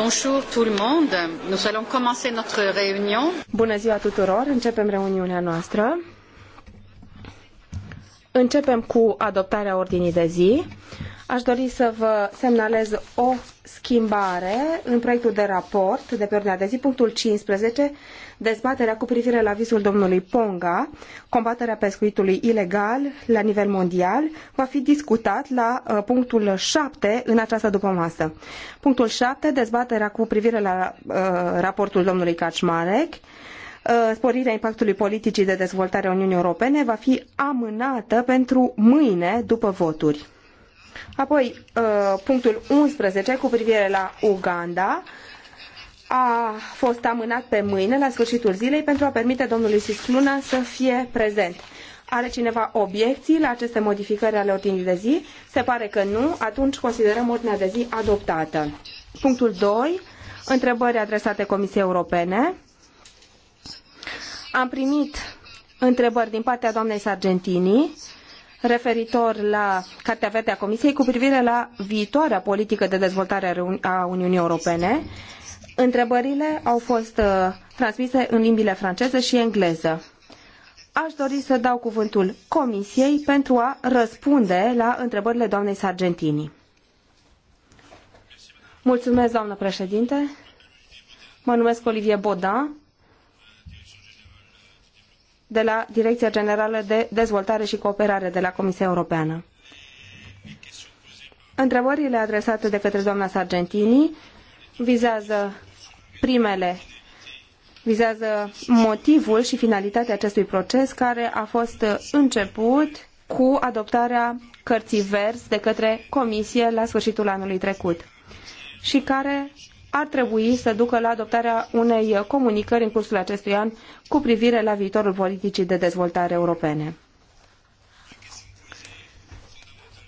Bonjour tout le monde. Nous allons commencer notre réunion. Bună ziua tuturor. Începem reuniunea noastră. Începem cu adoptarea ordinii de zi. Aș dori să vă semnalez o schimbare în proiectul de raport de pe ordinea de zi, punctul 15, dezbaterea cu privire la visul domnului Ponga, combaterea pescuitului ilegal la nivel mondial, va fi discutat la uh, punctul 7 în această dupămasă. Punctul 7, dezbaterea cu privire la uh, raportul domnului Kaczmarek, uh, sporirea impactului politicii de dezvoltare a Uniunii Europene va fi amânată pentru mâine după voturi. Apoi, uh, punctul 11 cu privire la Uganda a fost amânat pe mâine, la sfârșitul zilei, pentru a permite domnului Siscluna să fie prezent. Are cineva obiecții la aceste modificări ale ordinii de zi? Se pare că nu, atunci considerăm ordinea de zi adoptată. Punctul 2. Întrebări adresate Comisiei Europene. Am primit întrebări din partea doamnei Sargentini referitor la Cartea Verde a Comisiei cu privire la viitoarea politică de dezvoltare a Uniunii Europene. Întrebările au fost uh, transmise în limbile franceză și engleză. Aș dori să dau cuvântul Comisiei pentru a răspunde la întrebările doamnei Sargentini. Mulțumesc, doamnă președinte. Mă numesc Olivier Bodin de la Direcția Generală de Dezvoltare și Cooperare de la Comisia Europeană. Întrebările adresate de către doamna Sargentini vizează primele vizează motivul și finalitatea acestui proces care a fost început cu adoptarea cărții verzi de către Comisie la sfârșitul anului trecut și care ar trebui să ducă la adoptarea unei comunicări în cursul acestui an cu privire la viitorul politicii de dezvoltare europene.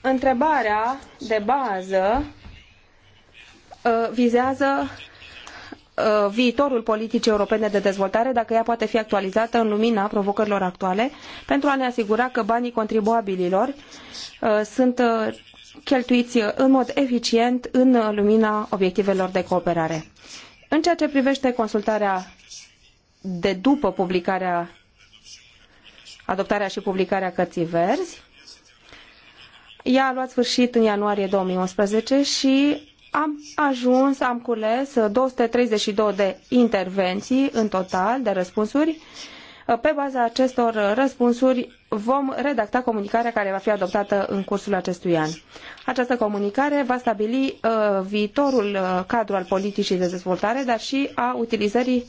Întrebarea de bază uh, vizează uh, viitorul politicii europene de dezvoltare, dacă ea poate fi actualizată în lumina provocărilor actuale, pentru a ne asigura că banii contribuabililor uh, sunt cheltuiți în mod eficient în lumina obiectivelor de cooperare. În ceea ce privește consultarea de după publicarea, adoptarea și publicarea cărții verzi, ea a luat sfârșit în ianuarie 2011 și am ajuns, am cules 232 de intervenții în total, de răspunsuri, Uh, pe baza acestor uh, răspunsuri vom redacta comunicarea care va fi adoptată în cursul acestui an. Această comunicare va stabili uh, viitorul cadru al politicii de dezvoltare, dar și a utilizării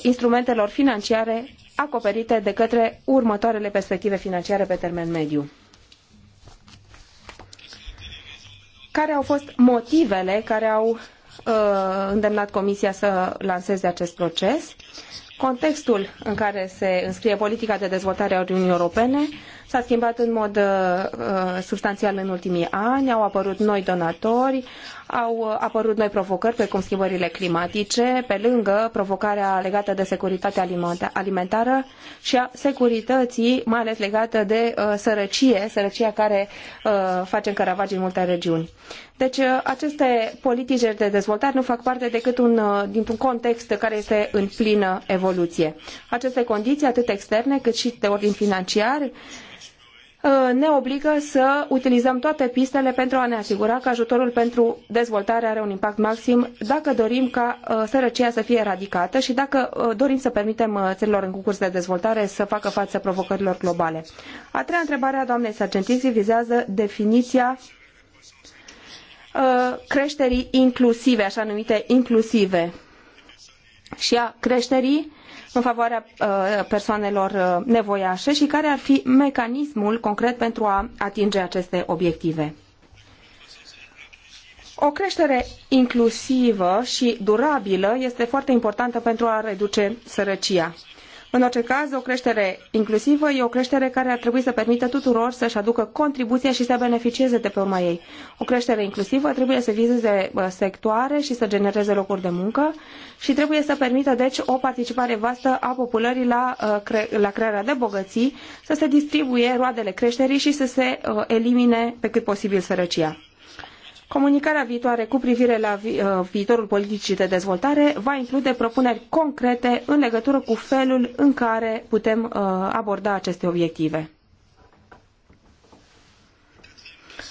instrumentelor financiare acoperite de către următoarele perspective financiare pe termen mediu. Care au fost motivele care au îndemnat Comisia să lanseze acest proces? contextul în care se înscrie politica de dezvoltare a Uniunii Europene s-a schimbat în mod uh, uh, substanțial în ultimii ani, au apărut noi donatori, au uh, apărut noi provocări, precum schimbările climatice, pe lângă provocarea legată de securitatea alimentară și a securității, mai ales legată de uh, sărăcie, sărăcia care uh, face încăravagi în multe regiuni. Deci uh, aceste politici de dezvoltare nu fac parte decât un, uh, dintr-un context care este în plină evoluție. Aceste condiții, atât externe cât și de ordin financiar, Uh, ne obligă să utilizăm toate pistele pentru a ne asigura că ajutorul pentru dezvoltare are un impact maxim dacă dorim ca uh, sărăcia să fie eradicată și dacă uh, dorim să permitem țărilor în curs de dezvoltare să facă față provocărilor globale. A treia întrebare a doamnei Sargentisi vizează definiția creșterii inclusive, așa numite inclusive, și a creșterii în favoarea uh, persoanelor uh, nevoiașe și care ar fi mecanismul concret pentru a atinge aceste obiective. O creștere inclusivă și durabilă este foarte importantă pentru a reduce sărăcia. În orice caz, o creștere inclusivă e o creștere care ar trebui să permită tuturor să-și aducă contribuția și să beneficieze de pe urma ei. O creștere inclusivă trebuie să vizeze sectoare și să genereze locuri de muncă și trebuie să permită, deci, o participare vastă a populării la, ă, la crearea de bogății, să se distribuie roadele creșterii și să se ă, elimine pe cât posibil sărăcia. Comunicarea viitoare cu privire la uh, viitorul politicii de dezvoltare va include propuneri concrete în legătură cu felul în care putem uh, aborda aceste obiective.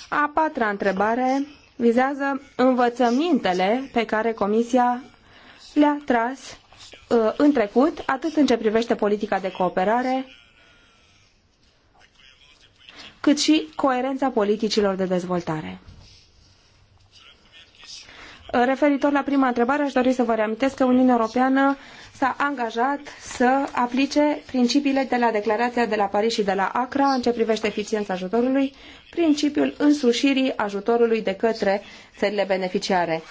A patra întrebare vizează învățămintele pe care Comisia le-a tras uh, în trecut, atât în ce privește politica de cooperare, cât și coerența politicilor de dezvoltare. Referitor la prima întrebare, aș dori să vă reamintesc că Uniunea Europeană s-a angajat să aplice principiile de la Declarația de la Paris și de la Accra în ce privește eficiența ajutorului, principiul însușirii ajutorului de către țările beneficiare.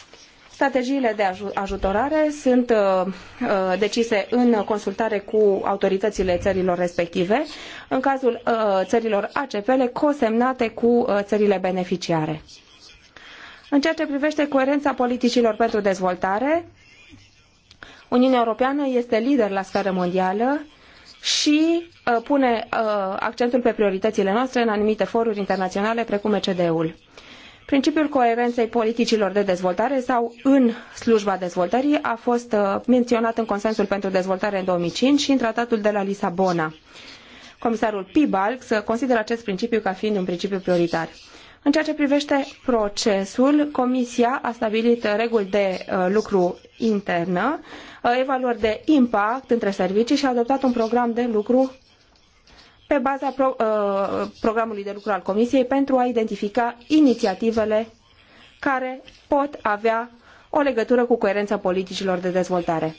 Strategiile de ajutorare sunt uh, uh, decise în consultare cu autoritățile țărilor respective, în cazul uh, țărilor ACP, cosemnate cu uh, țările beneficiare. În ceea ce privește coerența politicilor pentru dezvoltare, Uniunea Europeană este lider la scară mondială și uh, pune uh, accentul pe prioritățile noastre în anumite foruri internaționale, precum ECD-ul. Principiul coerenței politicilor de dezvoltare sau în slujba dezvoltării a fost uh, menționat în Consensul pentru Dezvoltare în 2005 și în Tratatul de la Lisabona. Comisarul Piebalgs consideră acest principiu ca fiind un principiu prioritar. În ceea ce privește procesul, Comisia a stabilit reguli de uh, lucru internă, uh, evaluări de impact între servicii și a adoptat un program de lucru pe baza pro, uh, programului de lucru al Comisiei pentru a identifica inițiativele care pot avea o legătură cu coerența politicilor de dezvoltare.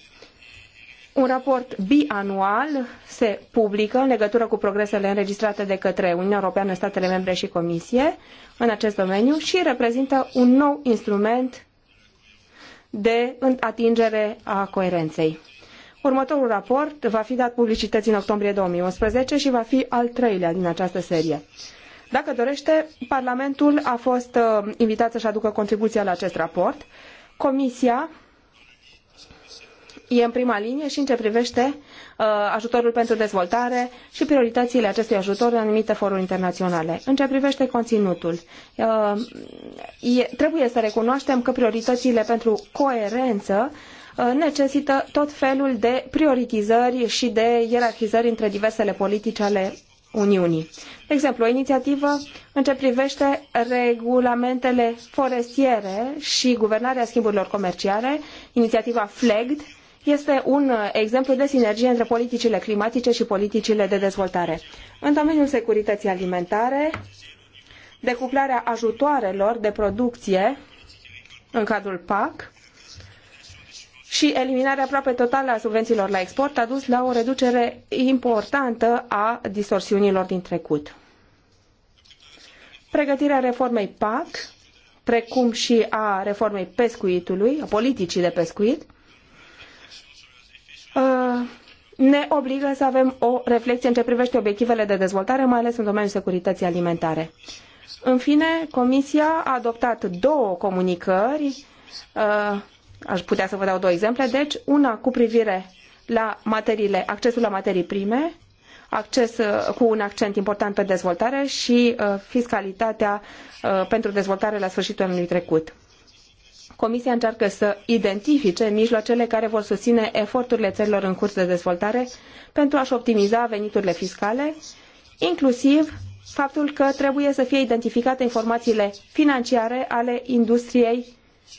Un raport bianual se publică în legătură cu progresele înregistrate de către Uniunea Europeană, statele membre și Comisie în acest domeniu și reprezintă un nou instrument de atingere a coerenței. Următorul raport va fi dat publicității în octombrie 2011 și va fi al treilea din această serie. Dacă dorește, Parlamentul a fost uh, invitat să-și aducă contribuția la acest raport. Comisia e în prima linie și în ce privește uh, ajutorul pentru dezvoltare și prioritățile acestui ajutor în anumite foruri internaționale. În ce privește conținutul, uh, trebuie să recunoaștem că prioritățile pentru coerență uh, necesită tot felul de prioritizări și de ierarhizări între diversele politici ale Uniunii. De exemplu, o inițiativă în ce privește regulamentele forestiere și guvernarea schimburilor comerciale, inițiativa FLEGD, este un uh, exemplu de sinergie între politicile climatice și politicile de dezvoltare. În domeniul securității alimentare, decuplarea ajutoarelor de producție în cadrul PAC și eliminarea aproape totală a subvențiilor la export a dus la o reducere importantă a distorsiunilor din trecut. Pregătirea reformei PAC, precum și a reformei pescuitului, a politicii de pescuit, Uh, ne obligă să avem o reflexie în ceea ce privește obiectivele de dezvoltare, mai ales în domeniul securității alimentare. În fine, Comisia a adoptat două comunicări, uh, aș putea să vă dau două exemple, deci una cu privire la materiile, accesul la materii prime, acces uh, cu un accent important pe dezvoltare și fiscalitatea pentru dezvoltare la sfârșitul anului trecut. Comisia încearcă să identifice mijloacele care vor susține eforturile țărilor în curs de dezvoltare pentru a-și optimiza veniturile fiscale, inclusiv faptul că trebuie să fie identificate informațiile financiare ale industriei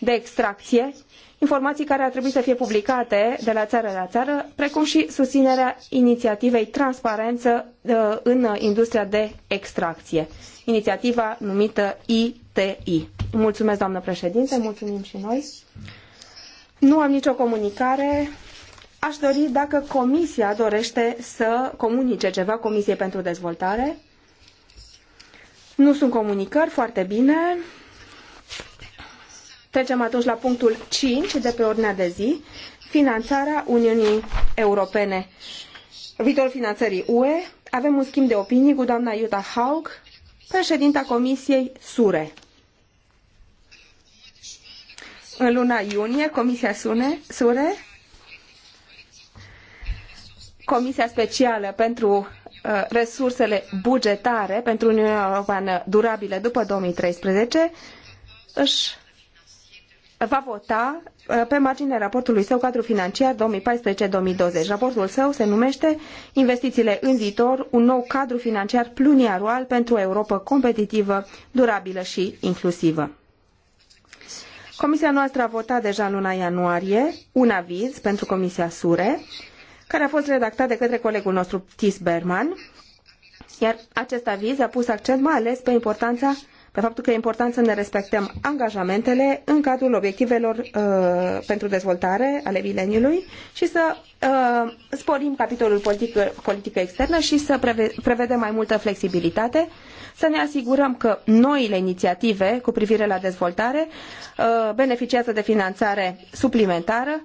de extracție, informații care ar trebui să fie publicate de la țară la țară, precum și susținerea inițiativei transparență uh, în industria de extracție, inițiativa numită e TI. Mulțumesc, doamnă președinte, mulțumim și noi. Nu am nicio comunicare. Aș dori dacă Comisia dorește să comunice ceva Comisiei pentru Dezvoltare. Nu sunt comunicări, foarte bine. Trecem atunci la punctul 5 de pe ordinea de zi, finanțarea Uniunii Europene, Viitor finanțării UE. Avem un schimb de opinii cu doamna Jutta Haug, președinta Comisiei SURE în luna iunie, Comisia Sune, Sure, Comisia Specială pentru uh, Resursele Bugetare pentru Uniunea Europeană Durabile după 2013, își va vota uh, pe marginea raportului său cadru financiar 2014-2020. Raportul său se numește Investițiile în viitor, un nou cadru financiar plurianual pentru o Europa competitivă, durabilă și inclusivă. Comisia noastră a votat deja în luna ianuarie un aviz pentru Comisia Sure, care a fost redactat de către colegul nostru Tis Berman, iar acest aviz a pus accent mai ales pe importanța pe faptul că e important să ne respectăm angajamentele în cadrul obiectivelor uh, pentru dezvoltare ale mileniului și să uh, sporim capitolul politică, politică externă și să preve, prevedem mai multă flexibilitate, să ne asigurăm că noile inițiative cu privire la dezvoltare uh, beneficiază de finanțare suplimentară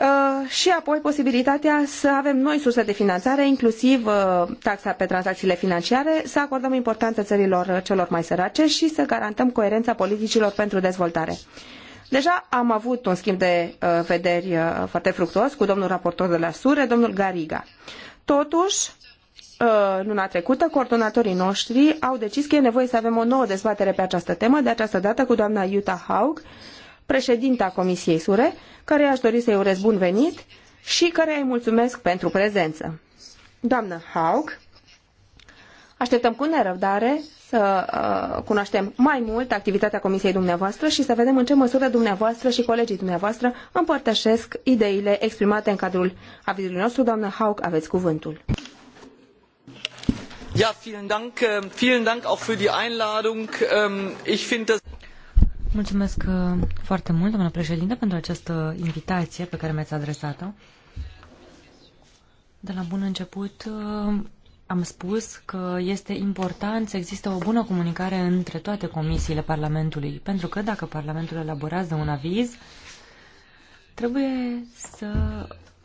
Uh, și apoi posibilitatea să avem noi surse de finanțare, inclusiv uh, taxa pe tranzacțiile financiare, să acordăm importanță țărilor celor mai sărace și să garantăm coerența politicilor pentru dezvoltare. Deja am avut un schimb de uh, vederi foarte fructuos cu domnul raportor de la SURE, domnul Gariga. Totuși, luna trecută, coordonatorii noștri au decis că e nevoie să avem o nouă dezbatere pe această temă, de această dată cu doamna Jutta Haug, președinta Comisiei Sure, care aș dori să-i urez bun venit și care îi mulțumesc pentru prezență. Doamnă Haug, așteptăm cu nerăbdare să uh, cunoaștem mai mult activitatea Comisiei dumneavoastră și să vedem în ce măsură dumneavoastră și colegii dumneavoastră împărtășesc ideile exprimate în cadrul avizului nostru. Doamnă Haug, aveți cuvântul. Ja, vielen Dank, ähm, vielen Dank auch für die Einladung. Ähm, ich finde das Mulțumesc uh, foarte mult, doamnă președinte, pentru această invitație pe care mi-ați adresat-o. De la bun început uh, am spus că este important să existe o bună comunicare între toate comisiile Parlamentului, pentru că dacă Parlamentul elaborează un aviz, trebuie să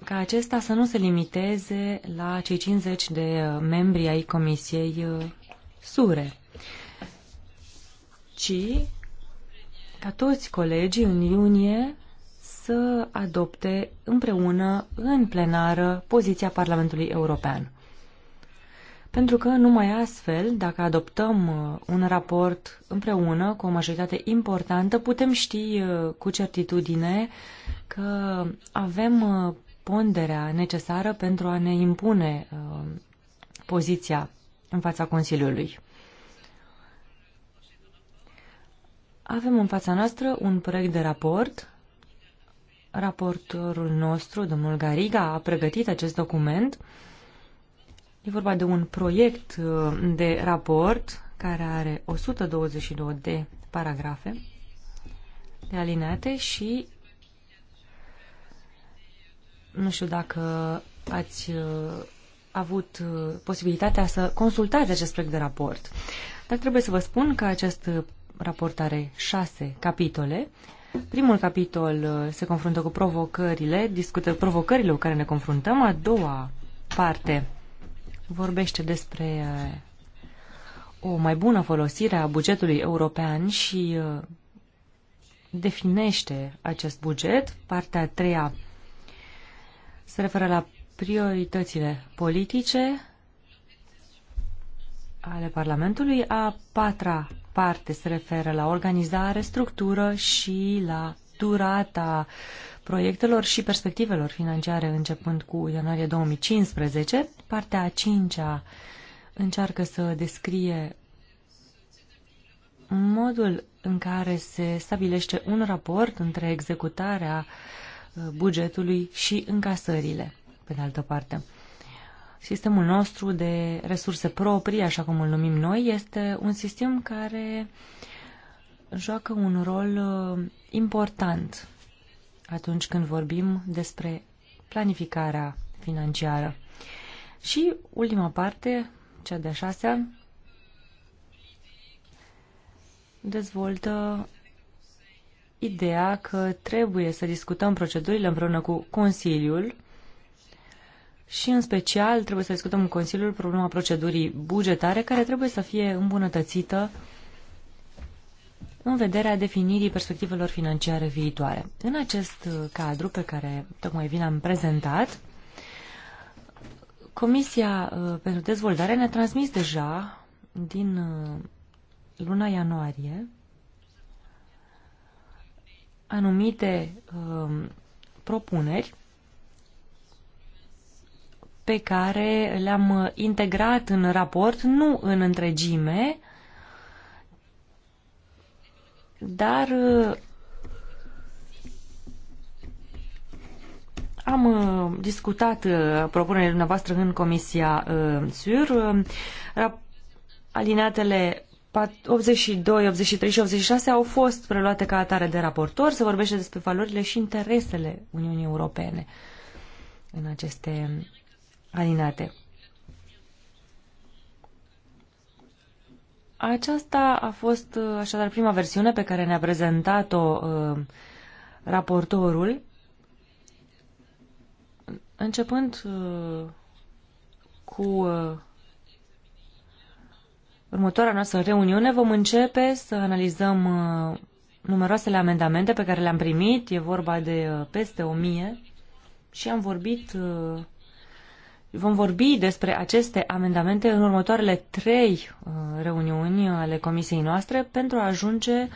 ca acesta să nu se limiteze la cei 50 de uh, membri ai Comisiei Sure, ci ca toți colegii în iunie să adopte împreună în plenară poziția Parlamentului European. Pentru că numai astfel, dacă adoptăm uh, un raport împreună cu o majoritate importantă, putem ști uh, cu certitudine că avem uh, ponderea necesară pentru a ne impune poziția în fața Consiliului. Avem în fața noastră un proiect de raport. Raportorul nostru, domnul Gariga, a pregătit acest document. E vorba de un proiect uh, de raport care are 122 de paragrafe de alineate și nu știu dacă ați uh, avut uh, posibilitatea să consultați acest proiect de raport. Dar trebuie să vă spun că acest raportare șase capitole. Primul capitol uh, se confruntă cu provocările, discută provocările cu care ne confruntăm. A doua parte vorbește despre uh, o mai bună folosire a bugetului european și uh, definește acest buget. Partea a treia se referă la prioritățile politice ale Parlamentului. A patra parte se referă la organizare, structură și la durata proiectelor și perspectivelor financiare începând cu ianuarie 2015. Partea a cincea încearcă să descrie modul în care se stabilește un raport între executarea uh, bugetului și încasările, pe de altă parte. Sistemul nostru de resurse proprii, așa cum îl numim noi, este un sistem care joacă un rol uh, important atunci când vorbim despre planificarea financiară. Și ultima parte, cea de-a șasea, dezvoltă ideea că trebuie să discutăm procedurile împreună cu Consiliul și în special trebuie să discutăm în Consiliul problema procedurii bugetare care trebuie să fie îmbunătățită în vederea definirii perspectivelor financiare viitoare. În acest cadru pe care tocmai vi am prezentat, Comisia uh, pentru Dezvoltare ne-a transmis deja din uh, luna ianuarie anumite uh, propuneri pe care le-am integrat în raport, nu în întregime, dar uh, am uh, discutat uh, propunerile dumneavoastră în Comisia SUR. Alineatele 82, 83 și 86 au fost preluate ca atare de raportor. Se vorbește despre valorile și interesele Uniunii Europene în aceste alinate. Aceasta a fost uh, așadar prima versiune pe care ne-a prezentat-o uh, raportorul, începând uh, cu uh, următoarea noastră reuniune, vom începe să analizăm uh, numeroasele amendamente pe care le-am primit, e vorba de uh, peste o mie, și am vorbit uh, Vom vorbi despre aceste amendamente în următoarele trei uh, reuniuni ale comisiei noastre pentru a ajunge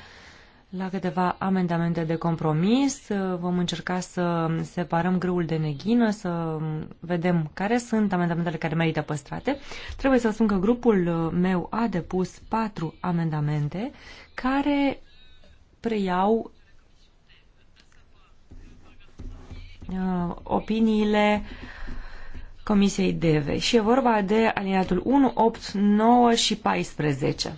la câteva amendamente de compromis. Uh, vom încerca să separăm grâul de neghină, să vedem care sunt amendamentele care merită păstrate. Trebuie să spun că grupul uh, meu a depus patru amendamente care preiau opiniile uh, Comisiei DEVE și e vorba de alineatul 1, 8, 9 și 14.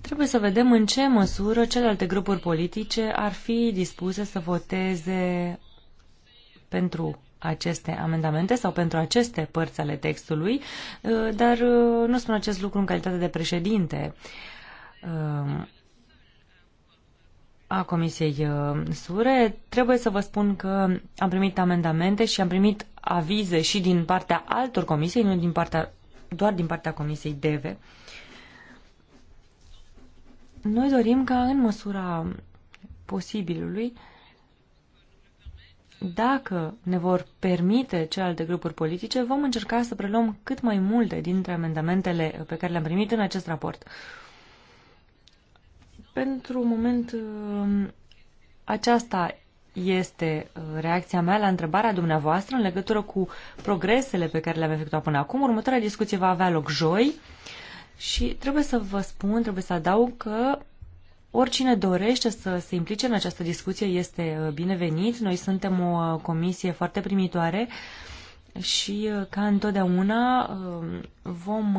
Trebuie să vedem în ce măsură celelalte grupuri politice ar fi dispuse să voteze pentru aceste amendamente sau pentru aceste părți ale textului, dar uh, nu spun acest lucru în calitate de președinte um, a Comisiei uh, Sure, trebuie să vă spun că am primit amendamente și am primit avize și din partea altor comisii, nu din partea, doar din partea Comisiei DEVE. Noi dorim ca în măsura posibilului, dacă ne vor permite celelalte grupuri politice, vom încerca să preluăm cât mai multe dintre amendamentele pe care le-am primit în acest raport. Pentru moment, um, aceasta este uh, reacția mea la întrebarea dumneavoastră în legătură cu progresele pe care le-am efectuat până acum. Următoarea discuție va avea loc joi și trebuie să vă spun, trebuie să adaug că oricine dorește să se implice în această discuție este uh, binevenit. Noi suntem o uh, comisie foarte primitoare și ca întotdeauna um, vom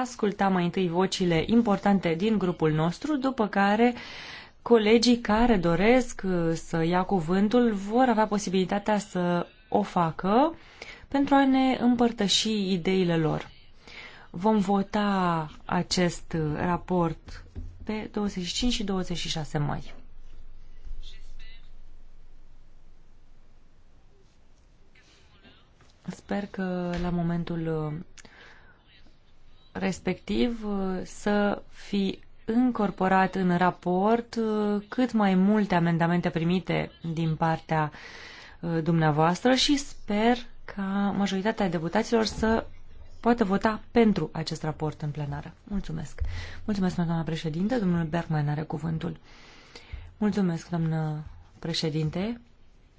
asculta mai întâi vocile importante din grupul nostru, după care colegii care doresc uh, să ia cuvântul vor avea posibilitatea să o facă pentru a ne împărtăși ideile lor. Vom vota acest raport pe 25 și 26 mai. Sper că la momentul uh, respectiv uh, să fi incorporat în raport uh, cât mai multe amendamente primite din partea uh, dumneavoastră și sper ca majoritatea deputaților să poată vota pentru acest raport în plenară. Mulțumesc. Mulțumesc, doamna președinte. Domnul Bergman are cuvântul. Mulțumesc, doamnă președinte.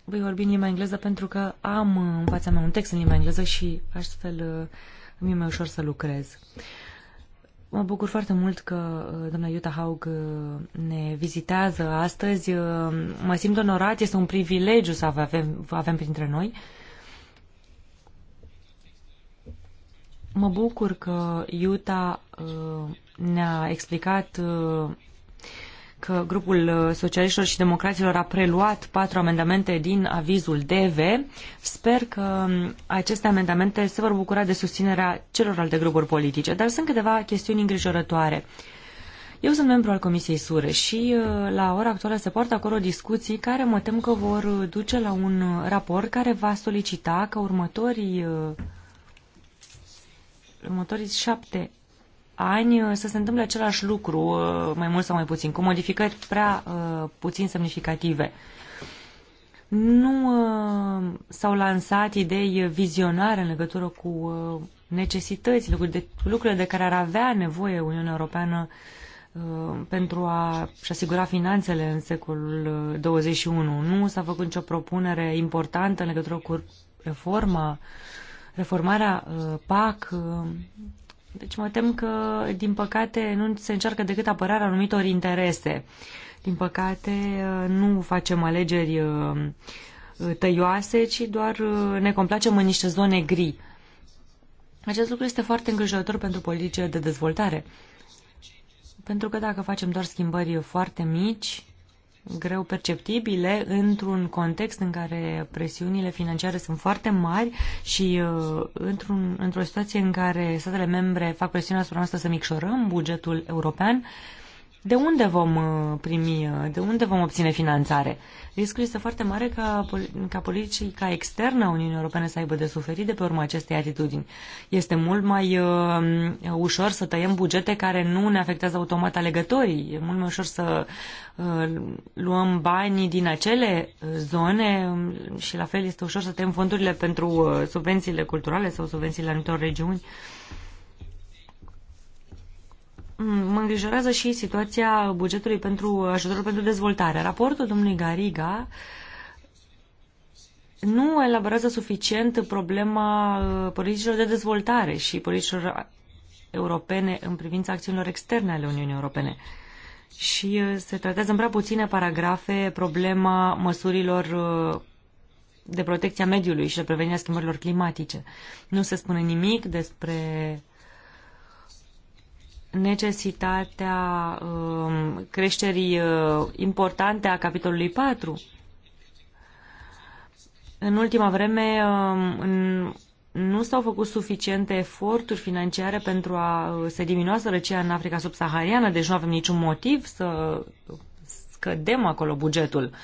Voi vorbi în limba engleză pentru că am în fața mea un text în limba engleză și astfel uh, mi e mai ușor să lucrez. Mă bucur foarte mult că uh, doamna Iuta Haug uh, ne vizitează astăzi. Uh, mă simt onorat, este un privilegiu să avem, avem printre noi. Mă bucur că Iuta ne-a explicat că grupul uh, socialiștilor și democraților a preluat patru amendamente din avizul DV. Sper că um, aceste amendamente se vor bucura de susținerea celorlalte grupuri politice, dar sunt câteva chestiuni îngrijorătoare. Eu sunt membru al Comisiei Sure și uh, la ora actuală se poartă acolo discuții care mă tem că vor uh, duce la un raport care va solicita că următorii următorii șapte ani uh, să se întâmple același lucru, uh, mai mult sau mai puțin, cu modificări prea uh, puțin semnificative. Nu s-au lansat idei vizionare în legătură cu necesitățile, de, lucrurile de care ar avea nevoie Uniunea Europeană pentru a-și asigura finanțele în secolul 21. Nu s-a făcut nicio propunere importantă în legătură cu reforma, reformarea PAC deci mă tem că, din păcate, nu se încearcă decât apărarea anumitor interese. Din păcate, nu facem alegeri uh, tăioase, ci doar uh, ne complacem în niște zone gri. Acest lucru este foarte îngrijorător pentru politicile de dezvoltare. Pentru că dacă facem doar schimbări foarte mici, greu perceptibile într-un context în care presiunile financiare sunt foarte mari și uh, într-un, într-o situație în care statele membre fac presiune asupra noastră să micșorăm bugetul european, uh, de unde vom uh, primi, uh, de unde vom obține finanțare? Riscul este foarte mare ca, ca ca externă a Uniunii Europene să aibă de suferit de pe urma acestei atitudini. Este mult mai uh, ușor să tăiem bugete care nu ne afectează automat alegătorii. E mult mai ușor să uh, luăm banii din acele uh, zone um, și la fel este ușor să tăiem fondurile pentru subvențiile culturale sau subvențiile anumitor regiuni. Uh, Mm, mă îngrijorează și situația bugetului pentru ajutorul pentru dezvoltare. Raportul domnului Gariga nu elaborează suficient problema uh, politicilor de dezvoltare și politicilor europene în privința acțiunilor externe ale Uniunii Europene. Și uh, se tratează în prea puține paragrafe problema măsurilor uh, de protecția mediului și de prevenirea schimbărilor climatice. Nu se spune nimic despre necesitatea um, creșterii uh, importante a capitolului 4. În ultima vreme um, nu s-au făcut suficiente eforturi financiare pentru a uh, se diminua sărăcia în Africa subsahariană, deci nu avem niciun motiv să scădem acolo bugetul. Uh,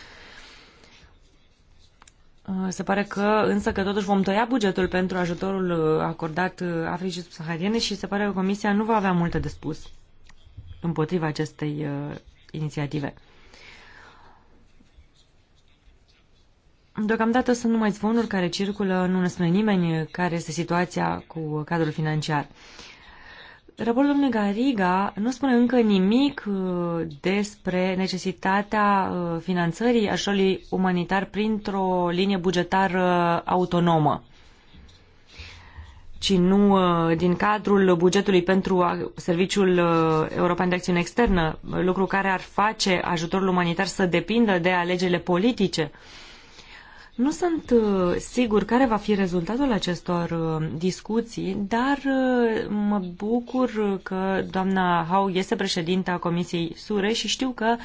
Uh, se pare că însă că totuși vom tăia bugetul pentru ajutorul uh, acordat uh, Africii subsahariene și se pare că Comisia nu va avea multe de spus împotriva acestei uh, inițiative. Deocamdată sunt numai zvonuri care circulă, nu ne spune nimeni care este situația cu cadrul financiar. Uh, Raportul domnului Gariga nu spune încă nimic uh, despre necesitatea uh, finanțării ajutorului umanitar printr-o linie bugetară autonomă ci nu uh, din cadrul bugetului pentru Serviciul European de Acțiune Externă, lucru care ar face ajutorul umanitar să depindă de alegerile politice uh, nu sunt uh, sigur care va fi rezultatul acestor uh, discuții, dar uh, mă bucur că doamna Hau este președinta Comisiei Sure și știu că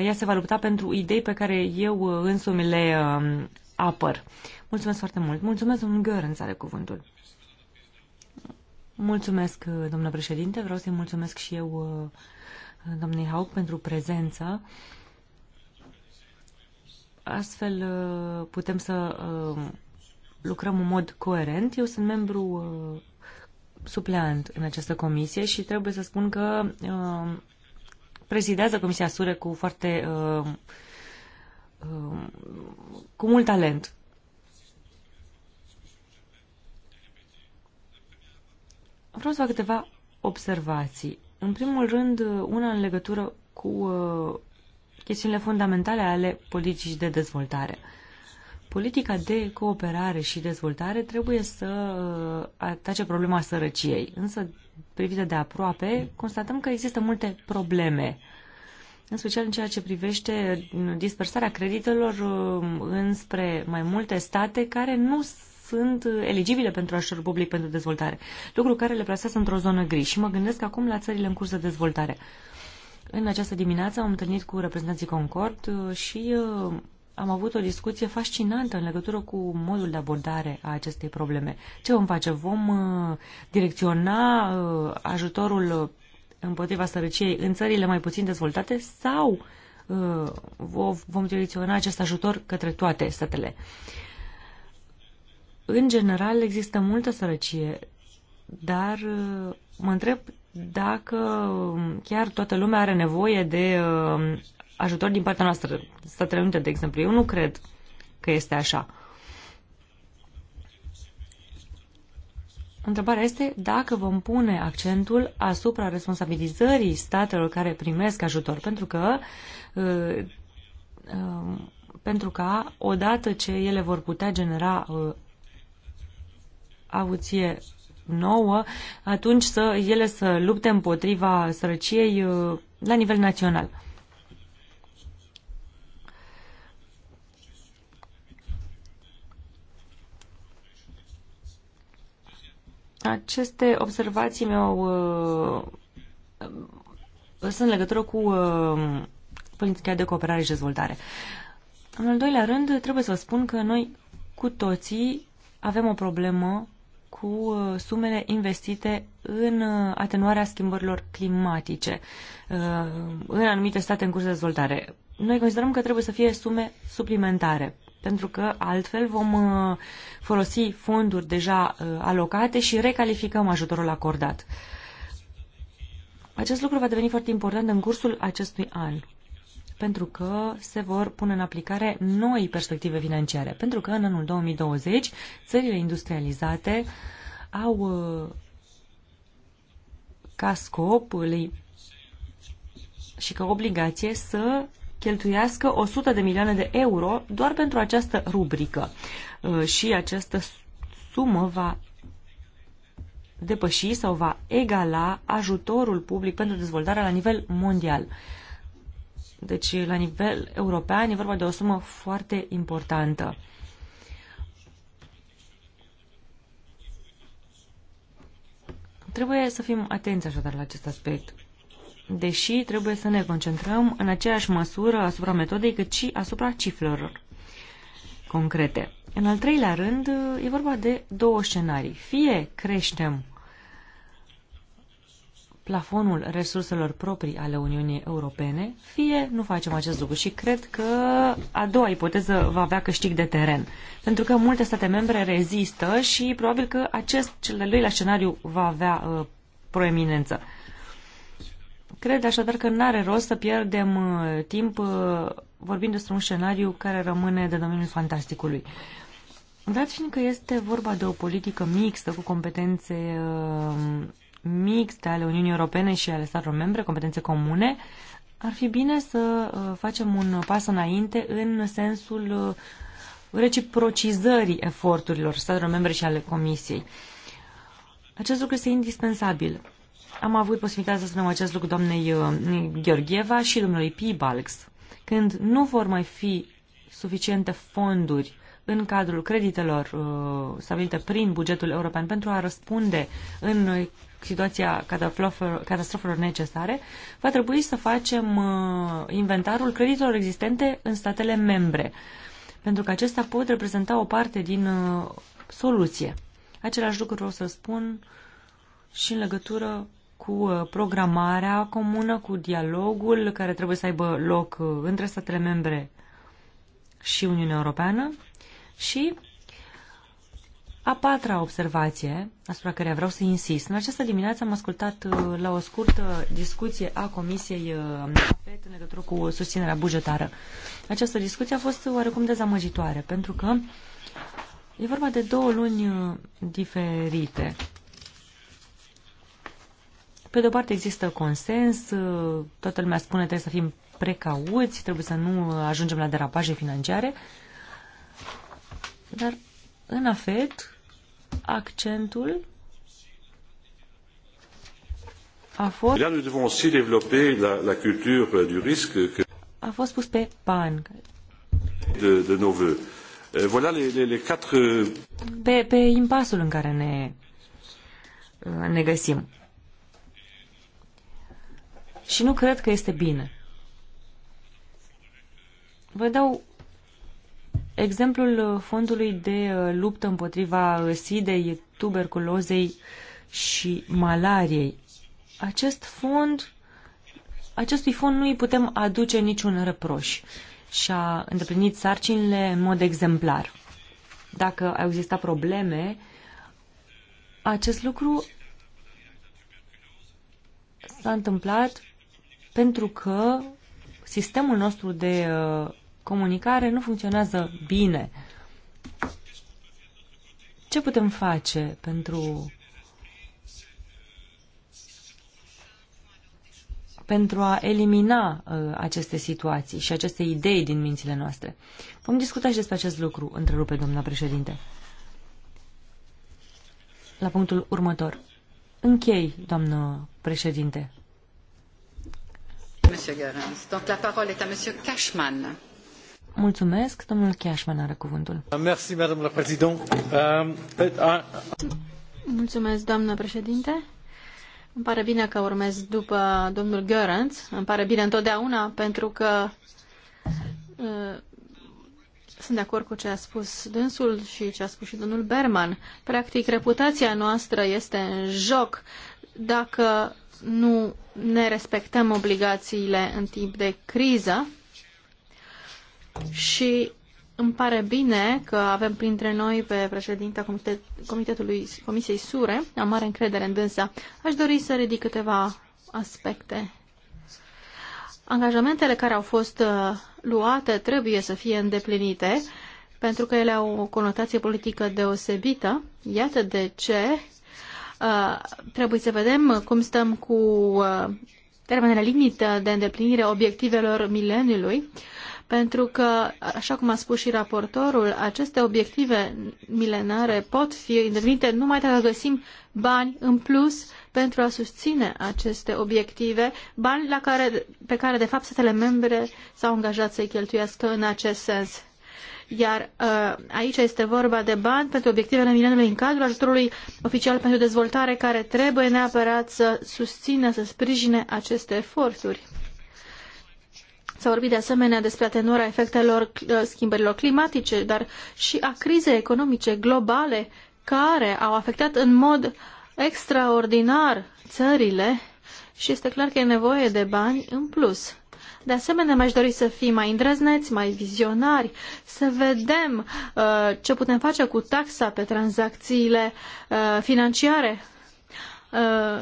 ea se va lupta pentru idei pe care eu însumi le um, apăr. Mulțumesc foarte mult. Mulțumesc, domnul Gărânț are cuvântul. Mulțumesc, domnule președinte. Vreau să-i mulțumesc și eu doamnei Hau pentru prezență. Astfel uh, putem să uh, lucrăm în mod coerent. Eu sunt membru uh, supleant în această comisie și trebuie să spun că prezidează Comisia Sure cu foarte cu mult talent. Vreau să fac câteva observații. În primul rând, una în legătură cu chestiunile fundamentale ale politicii de dezvoltare. Politica de cooperare și dezvoltare trebuie să uh, atace problema sărăciei, însă privită de aproape, constatăm că există multe probleme în special în ceea ce privește dispersarea creditelor uh, înspre mai multe state care nu sunt eligibile pentru ajutor public pentru dezvoltare, lucru care le plasează într-o zonă gri. Și mă gândesc acum la țările în curs de dezvoltare. În această dimineață am întâlnit cu reprezentanții Concord uh, și uh, am avut o discuție fascinantă în legătură cu modul de abordare a acestei probleme. Ce vom face? Vom uh, direcționa ajutorul împotriva sărăciei în țările mai puțin dezvoltate sau vom direcționa acest ajutor către toate statele? În general există multă sărăcie, dar mă întreb dacă um, chiar toată lumea are nevoie de um, ajutor din partea noastră. Statele Unite, de exemplu. Eu nu cred că este așa. Întrebarea este dacă vom pune accentul asupra responsabilizării statelor care primesc ajutor, pentru că uh, um, pentru că odată ce ele vor putea genera uh, avuție nouă, atunci să ele să lupte împotriva sărăciei uh, la nivel național. Aceste observații mi-au uh, sunt în legătură cu uh, politica de cooperare și dezvoltare. În al doilea rând, trebuie să vă spun că noi cu toții avem o problemă cu uh, sumele investite în uh, atenuarea schimbărilor climatice uh, în anumite state în curs de dezvoltare. Noi considerăm că trebuie să fie sume suplimentare, pentru că altfel vom folosi fonduri deja alocate și recalificăm ajutorul acordat. Acest lucru va deveni foarte important în cursul acestui an pentru că se vor pune în aplicare noi perspective financiare. Pentru că în anul 2020 țările industrializate au uh, ca scop și ca obligație să cheltuiască 100 de milioane de euro doar pentru această rubrică. Uh, și această sumă va depăși sau va egala ajutorul public pentru dezvoltare la nivel mondial. Deci, la nivel european, e vorba de o sumă foarte importantă. Trebuie să fim atenți așadar la acest aspect. Deși trebuie să ne concentrăm în aceeași măsură asupra metodei, cât și asupra cifrelor concrete. În al treilea rând, e vorba de două scenarii. Fie creștem plafonul resurselor proprii ale Uniunii Europene, fie nu facem acest lucru. Și cred că a doua ipoteză va avea câștig de teren. Pentru că multe state membre rezistă și probabil că acest cel de-al scenariu va avea uh, proeminență. Cred așadar că n-are rost să pierdem uh, timp uh, vorbind despre un scenariu care rămâne de domeniul fantasticului. Dar fiindcă este vorba de o politică mixtă cu competențe uh, mixte ale Uniunii Europene și ale statelor membre, competențe comune, ar fi bine să uh, facem un pas înainte în sensul uh, reciprocizării eforturilor statelor membre și ale Comisiei. Acest lucru este indispensabil. Am avut posibilitatea să spunem acest lucru doamnei uh, Gheorgheva și domnului Pibalx. Când nu vor mai fi suficiente fonduri în cadrul creditelor uh, stabilite prin bugetul european pentru a răspunde în situația catastrofelor necesare, va trebui să facem uh, inventarul creditelor existente în statele membre, pentru că acestea pot reprezenta o parte din uh, soluție. Același lucru vreau să spun și în legătură cu uh, programarea comună, cu dialogul care trebuie să aibă loc uh, între statele membre și Uniunea Europeană. Și a patra observație, asupra care vreau să insist. În această dimineață am ascultat uh, la o scurtă discuție a Comisiei uh, APET în legătură cu susținerea bugetară. Această discuție a fost oarecum dezamăgitoare, pentru că e vorba de două luni uh, diferite. Pe de o parte există consens, toată lumea spune trebuie să fim precauți, trebuie să nu ajungem la derapaje financiare, dar în afet, accentul a fost... Là, nous devons aussi développer la, la culture du risque que... A fost pus pe pan. De, de nos voeux. Euh, voilà les, les, les quatre... Pe, pe impasul în care ne, uh, ne găsim. Și nu cred că este bine. Vă dau Exemplul fondului de uh, luptă împotriva uh, SIDEI, tuberculozei și malariei. Acest fond, acestui fond nu îi putem aduce niciun reproș și a îndeplinit sarcinile în mod exemplar. Dacă au existat probleme, acest lucru s-a întâmplat pentru că sistemul nostru de uh, comunicare nu funcționează bine. Ce putem face pentru pentru a elimina uh, aceste situații și aceste idei din mințile noastre. Vom discuta și despre acest lucru, întrerupe doamna președinte. La punctul următor. Închei, doamnă președinte. Monsieur Görens. Donc la parole est à monsieur Cashman. Mulțumesc. Domnul Chiașman are cuvântul. Merci, la euh, ah. Mulțumesc, doamnă președinte. Îmi pare bine că urmez după domnul Görans. Îmi pare bine întotdeauna pentru că uh, sunt de acord cu ce a spus dânsul și ce a spus și domnul Berman. Practic, reputația noastră este în joc dacă nu ne respectăm obligațiile în timp de criză și îmi pare bine că avem printre noi pe președinta Comitetului Comisiei Sure, am mare încredere în dânsa. Aș dori să ridic câteva aspecte. Angajamentele care au fost uh, luate trebuie să fie îndeplinite pentru că ele au o conotație politică deosebită. Iată de ce uh, trebuie să vedem cum stăm cu uh, termenele limită de îndeplinire obiectivelor mileniului. Uh, pentru că, așa cum a spus și raportorul, aceste obiective milenare pot fi îndeplinite numai dacă găsim bani în plus pentru a susține aceste obiective, bani la care, pe care, de fapt, statele membre s-au angajat să-i cheltuiască în acest sens. Iar uh, aici este vorba de bani pentru obiectivele mileniului în cadrul ajutorului oficial pentru dezvoltare, care trebuie neapărat să susțină, să sprijine aceste eforturi. S-a vorbit de asemenea despre atenuarea efectelor uh, schimbărilor climatice, dar și a crizei economice globale care au afectat în mod extraordinar țările și este clar că e nevoie de bani în plus. De asemenea, mi-aș dori să fim mai îndrăzneți, mai vizionari, să vedem uh, ce putem face cu taxa pe tranzacțiile uh, financiare Uh,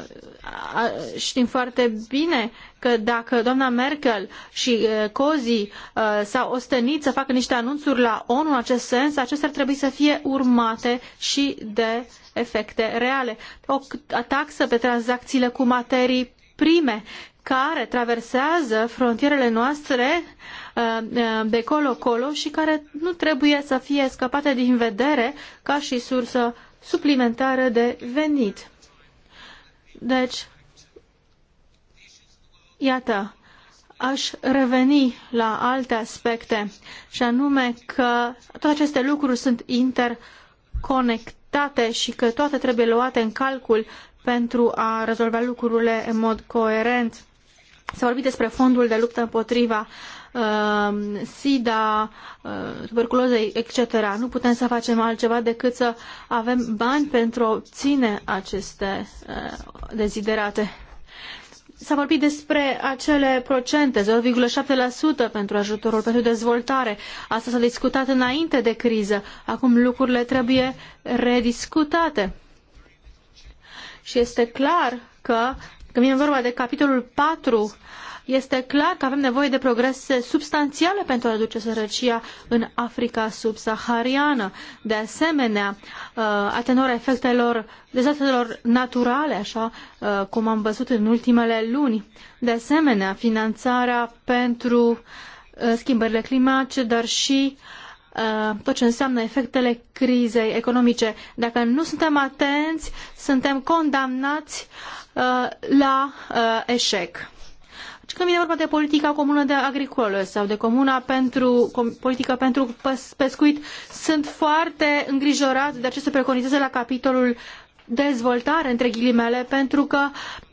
știm foarte bine că dacă doamna Merkel și uh, Cozi uh, s-au ostenit să facă niște anunțuri la ONU în acest sens, acestea ar trebui să fie urmate și de efecte reale. O taxă pe tranzacțiile cu materii prime care traversează frontierele noastre de colo-colo și care nu trebuie să fie scăpate din vedere ca și sursă suplimentară de venit. Deci, iată, aș reveni la alte aspecte, și anume că toate aceste lucruri sunt interconectate și că toate trebuie luate în calcul pentru a rezolva lucrurile în mod coerent. S-a vorbit despre fondul de luptă împotriva Um, SIDA, uh, tuberculozei, etc. Nu putem să facem altceva decât să avem bani pentru a obține aceste uh, deziderate. S-a vorbit despre acele procente, 0,7% pentru ajutorul pentru dezvoltare. Asta s-a discutat înainte de criză. Acum lucrurile trebuie rediscutate. Și este clar că, când vine vorba de capitolul patru este clar că avem nevoie de progrese substanțiale pentru a reduce sărăcia în Africa subsahariană. De asemenea, uh, atenuarea efectelor dezastrelor naturale, așa uh, cum am văzut în ultimele luni. De asemenea, finanțarea pentru uh, schimbările climatice, dar și tot ce înseamnă efectele crizei economice. Dacă nu suntem atenți, suntem condamnați la eșec. Și deci când vine vorba de politica comună de agricolă sau de comuna pentru, com, politica pentru pescuit, sunt foarte îngrijorat de ce se preconizează la capitolul dezvoltare, între ghilimele, pentru că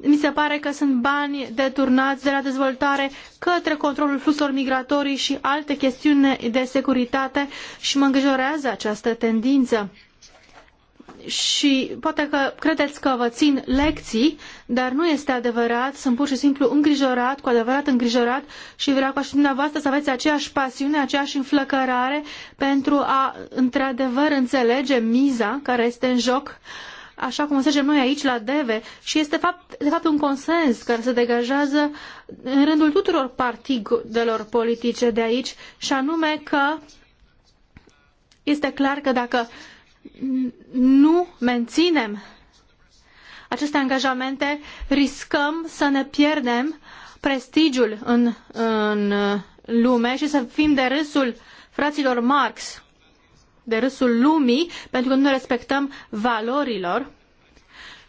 mi se pare că sunt bani deturnați de la dezvoltare către controlul fluxurilor migratorii și alte chestiuni de securitate și mă îngrijorează această tendință și poate că credeți că vă țin lecții, dar nu este adevărat, sunt pur și simplu îngrijorat, cu adevărat îngrijorat și vreau ca și dumneavoastră să aveți aceeași pasiune, aceeași înflăcărare pentru a într-adevăr înțelege miza care este în joc așa cum înțelegem noi aici la DEVE și este fapt, de fapt un consens care se degajează în rândul tuturor partidelor politice de aici și anume că este clar că dacă nu menținem aceste angajamente, riscăm să ne pierdem prestigiul în, în lume și să fim de râsul fraților Marx, de râsul lumii, pentru că nu ne respectăm valorilor.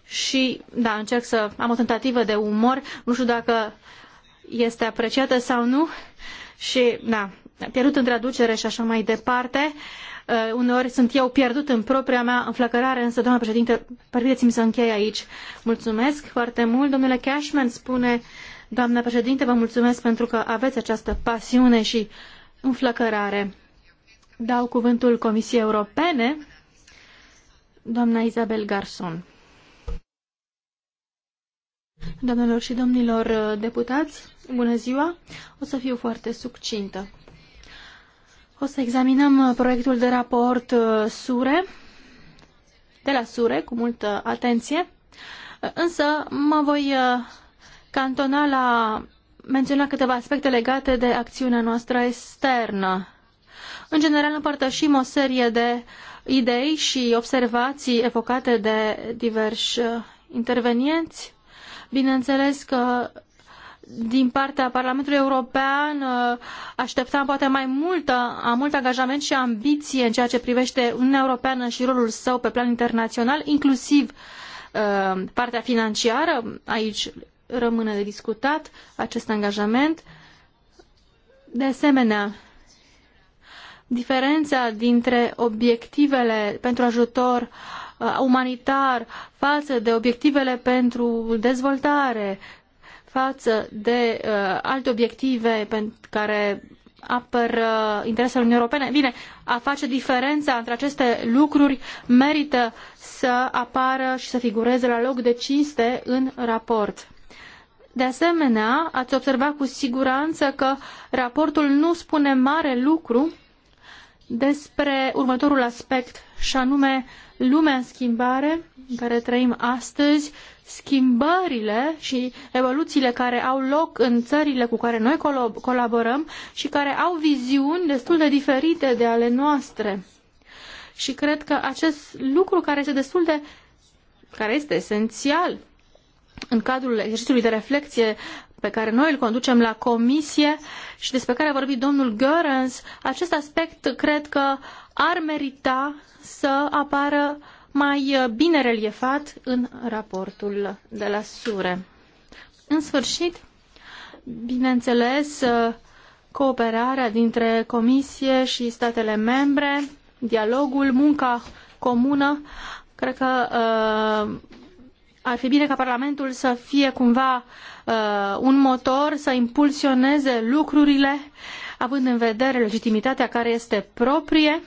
Și, da, încerc să am o tentativă de umor, nu știu dacă este apreciată sau nu. Și, da, pierdut în traducere și așa mai departe. Uh, Eh, uneori sunt eu pierdut în propria mea înflăcărare, însă, doamna președinte, permiteți-mi să închei aici. Mulțumesc foarte mult. Domnule Cashman spune, doamna președinte, vă mulțumesc pentru că aveți această pasiune și înflăcărare. Dau cuvântul Comisiei Europene, doamna Isabel Garson. Doamnelor și domnilor eh, deputați, bună ziua! O să fiu foarte succintă. O să examinăm uh, proiectul de raport uh, SURE, de la SURE, cu multă atenție, uh, însă mă voi cantona la menționa câteva aspecte legate de acțiunea noastră externă. În general, împărtășim o serie de idei și observații evocate de diversi intervenienți. Bineînțeles că din partea Parlamentului European uh, așteptam poate mai multă, mult angajament și ambiție în ceea ce privește Uniunea Europeană și rolul său pe plan internațional, inclusiv uh, partea financiară. Aici rămâne de discutat acest angajament. De asemenea, diferența dintre obiectivele pentru ajutor uh, umanitar față de obiectivele pentru dezvoltare față de uh, alte obiective pentru care apără interesele Uniunii Europene. Bine, a face diferența între aceste lucruri merită să apară și să figureze la loc de cinste în raport. De asemenea, ați observat cu siguranță că raportul nu spune mare lucru despre următorul aspect, și anume lumea în schimbare în care trăim astăzi schimbările și evoluțiile care au loc în țările cu care noi colaborăm și care au viziuni destul de diferite de ale noastre. Și cred că acest lucru care este destul de care este esențial în cadrul exercițiului de reflexie pe care noi îl conducem la comisie și despre care a vorbit domnul Görens, acest aspect cred că ar merita să apară mai uh, bine reliefat în raportul de la SURE. În sfârșit, bineînțeles, uh, cooperarea dintre Comisie și statele membre, dialogul, munca comună, cred că uh, ar fi bine ca Parlamentul să fie cumva uh, un motor, să impulsioneze lucrurile, având în vedere legitimitatea care este proprie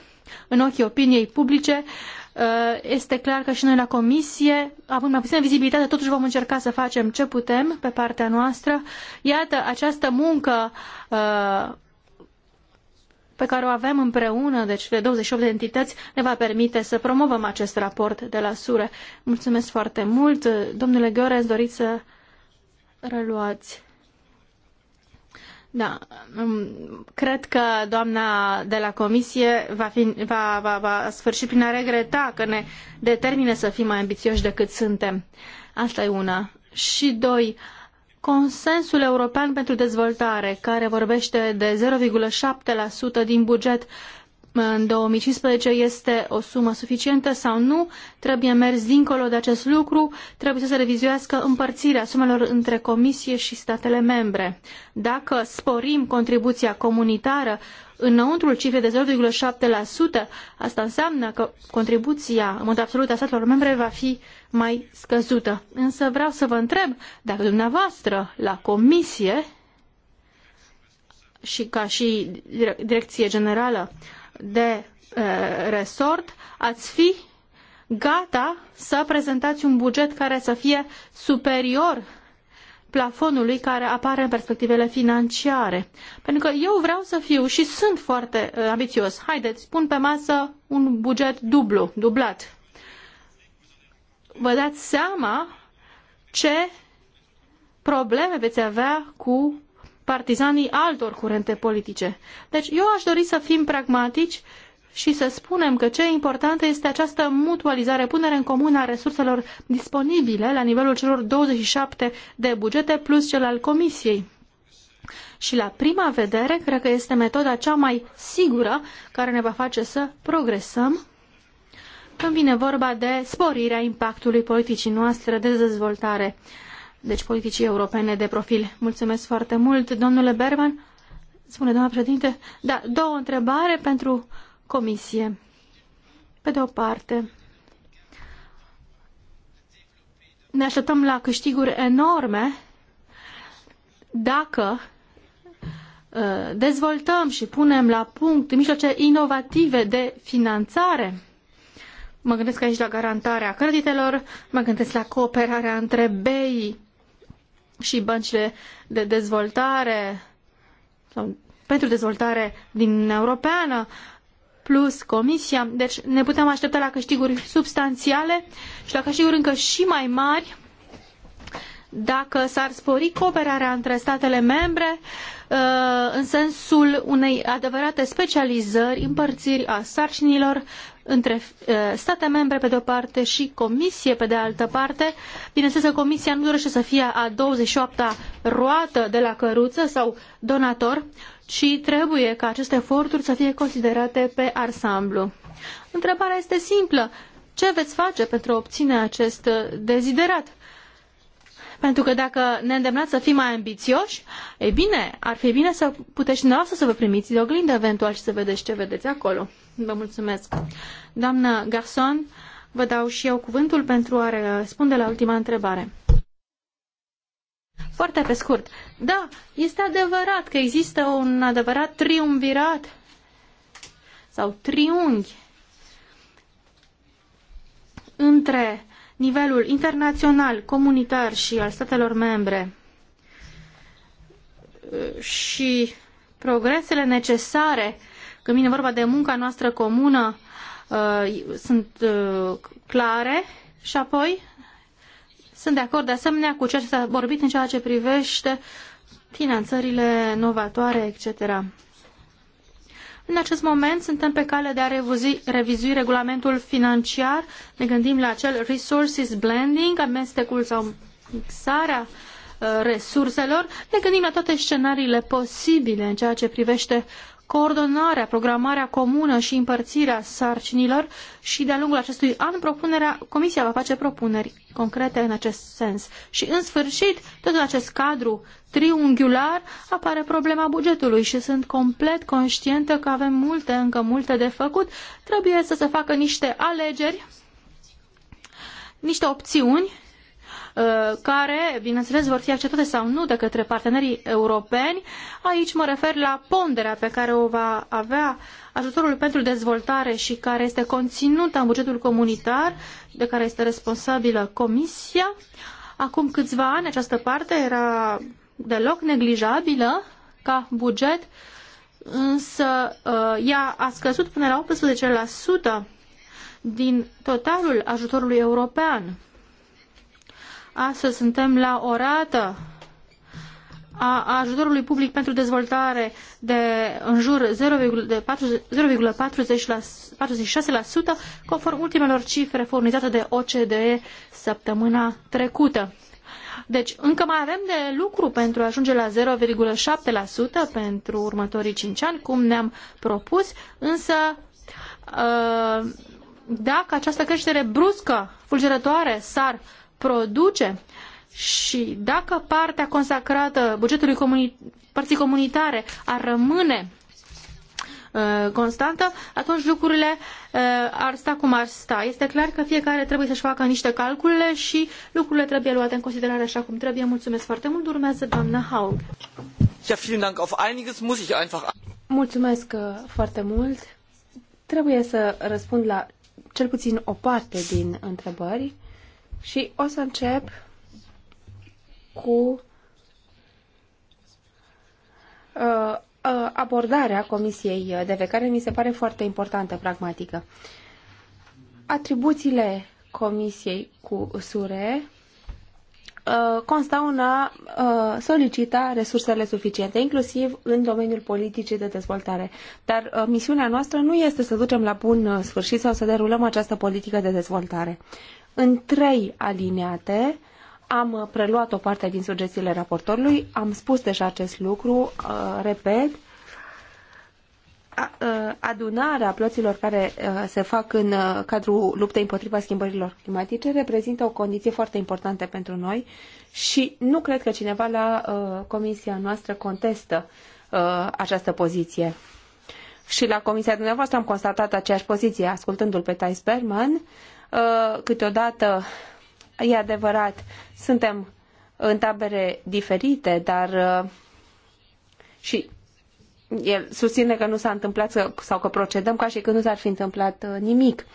în ochii opiniei publice, uh, Uh, este clar că și noi la comisie, având mai puțină vizibilitate, totuși vom încerca să facem ce putem pe partea noastră. Iată, această muncă uh, pe care o avem împreună, deci de 28 de entități, ne va permite să promovăm acest raport de la SURE. Mulțumesc foarte mult. Domnule Gheorez, doriți să reluați da, um, cred că doamna de la comisie va, fi, va, va, va sfârși prin a regreta că ne determine să fim mai ambițioși decât suntem. Asta e una. Și doi, Consensul European pentru Dezvoltare, care vorbește de 0,7% din buget în 2015 este o sumă suficientă sau nu, trebuie mers dincolo de acest lucru, trebuie să se revizuiască împărțirea sumelor între Comisie și statele membre. Dacă sporim contribuția comunitară înăuntrul cifrei de 0,7%, asta înseamnă că contribuția în mod absolut a statelor membre va fi mai scăzută. Însă vreau să vă întreb dacă dumneavoastră la Comisie și ca și direcție generală de resort, ați fi gata să prezentați un buget care să fie superior plafonului care apare în perspectivele financiare. Pentru că eu vreau să fiu și sunt foarte uh, ambițios. Haideți, pun pe masă un buget dublu, dublat. Vă dați seama ce probleme veți avea cu partizanii altor curente politice. Deci eu aș dori să fim pragmatici și să spunem că ce e importantă este această mutualizare, punere în comun a resurselor disponibile la nivelul celor 27 de bugete plus cel al Comisiei. Și la prima vedere, cred că este metoda cea mai sigură care ne va face să progresăm când vine vorba de sporirea impactului politicii noastre de dezvoltare deci politicii europene de profil. Mulțumesc foarte mult, domnule Berman. Spune doamna președinte. Da, două întrebare pentru comisie. Pe de o parte, ne așteptăm la câștiguri enorme dacă uh, dezvoltăm și punem la punct mijloace inovative de finanțare. Mă gândesc aici la garantarea creditelor, mă gândesc la cooperarea între BEI și băncile de dezvoltare sau pentru dezvoltare din Europeană, plus Comisia. Deci ne putem aștepta la câștiguri substanțiale și la câștiguri încă și mai mari dacă s-ar spori cooperarea între statele membre uh, Uh, în sensul unei adevărate specializări, împărțiri a sarcinilor între uh, state membre pe de-o parte și comisie pe de altă parte. Bineînțeles că comisia nu dorește să fie a 28-a roată de la căruță sau donator, ci trebuie ca aceste eforturi să fie considerate pe ansamblu. Întrebarea este simplă. Ce veți face pentru a obține acest deziderat? Pentru că dacă ne îndemnați să fim mai ambițioși, e bine, ar fi bine să puteți și dumneavoastră să vă primiți de oglindă eventual și să vedeți ce vedeți acolo. Vă mulțumesc. Doamnă Garson, vă dau și eu cuvântul pentru a răspunde la ultima întrebare. Foarte pe scurt. Da, este adevărat că există un adevărat triumvirat sau triunghi între nivelul internațional, comunitar și al statelor membre și progresele necesare când vine vorba de munca noastră comună uh, sunt uh, clare și apoi sunt de acord de asemenea cu ceea ce s-a vorbit în ceea ce privește finanțările novatoare, etc. În acest moment suntem pe cale de a revizui regulamentul financiar. Ne gândim la acel resources blending, amestecul sau mixarea uh, resurselor. Ne gândim la toate scenariile posibile în ceea ce privește coordonarea, programarea comună și împărțirea sarcinilor și de-a lungul acestui an propunerea, Comisia va face propuneri concrete în acest sens. Și în sfârșit, tot în acest cadru triunghiular apare problema bugetului și sunt complet conștientă că avem multe, încă multe de făcut. Trebuie să se facă niște alegeri niște opțiuni Uh, care, bineînțeles, vor fi acceptate sau nu de către partenerii europeni. Aici mă refer la ponderea pe care o va avea ajutorul pentru dezvoltare și care este conținută în bugetul comunitar, de care este responsabilă Comisia. Acum câțiva ani această parte era deloc neglijabilă ca buget, însă uh, ea a scăzut până la 18% din totalul ajutorului european. Astăzi suntem la o rată a ajutorului public pentru dezvoltare de în jur 0,46% conform ultimelor cifre furnizate de OCDE săptămâna trecută. Deci încă mai avem de lucru pentru a ajunge la 0,7% pentru următorii cinci ani, cum ne-am propus, însă uh, dacă această creștere bruscă, fulgerătoare, s-ar produce și dacă partea consacrată bugetului comuni părții comunitare ar rămâne uh, constantă, atunci lucrurile uh, ar sta cum ar sta. Este clar că fiecare trebuie să-și facă niște calcule și lucrurile trebuie luate în considerare așa cum trebuie. Mulțumesc foarte mult. Urmează doamna Haug. Mulțumesc uh, foarte mult. Trebuie să răspund la cel puțin o parte din întrebări și o să încep cu uh, uh, abordarea Comisiei DV, care mi se pare foarte importantă, pragmatică. Atribuțiile Comisiei cu SURE uh, constau în a solicita resursele suficiente, inclusiv în domeniul politicii de dezvoltare. Dar misiunea noastră nu este să ducem la bun sfârșit sau să derulăm această politică de dezvoltare. În trei aliniate am preluat o parte din sugestiile raportorului, am spus deja acest lucru, uh, repet, uh, adunarea plăților care uh, se fac în cadrul luptei împotriva schimbărilor climatice reprezintă o condiție foarte importantă pentru noi și nu cred că cineva la comisia noastră contestă această poziție. Și la comisia dumneavoastră am constatat aceeași poziție, ascultându-l pe Thijs Berman, uh, Uh, câteodată, e adevărat, suntem în tabere diferite, dar uh, și el susține că nu s-a întâmplat sau că procedăm ca și când nu s-ar fi întâmplat uh, nimic.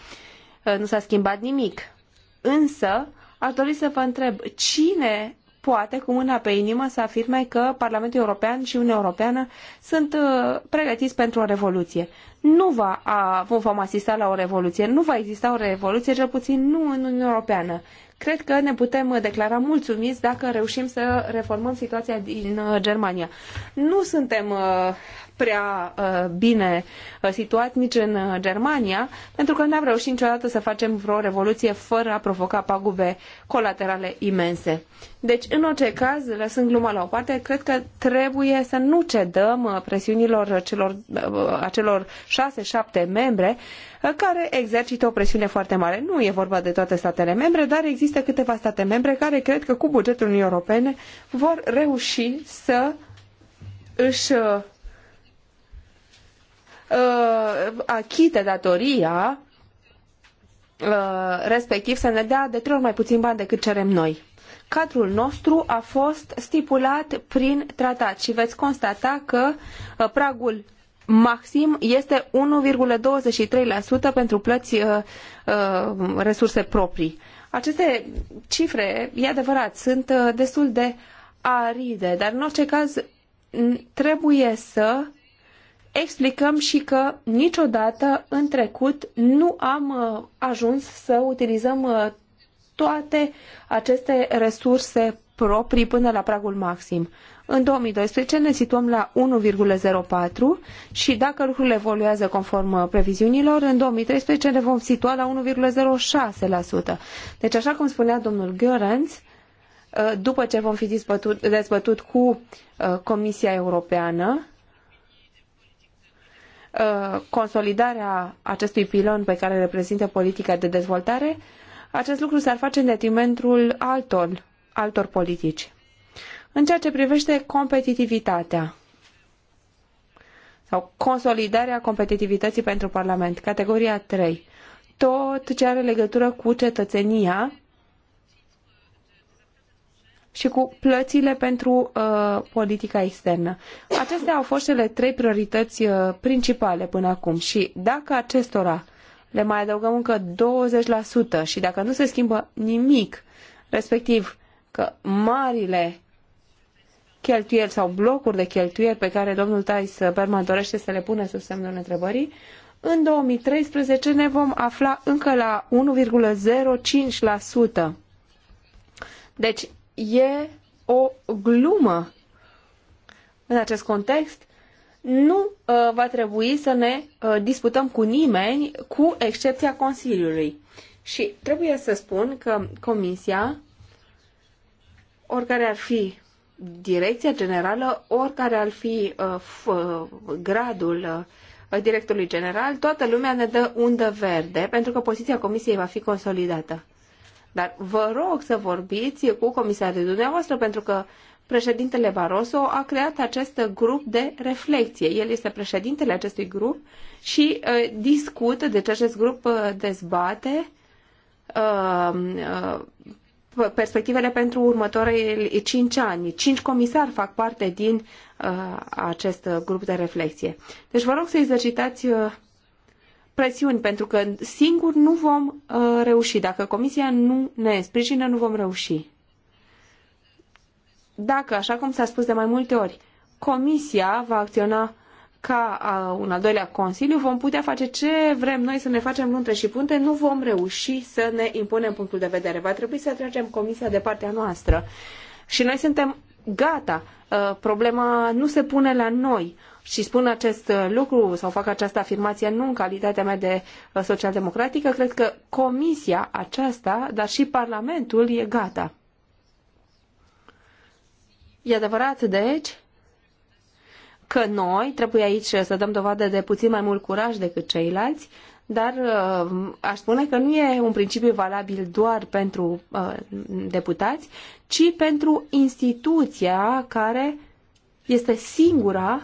Nu s-a schimbat nimic. Însă, a dori să vă întreb, cine poate cu mâna pe inimă să afirme că Parlamentul European și Uniunea Europeană sunt uh, pregătiți pentru o revoluție. Nu va, a, vom asista la o revoluție, nu va exista o revoluție, cel puțin nu în Uniunea Europeană. Cred că ne putem declara mulțumiți dacă reușim să reformăm situația din uh, Germania. Nu suntem uh, prea uh, bine situat nici în Germania, pentru că n-am reușit niciodată să facem vreo revoluție fără a provoca pagube colaterale imense. Deci, în orice caz, lăsând gluma la o parte, cred că trebuie să nu cedăm presiunilor celor, acelor șase-șapte membre care exercită o presiune foarte mare. Nu e vorba de toate statele membre, dar există câteva state membre care cred că cu bugetul Uniunii Europene vor reuși să își uh, uh achite datoria uh, respectiv să ne dea de trei ori mai puțin bani decât cerem noi. Cadrul nostru a fost stipulat prin tratat și veți constata că uh, pragul maxim este 1,23% pentru plăți uh, uh, resurse proprii. Aceste cifre, e adevărat, sunt uh, destul de aride, dar în orice caz trebuie să explicăm și că niciodată în trecut nu am uh, ajuns să utilizăm uh, toate aceste resurse proprii până la pragul maxim. În 2012 ne situăm la 1,04 și dacă lucrurile evoluează conform uh, previziunilor, în 2013 ne vom situa la 1,06%. Deci, așa cum spunea domnul Görens, uh, după ce vom fi dezbătut, dezbătut cu uh, Comisia Europeană, consolidarea acestui pilon pe care reprezintă politica de dezvoltare, acest lucru s-ar face în detrimentul altor, altor politici. În ceea ce privește competitivitatea sau consolidarea competitivității pentru Parlament, categoria 3, tot ce are legătură cu cetățenia și cu plățile pentru uh, politica externă. Acestea au fost cele trei priorități uh, principale până acum și dacă acestora le mai adăugăm încă 20% și dacă nu se schimbă nimic, respectiv că marile cheltuieli sau blocuri de cheltuieli pe care domnul Thais Berman dorește să le pune sub semnul întrebării, în 2013 ne vom afla încă la 1,05%. Deci e o glumă. În acest context, nu uh, va trebui să ne uh, disputăm cu nimeni, cu excepția Consiliului. Și trebuie să spun că Comisia, oricare ar fi direcția generală, oricare ar fi uh, uh, gradul uh, directorului general, toată lumea ne dă undă verde, pentru că poziția comisiei va fi consolidată. Dar vă rog să vorbiți cu comisarul dumneavoastră, pentru că președintele Barroso a creat acest grup de reflexie. El este președintele acestui grup și uh, discută, deci acest grup uh, dezbate uh, uh, perspectivele pentru următorii cinci ani. Cinci comisari fac parte din uh, acest grup de reflexie. Deci vă rog să exercitați uh, presiuni, pentru că singur nu vom uh, reuși. Dacă comisia nu ne sprijină, nu vom reuși. Dacă, așa cum s-a spus de mai multe ori, comisia va acționa ca un al doilea Consiliu vom putea face ce vrem noi să ne facem luntre și punte, nu vom reuși să ne impunem punctul de vedere. Va trebui să tragem Comisia de partea noastră. Și noi suntem gata, problema nu se pune la noi. Și spun acest lucru sau fac această afirmație nu în calitatea mea de socialdemocratică, cred că comisia aceasta, dar și Parlamentul e gata. E adevărat, deci, că noi trebuie aici să dăm dovadă de puțin mai mult curaj decât ceilalți, dar uh, aș spune că nu e un principiu valabil doar pentru uh, deputați, ci pentru instituția care este singura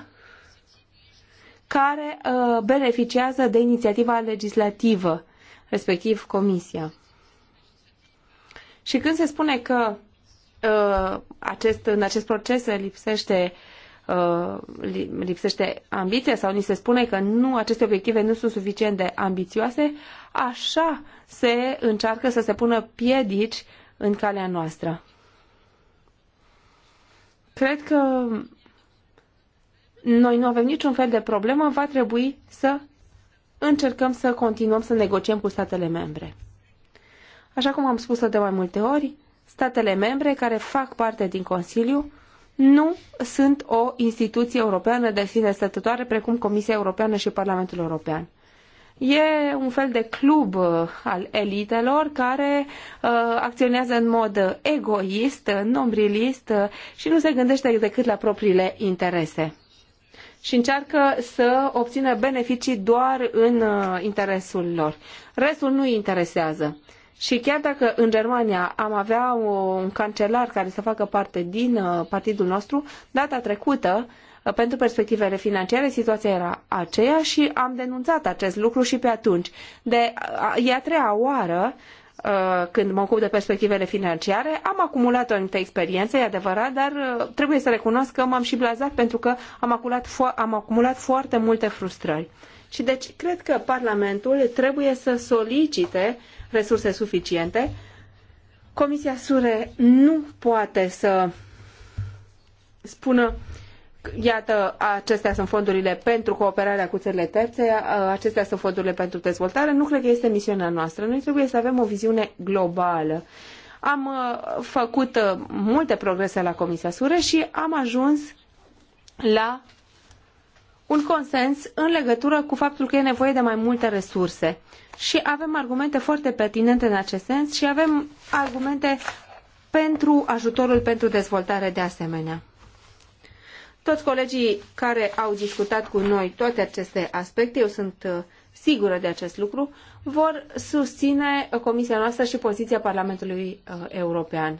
care uh, beneficiază de inițiativa legislativă, respectiv Comisia. Și când se spune că acest, în acest proces lipsește uh, Uh, lipsește ambiția sau ni se spune că nu, aceste obiective nu sunt suficient de ambițioase, așa se încearcă să se pună piedici în calea noastră. Cred că noi nu avem niciun fel de problemă, va trebui să încercăm să continuăm să negociem cu statele membre. Așa cum am spus-o de mai multe ori, statele membre care fac parte din Consiliu nu sunt o instituție europeană de sine stătătoare precum Comisia Europeană și Parlamentul European. E un fel de club uh, al elitelor care uh, acționează în mod egoist, nombrilist uh, și nu se gândește decât la propriile interese și încearcă să obțină beneficii doar în uh, interesul lor. Restul nu îi interesează. Și chiar dacă în Germania am avea un cancelar care să facă parte din uh, partidul nostru, data trecută, uh, pentru perspectivele financiare, situația era aceea și am denunțat acest lucru și pe atunci. De, uh, e a treia oară când mă ocup de perspectivele financiare, am acumulat o anumită experiență, e adevărat, dar trebuie să recunosc că m-am și blazat pentru că am acumulat, am acumulat foarte multe frustrări. Și deci cred că Parlamentul trebuie să solicite uh, resurse suficiente. Comisia Sure nu poate să spună iată, acestea sunt fondurile pentru cooperarea cu țările terțe, acestea sunt fondurile pentru dezvoltare, nu cred că este misiunea noastră. Noi trebuie să avem o viziune globală. Am făcut multe progrese la Comisia Sure și am ajuns la un consens în legătură cu faptul că e nevoie de mai multe resurse. Și avem argumente foarte pertinente în acest sens și avem argumente pentru ajutorul pentru dezvoltare de asemenea. Toți colegii care au discutat cu noi toate aceste aspecte, eu sunt uh, sigură de acest lucru, vor susține uh, comisia noastră și poziția Parlamentului uh, European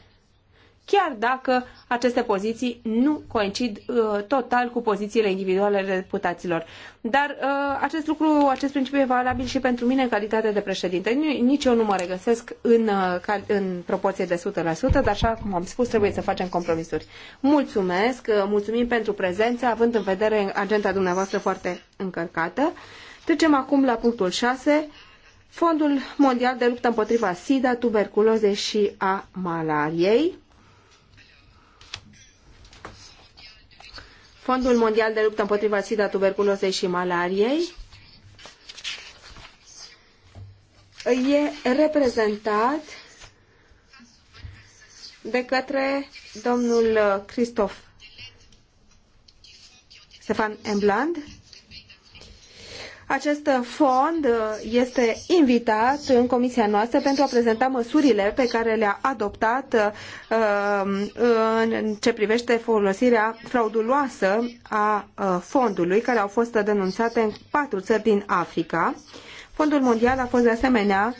chiar dacă aceste poziții nu coincid uh, total cu pozițiile individuale ale deputaților. Dar uh, acest lucru, acest principiu e valabil și pentru mine în calitate de președinte. Nici eu nu mă regăsesc în, uh, în proporție de 100%, dar așa cum am spus, trebuie să facem compromisuri. Mulțumesc, uh, mulțumim pentru prezență, având în vedere agenda dumneavoastră foarte încărcată. Trecem acum la punctul 6, Fondul Mondial de Luptă împotriva SIDA, tuberculozei și a malariei. Fondul Mondial de Luptă împotriva SIDA, tuberculozei și malariei e reprezentat de către domnul Christoph Stefan Embland, acest fond uh, este invitat în comisia noastră pentru a prezenta măsurile pe care le-a adoptat uh, um, în ce privește folosirea frauduloasă a uh, fondului, care au fost denunțate în patru țări din Africa. Fondul Mondial a fost de asemenea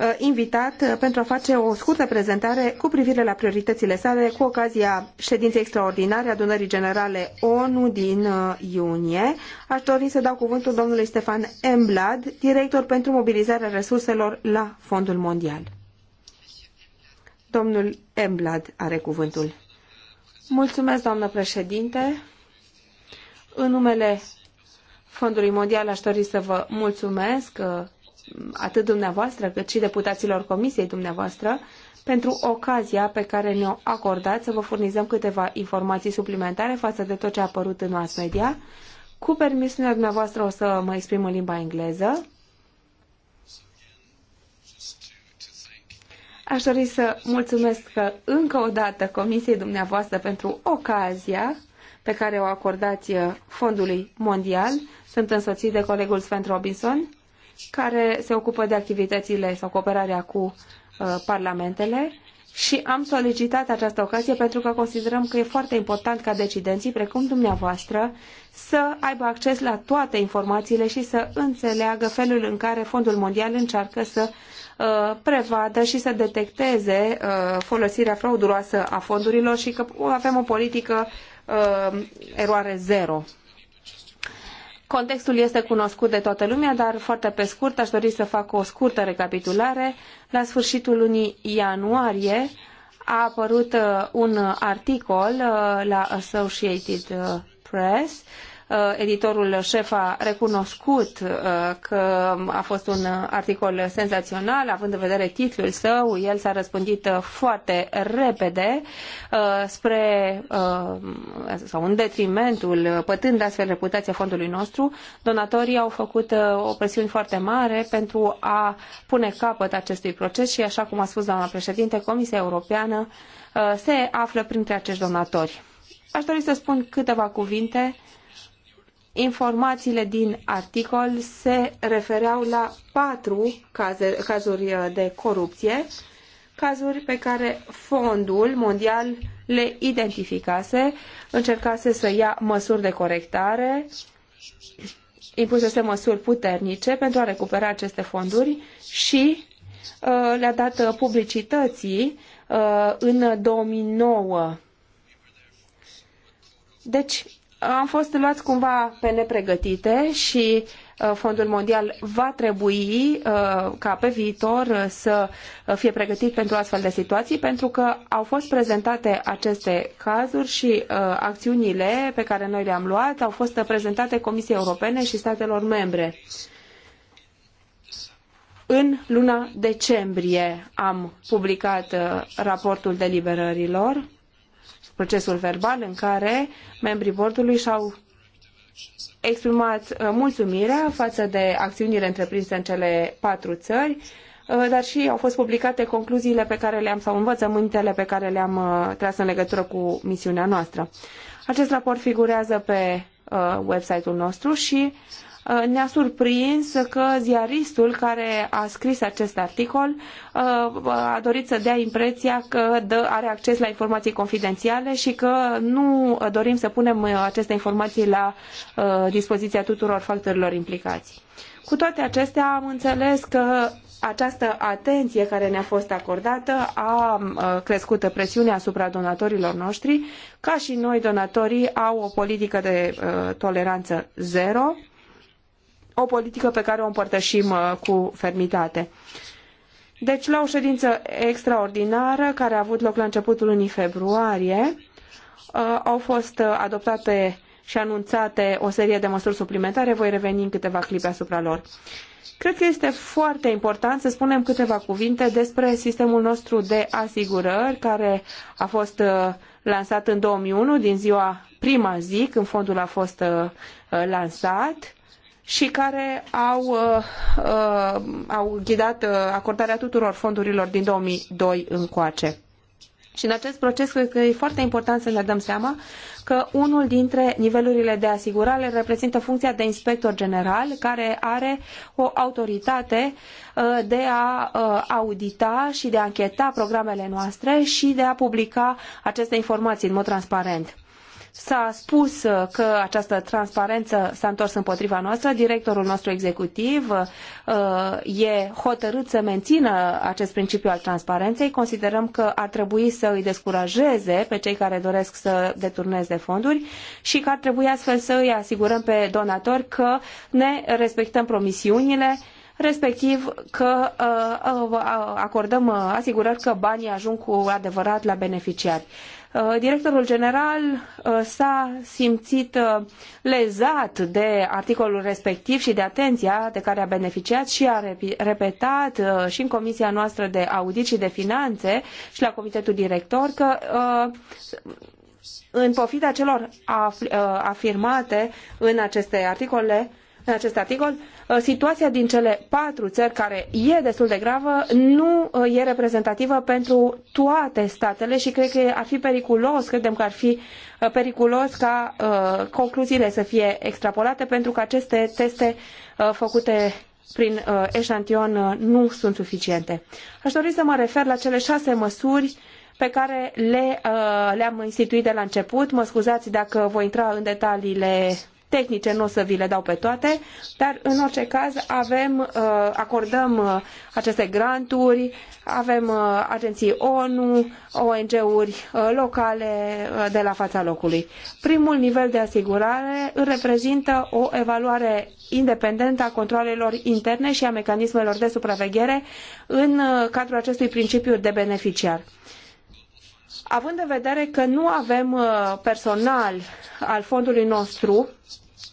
Uh, invitat uh, pentru a face o scurtă prezentare cu privire la prioritățile sale cu ocazia ședinței extraordinare a adunării generale ONU din uh, iunie. Aș dori să dau cuvântul domnului Stefan Emblad, director pentru mobilizarea resurselor la Fondul Mondial. Domnul Emblad are cuvântul. Mulțumesc, doamnă președinte. În numele Fondului Mondial aș dori să vă mulțumesc atât dumneavoastră cât și deputaților comisiei dumneavoastră pentru ocazia pe care ne-o acordați să vă furnizăm câteva informații suplimentare față de tot ce a apărut în mass media. Cu permisiunea dumneavoastră o să mă exprim în limba engleză. Aș dori să mulțumesc încă o dată Comisiei dumneavoastră pentru ocazia pe care o acordați Fondului Mondial. Sunt însoțit de colegul Sven Robinson care se ocupă de activitățile sau cooperarea cu uh, parlamentele și am solicitat această ocazie pentru că considerăm că e foarte important ca decidenții, precum dumneavoastră, să aibă acces la toate informațiile și să înțeleagă felul în care Fondul Mondial încearcă să uh, prevadă și să detecteze uh, folosirea frauduloasă a fondurilor și că avem o politică uh, eroare zero Contextul este cunoscut de toată lumea, dar foarte pe scurt aș dori să fac o scurtă recapitulare. La sfârșitul lunii ianuarie a apărut uh, un articol uh, la Associated uh, Press Uh, editorul șef a recunoscut uh, că a fost un uh, articol senzațional, având în vedere titlul său, el s-a răspândit foarte repede spre sau în detrimentul, pătând astfel reputația fondului nostru, donatorii au făcut o presiune foarte mare pentru a pune capăt acestui proces și, așa cum a spus doamna președinte, Comisia Europeană se află printre acești donatori. Aș dori să spun câteva cuvinte uh, informațiile din articol se refereau la patru caze, cazuri uh, de corupție, cazuri pe care Fondul Mondial le identificase, încercase să ia măsuri de corectare, impusese măsuri puternice pentru a recupera aceste fonduri și uh, le-a dat uh, publicității uh, în 2009. Deci, am fost luați cumva pe nepregătite și uh, Fondul Mondial va trebui uh, ca pe viitor uh, să fie pregătit pentru astfel de situații, pentru că au fost prezentate aceste cazuri și acțiunile pe care noi le-am luat au fost prezentate Comisiei Europene și statelor membre. În luna decembrie am publicat raportul deliberărilor procesul verbal în care membrii bordului și-au exprimat uh, mulțumirea față de acțiunile întreprinse în cele patru țări, uh, dar și au fost publicate concluziile pe care le-am sau învățămintele pe care le-am uh, tras în legătură cu misiunea noastră. Acest raport figurează pe website-ul nostru și uh, Uh, ne-a surprins că ziaristul care a scris acest articol uh, a dorit să dea impresia că are acces la informații confidențiale și că nu dorim să punem uh, aceste informații la dispoziția tuturor factorilor implicați. Cu toate acestea am înțeles că această atenție care ne-a fost acordată a crescut presiunea asupra donatorilor noștri. Ca și noi, donatorii au o politică de toleranță zero. Uh, o politică pe care o împărtășim uh, cu fermitate. Deci, la o ședință extraordinară care a avut loc la începutul lunii februarie, uh, au fost uh, adoptate și anunțate o serie de măsuri suplimentare. Voi reveni în câteva clipe asupra lor. Cred că este foarte important să spunem câteva cuvinte despre sistemul nostru de asigurări care a fost lansat în 2001, din ziua prima zi când fondul a fost lansat și care au, uh, uh au ghidat uh, acordarea tuturor fondurilor din 2002 încoace. Și în acest proces cred că e foarte important să ne dăm seama că unul dintre nivelurile de asigurare reprezintă funcția de inspector general care are o autoritate uh, de a audita și de a încheta programele noastre și de a publica aceste informații în mod transparent. S-a spus uh, că această transparență s-a întors împotriva noastră. Directorul nostru executiv uh, e hotărât să mențină acest principiu al transparenței. Considerăm că ar trebui să îi descurajeze pe cei care doresc să deturneze fonduri și că ar trebui astfel să îi asigurăm pe donatori că ne respectăm promisiunile respectiv că uh, acordăm asigurări că banii ajung cu adevărat la beneficiari. Uh, directorul general uh, s-a simțit uh, lezat de articolul respectiv și de atenția de care a beneficiat și a repetat și în comisia noastră de audit și de finanțe și la comitetul director că în pofida celor afirmate în aceste articole, în acest articol, uh, situația din cele patru țări, care e destul de gravă, nu uh, e reprezentativă pentru toate statele și cred că ar fi periculos, credem că ar fi uh, periculos ca concluziile să fie extrapolate, pentru că aceste teste făcute prin eșantion nu sunt suficiente. Aș dori să mă refer la cele șase măsuri pe care le, le-am instituit de la început. Mă scuzați dacă voi intra în detaliile tehnice, nu o să vi le dau pe toate, dar în orice caz avem, uh, acordăm uh, aceste granturi, avem uh, agenții ONU, ONG-uri locale de la fața locului. Primul nivel de asigurare reprezintă o evaluare independentă a controlelor interne și a mecanismelor de supraveghere în cadrul acestui principiu de beneficiar având în vedere că nu avem uh, personal al fondului nostru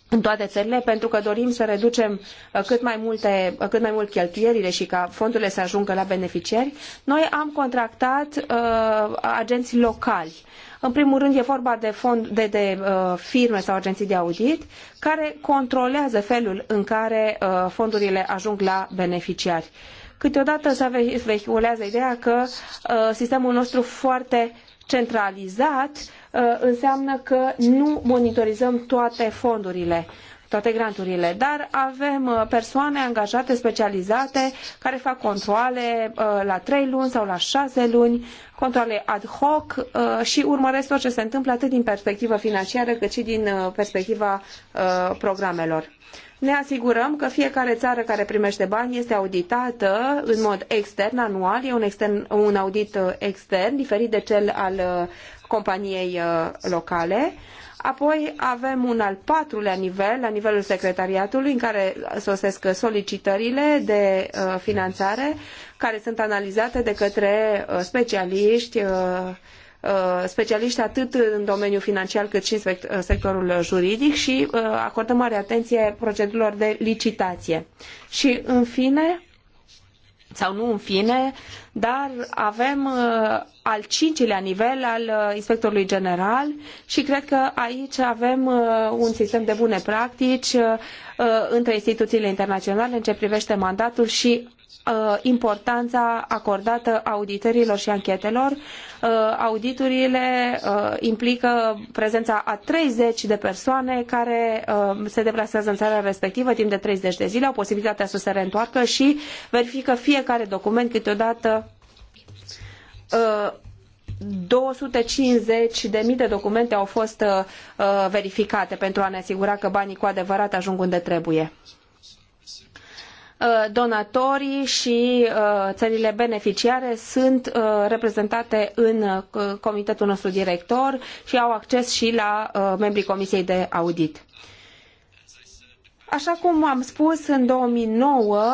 în toate țările, pentru că dorim să reducem uh, cât mai, multe, uh, cât mai mult cheltuielile și ca fondurile să ajungă la beneficiari, noi am contractat uh, agenți locali. În primul rând e vorba de, fond, de, de uh, firme sau agenții de audit care controlează felul în care uh, fondurile ajung la beneficiari. Uh, Câteodată se vehiculează ideea că uh, sistemul nostru foarte centralizat uh, înseamnă că nu monitorizăm toate fondurile toate granturile, dar avem uh, persoane angajate, specializate, care fac controle la trei luni sau la 6 luni, controle ad hoc și urmăresc tot ce se întâmplă atât din perspectivă financiară cât și din perspectiva programelor ne asigurăm că fiecare țară care primește bani este auditată în mod extern, anual. E un, extern, un audit uh, extern, diferit de cel al uh, companiei uh, locale. Apoi avem un al patrulea nivel, la nivelul secretariatului, în care sosesc solicitările de finanțare, care sunt analizate de către specialiști Uh, specialiști atât în domeniul financiar cât și în uh, sectorul juridic și uh, acordăm mare atenție procedurilor de licitație. Și în fine, sau nu în fine, dar avem al cincilea nivel al inspectorului general și cred că aici avem un sistem de bune practici între instituțiile internaționale în ceea ce privește mandatul și Uh, importanța acordată auditărilor și anchetelor. Uh, auditurile uh, implică prezența a 30 de persoane care se deplasează în țara respectivă timp de 30 de zile, au posibilitatea să se reîntoarcă și verifică fiecare document câteodată 250 de mii de documente au fost verificate pentru a ne asigura că banii cu adevărat ajung unde trebuie. Uh, donatorii și uh, țările beneficiare sunt uh, reprezentate în comitetul nostru director și au acces și la membrii Comisiei de Audit. Așa cum am spus, în 2009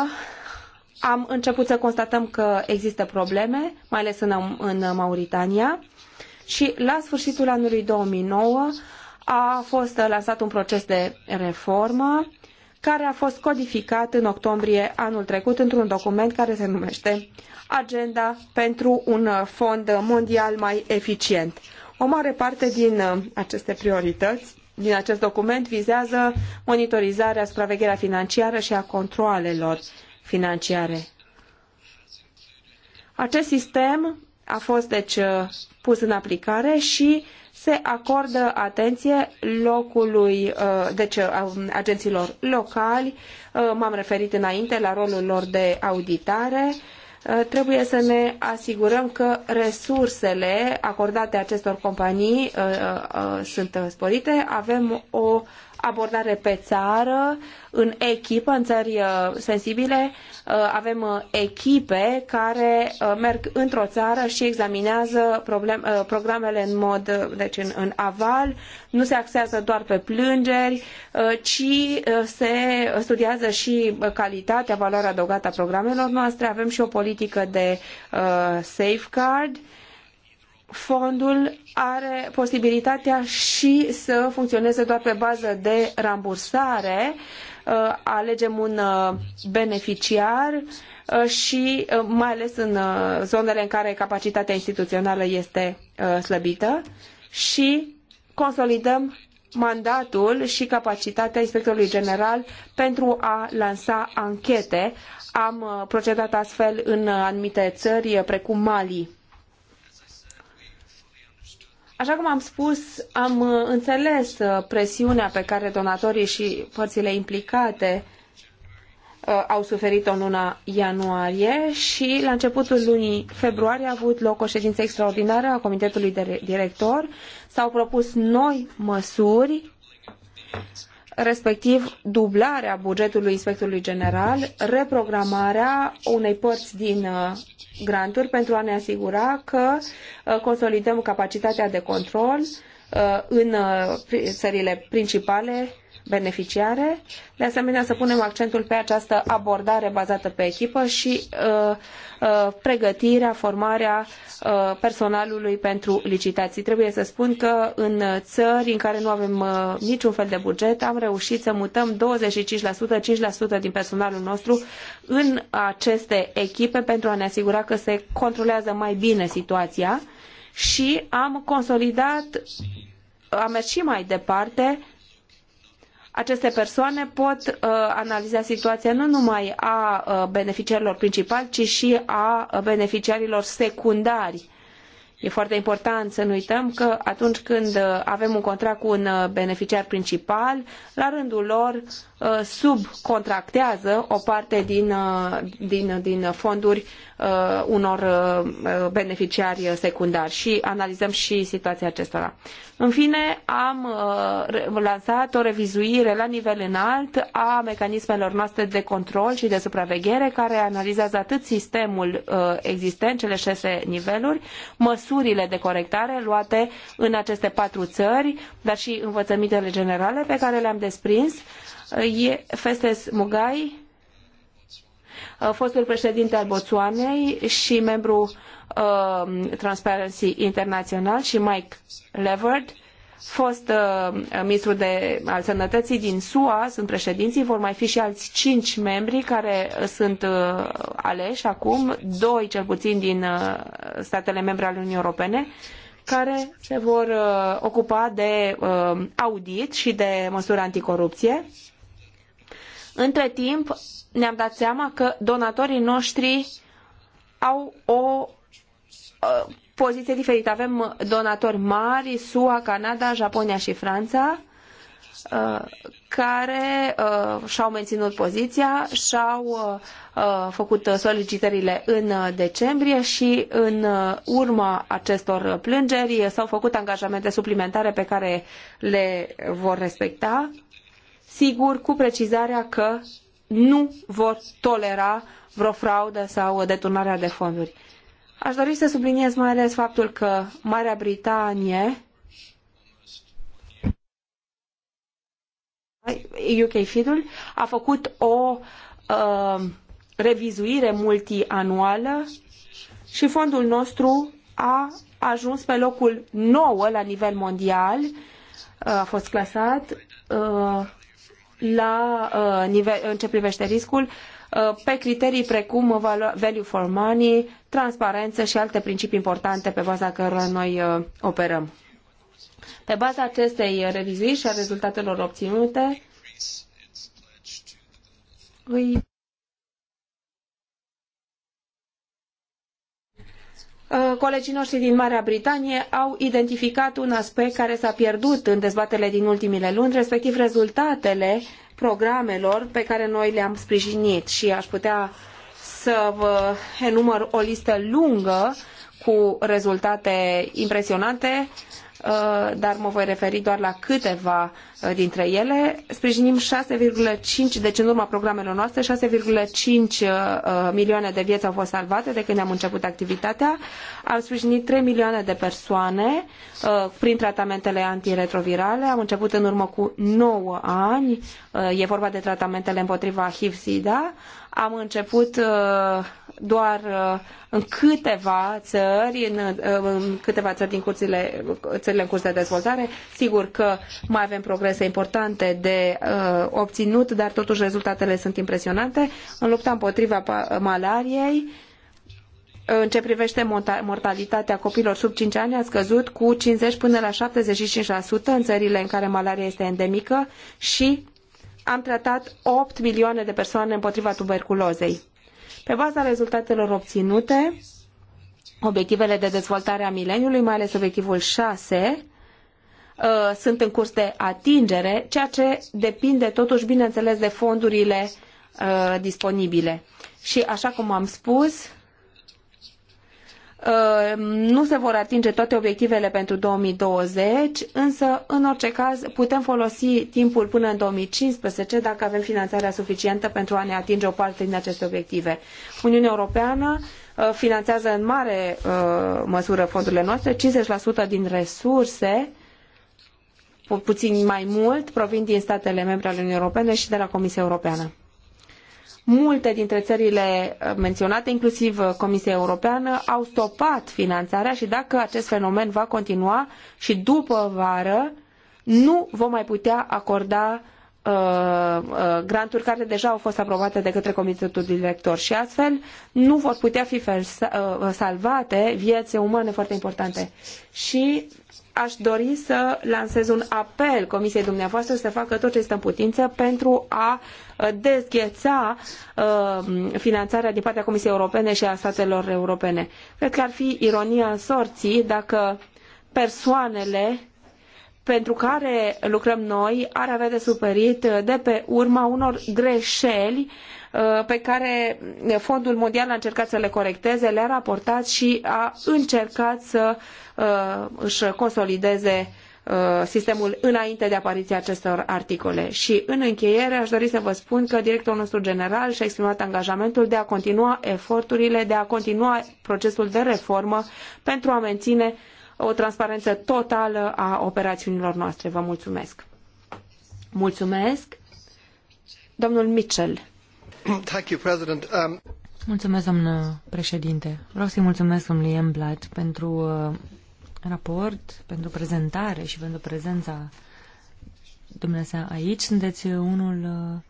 am început să constatăm că există probleme, mai ales în, în Mauritania, și la sfârșitul anului 2009 a fost lansat un proces de reformă care a fost codificat în octombrie anul trecut într-un document care se numește Agenda pentru un fond mondial mai eficient. O mare parte din uh, aceste priorități din acest document vizează monitorizarea, supravegherea financiară și a controalelor financiare. Acest sistem a fost deci uh, pus în aplicare și se acordă atenție locului, uh, deci uh, agenților locali. M-am referit înainte la rolul lor de auditare. Trebuie să ne asigurăm că resursele acordate acestor companii sunt sporite. Avem o abordare pe țară, în echipă, în țări uh, sensibile. Uh, avem uh, echipe care merg într-o țară și examinează problem, programele în mod, deci în, în aval, nu se axează doar pe plângeri, ci se studiază și calitatea, valoarea adăugată a programelor noastre. Avem și o politică de safeguard, fondul are posibilitatea și să funcționeze doar pe bază de rambursare. Uh, alegem un uh, beneficiar uh, și mai ales în zonele în care capacitatea instituțională este slăbită și consolidăm mandatul și capacitatea inspectorului general pentru a lansa anchete. Am procedat astfel în anumite țări, precum Mali. Așa cum am spus, am uh, înțeles uh, presiunea pe care donatorii și părțile implicate uh, au suferit-o în luna ianuarie și la începutul lunii februarie a avut loc o ședință extraordinară a Comitetului de Director. S-au propus noi măsuri respectiv dublarea bugetului inspectorului general, reprogramarea unei părți din uh, granturi pentru a ne asigura că uh, consolidăm capacitatea de control uh, în țările principale beneficiare. De asemenea, să punem accentul pe această abordare bazată pe echipă și uh, uh, pregătirea, formarea uh, personalului pentru licitații. Trebuie să spun că în țări în care nu avem uh, niciun fel de buget, am reușit să mutăm 25%, 5% din personalul nostru în aceste echipe pentru a ne asigura că se controlează mai bine situația și am consolidat, am mers și mai departe aceste persoane pot uh, analiza situația nu numai a uh, beneficiarilor principali, ci și a uh, beneficiarilor secundari E foarte important să nu uităm că atunci când uh, avem un contract cu un uh, beneficiar principal, la rândul lor uh, subcontractează o parte din, din, din fonduri unor beneficiari secundari și analizăm și situația acestora. În fine, am lansat o revizuire la nivel înalt a mecanismelor noastre de control și de supraveghere care analizează atât sistemul existent, cele șase niveluri, măsuri măsurile de corectare luate în aceste patru țări, dar și învățămintele generale pe care le-am desprins. E Festes Mugai, fostul președinte al Botswanei și membru uh, Transparency International și Mike Leverd, fost uh, ministru de, al sănătății din SUA, sunt președinții, vor mai fi și alți cinci membri care uh, sunt uh, aleși acum, doi cel puțin din uh, statele membre ale Uniunii Europene, care se vor uh, ocupa de uh, audit și de măsuri anticorupție. Între timp, ne-am dat seama că donatorii noștri au o uh, poziție diferită. Avem donatori mari, SUA, Canada, Japonia și Franța, uh, care uh, și-au menținut poziția, și-au uh, făcut solicitările în decembrie și în urma acestor plângeri s-au făcut angajamente suplimentare pe care le vor respecta, sigur cu precizarea că nu vor tolera vreo fraudă sau deturnarea de fonduri. Aș dori să subliniez mai ales faptul că Marea Britanie UK Fidul a făcut o uh, revizuire multianuală și fondul nostru a ajuns pe locul 9 la nivel mondial, uh, a fost clasat uh, la uh, nivel, în ce privește riscul Uh, pe criterii precum value for money, transparență și alte principii importante pe baza cărora noi uh, operăm. Pe baza acestei revizuiri și a rezultatelor obținute, îi uh, Colegii noștri din Marea Britanie au identificat un aspect care s-a pierdut în dezbaterile din ultimile luni, respectiv rezultatele programelor pe care noi le-am sprijinit și aș putea să vă enumăr o listă lungă cu rezultate impresionante, uh, dar mă voi referi doar la câteva dintre ele. Sprijinim 6,5, deci în urma programelor noastre, 6,5 uh, uh, milioane de vieți au fost salvate de când am început activitatea. Am sprijinit 3 milioane de persoane uh, prin tratamentele antiretrovirale. Am început în urmă cu 9 ani. E vorba de tratamentele împotriva HIV-SIDA. Am început doar în câteva țări, în, în câteva țări din curțile, țările în curs de dezvoltare. Sigur că mai avem progres progrese importante de uh, obținut, dar totuși rezultatele sunt impresionante. În lupta împotriva malariei, în ce privește mortalitatea copiilor sub 5 ani a scăzut cu 50 până la 75% în țările în care malaria este endemică și am tratat 8 milioane de persoane împotriva tuberculozei. Pe baza rezultatelor obținute, obiectivele de dezvoltare a mileniului, mai ales obiectivul 6, Uh, sunt în curs de atingere, ceea ce depinde totuși, bineînțeles, de fondurile uh, disponibile. Și așa cum am spus, uh, nu se vor atinge toate obiectivele pentru 2020, însă, în orice caz, putem folosi timpul până în 2015 dacă avem finanțarea suficientă pentru a ne atinge o parte din aceste obiective. Uniunea Europeană uh, finanțează în mare măsură fondurile noastre, 50% din resurse puțin mai mult provin din statele membre ale Uniunii Europene și de la Comisia Europeană. Multe dintre țările uh, menționate, inclusiv uh, Comisia Europeană, au stopat finanțarea și dacă acest fenomen va continua și după vară, nu vom mai putea acorda uh, granturi care deja au fost aprobate de către comitetul director și astfel nu vor putea fi salvate vieți umane foarte importante. Și aș dori să lansez un apel Comisiei dumneavoastră să facă tot ce este în putință pentru a uh, dezgheța uh, finanțarea din partea Comisiei Europene și a statelor europene. Cred că ar fi ironia sorții dacă persoanele pentru care lucrăm noi ar avea de suferit uh, de pe urma unor greșeli uh, Uh, pe care Fondul Mondial a încercat să le corecteze, le-a raportat și a încercat să uh, își consolideze uh, sistemul înainte de apariția acestor articole. Și în încheiere aș dori să vă spun că directorul nostru general și-a exprimat angajamentul de a continua eforturile, de a continua procesul de reformă pentru a menține o transparență totală a operațiunilor noastre. Vă mulțumesc! Mulțumesc! Domnul Mitchell. Um, mulțumesc, doamnă președinte. Vreau să-i mulțumesc domnului Emblat pentru uh, raport, pentru prezentare și pentru prezența dumneavoastră aici. Sunteți uh, unul uh,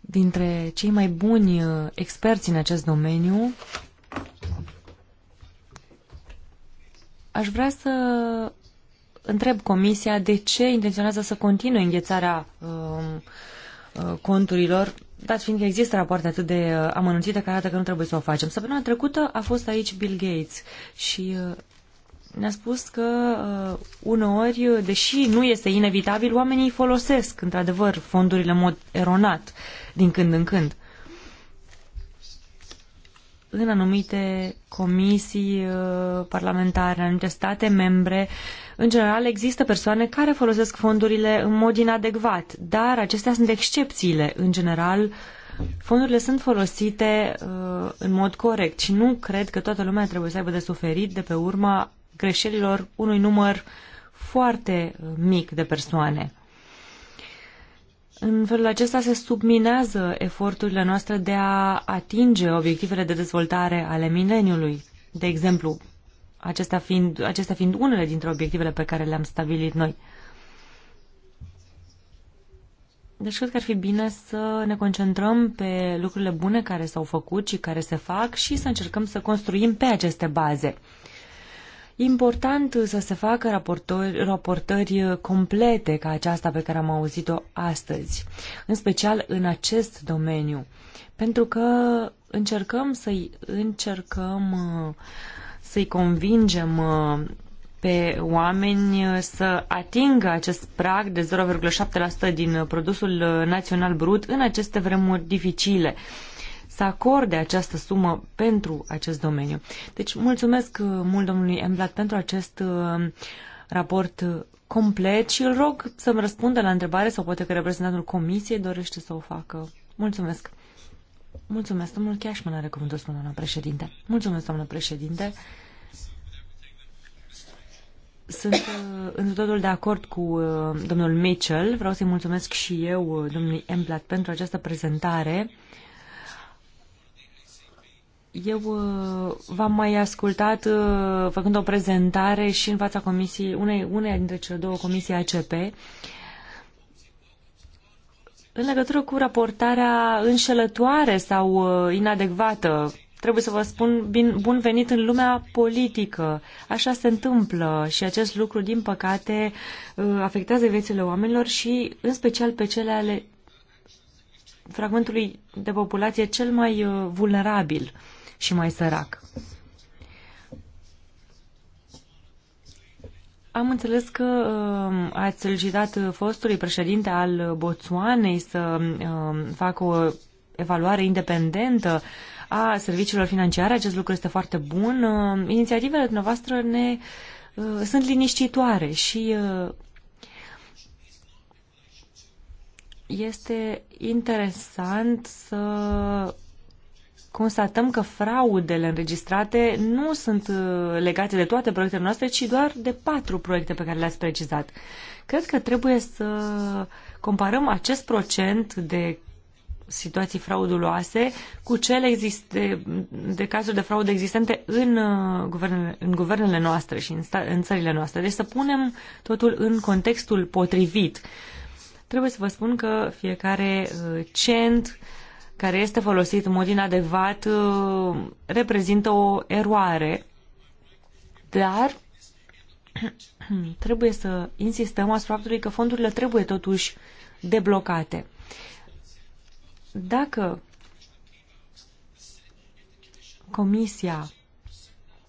dintre cei mai buni experți în acest domeniu. Aș vrea să întreb Comisia de ce intenționează să continue înghețarea um, uh, conturilor dat fiindcă există rapoarte atât de uh, amănunțite care arată că nu trebuie să o facem. Săptămâna trecută a fost aici Bill Gates și uh, ne-a spus că uh, uneori, deși nu este inevitabil, oamenii folosesc într-adevăr fondurile în mod eronat din când în când în anumite comisii uh, parlamentare, în anumite state membre, în general există persoane care folosesc fondurile în mod inadecvat, dar acestea sunt excepțiile. În general, fondurile sunt folosite uh, în mod corect și nu cred că toată lumea trebuie să aibă de suferit de pe urma greșelilor unui număr foarte uh, mic de persoane. În felul acesta se subminează eforturile noastre de a atinge obiectivele de dezvoltare ale mileniului. De exemplu, acestea fiind, acestea fiind unele dintre obiectivele pe care le-am stabilit noi. Deci cred că ar fi bine să ne concentrăm pe lucrurile bune care s-au făcut și care se fac și să încercăm să construim pe aceste baze important să se facă raportări, raportări uh, complete ca aceasta pe care am auzit-o astăzi, în special în acest domeniu, pentru că încercăm să-i încercăm uh, să-i convingem uh, pe oameni să atingă acest prag de 0,7% din produsul național brut în aceste vremuri dificile să acorde această sumă pentru acest domeniu. Deci mulțumesc uh, mult domnului Emblat pentru acest uh, raport uh, complet și îl rog să-mi răspundă la întrebare sau poate că reprezentantul comisiei dorește să o facă. Mulțumesc. Mulțumesc, domnul Cashman are cuvântul, spune doamna președinte. Mulțumesc, doamna președinte. Sunt în totul de acord cu domnul Mitchell. Vreau să-i mulțumesc și eu, domnului Emblat, pentru această prezentare. Eu uh, v-am mai ascultat uh, făcând o prezentare și în fața comisiei, unei, unei dintre cele două comisii ACP, în legătură cu raportarea înșelătoare sau uh, inadecvată. Trebuie să vă spun bun venit în lumea politică. Așa se întâmplă și acest lucru, din păcate, afectează viețile oamenilor și, în special, pe cele ale fragmentului de populație cel mai vulnerabil și mai sărac. Am înțeles că uh, ați solicitat fostului președinte al Botswanei să uh, facă o evaluare independentă a serviciilor financiare. Acest lucru este foarte bun. Uh, inițiativele dumneavoastră ne, uh, sunt liniștitoare și uh, este interesant să constatăm că fraudele înregistrate nu sunt uh, legate de toate proiectele noastre, ci doar de patru proiecte pe care le-ați precizat. Cred că trebuie să comparăm acest procent de situații frauduloase cu cele existe, de cazuri de fraudă existente în uh, guvernele, în guvernele noastre și în, sta, în țările noastre. Deci să punem totul în contextul potrivit. Trebuie să vă spun că fiecare uh, cent uh, care este folosit în mod inadecvat uh, reprezintă o eroare, dar trebuie să insistăm asupra faptului că fondurile trebuie totuși deblocate. Dacă Comisia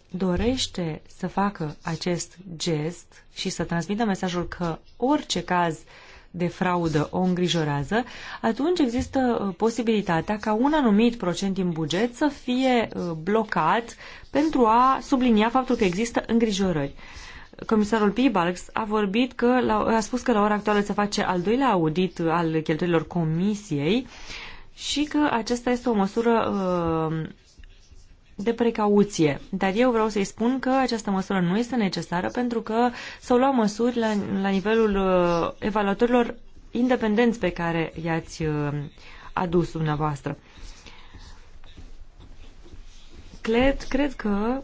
dorește să facă acest gest și să transmită mesajul că orice caz uh, de fraudă o îngrijorează, atunci există uh, posibilitatea ca un anumit procent din buget să fie uh, blocat pentru a sublinia faptul că există îngrijorări. Comisarul Pibalx a vorbit că a spus că la ora actuală se face al doilea audit uh, al cheltuielilor comisiei și că acesta este o măsură uh, de precauție. Dar eu vreau să-i spun că această măsură nu este necesară pentru că s-au luat măsuri la, la nivelul uh, evaluatorilor independenți pe care i-ați uh, adus dumneavoastră. Cred, cred că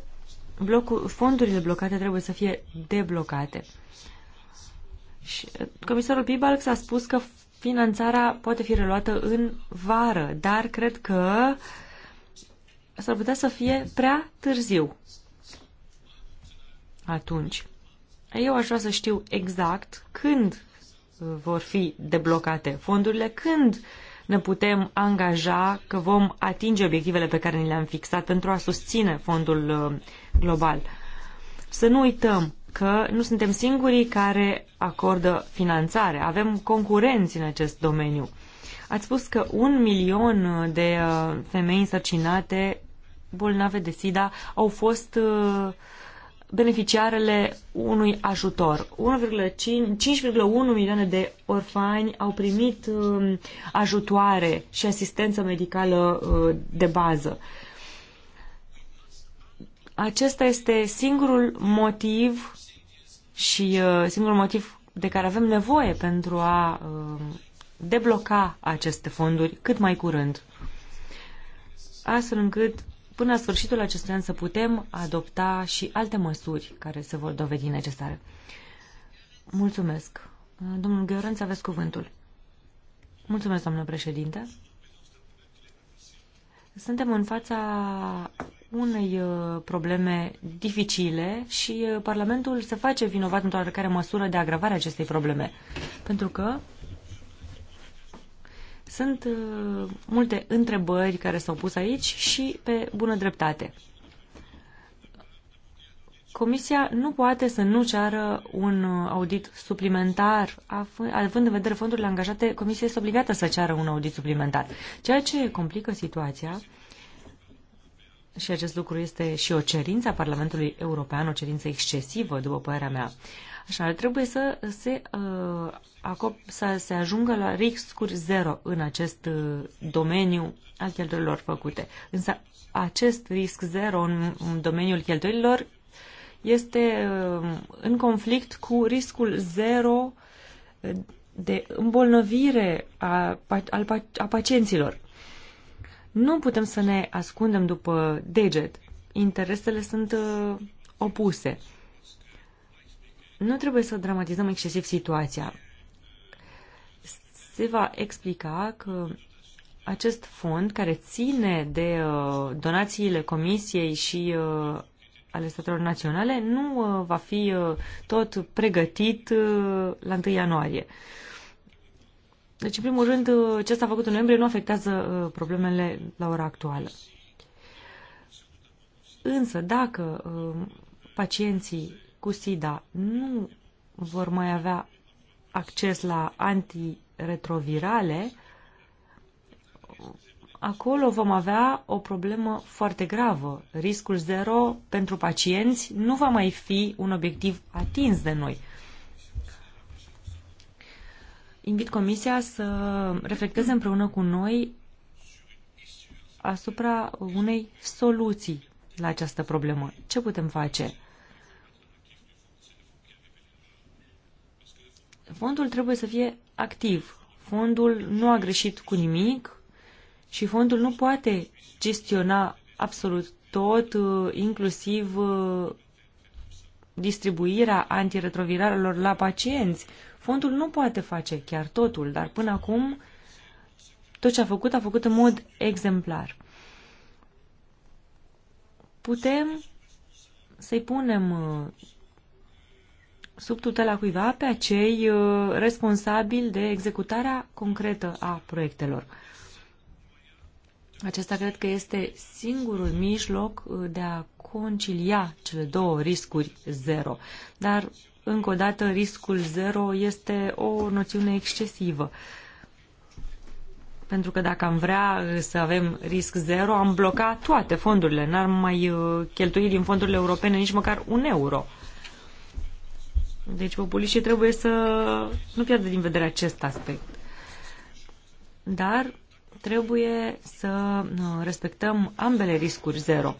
blocul, fondurile blocate trebuie să fie deblocate. Și uh, comisarul Pibalx a spus că finanțarea poate fi reluată în vară, dar cred că uh, s-ar putea să fie prea târziu atunci. Eu aș vrea să știu exact când uh, vor fi deblocate fondurile, când ne putem angaja că vom atinge obiectivele pe care ni le-am fixat pentru a susține fondul uh, global. Să nu uităm că nu suntem singurii care acordă finanțare. Avem concurenți în acest domeniu. Ați spus că un milion de uh, femei însărcinate bolnave de SIDA au fost uh, beneficiarele unui ajutor. 5,1 milioane de orfani au primit uh, ajutoare și asistență medicală uh, de bază. Acesta este singurul motiv și singurul motiv de care avem nevoie pentru a debloca aceste fonduri cât mai curând, astfel încât până la sfârșitul acestui an să putem adopta și alte măsuri care se vor dovedi necesare. Mulțumesc. Domnul Gheorenț, aveți cuvântul. Mulțumesc, doamnă președinte. Suntem în fața unei uh, probleme dificile și uh, Parlamentul se face vinovat într-o oarecare măsură de agravarea acestei probleme. Pentru că sunt uh, multe întrebări care s-au pus aici și pe bună dreptate. Comisia nu poate să nu ceară un uh, audit suplimentar, având în vedere fondurile angajate, Comisia este obligată să ceară un audit suplimentar. Ceea ce complică situația, și acest lucru este și o cerință a Parlamentului European, o cerință excesivă, după părerea mea, așa, trebuie să se uh, să se ajungă la riscuri zero în acest uh, domeniu al cheltuielilor făcute. Însă acest risc zero în domeniul cheltuielilor este uh, în conflict cu riscul zero uh, de îmbolnăvire a, a, a pacienților. Nu putem să ne ascundem după deget. Interesele sunt opuse. Nu trebuie să dramatizăm excesiv situația se va explica că acest fond, care ține de uh, donațiile Comisiei și uh, ale statelor naționale, nu uh, va fi tot pregătit la 1 ianuarie. Deci, în primul rând, ce s-a făcut în noiembrie nu afectează problemele la ora actuală. Însă, dacă pacienții cu SIDA nu vor mai avea acces la anti retrovirale, acolo vom avea o problemă foarte gravă. Riscul zero pentru pacienți nu va mai fi un obiectiv atins de noi. Invit Comisia să reflecteze împreună cu noi asupra unei soluții la această problemă. Ce putem face? Fondul trebuie să fie activ. Fondul nu a greșit cu nimic și fondul nu poate gestiona absolut tot, uh, inclusiv uh, distribuirea antiretroviralelor la pacienți. Fondul nu poate face chiar totul, dar până acum tot ce a făcut, a făcut în mod exemplar. Putem să-i punem uh, sub tutela cuiva pe acei uh, responsabili de executarea concretă a proiectelor. Acesta cred că este singurul mijloc uh, de a concilia cele două riscuri zero. Dar, încă o dată, riscul zero este o noțiune excesivă. Pentru că dacă am vrea uh, să avem risc zero, am bloca toate fondurile. N-ar mai cheltui din fondurile europene nici măcar un euro. Deci populiștii trebuie să nu pierdă din vedere acest aspect. Dar trebuie să uh, respectăm ambele riscuri zero.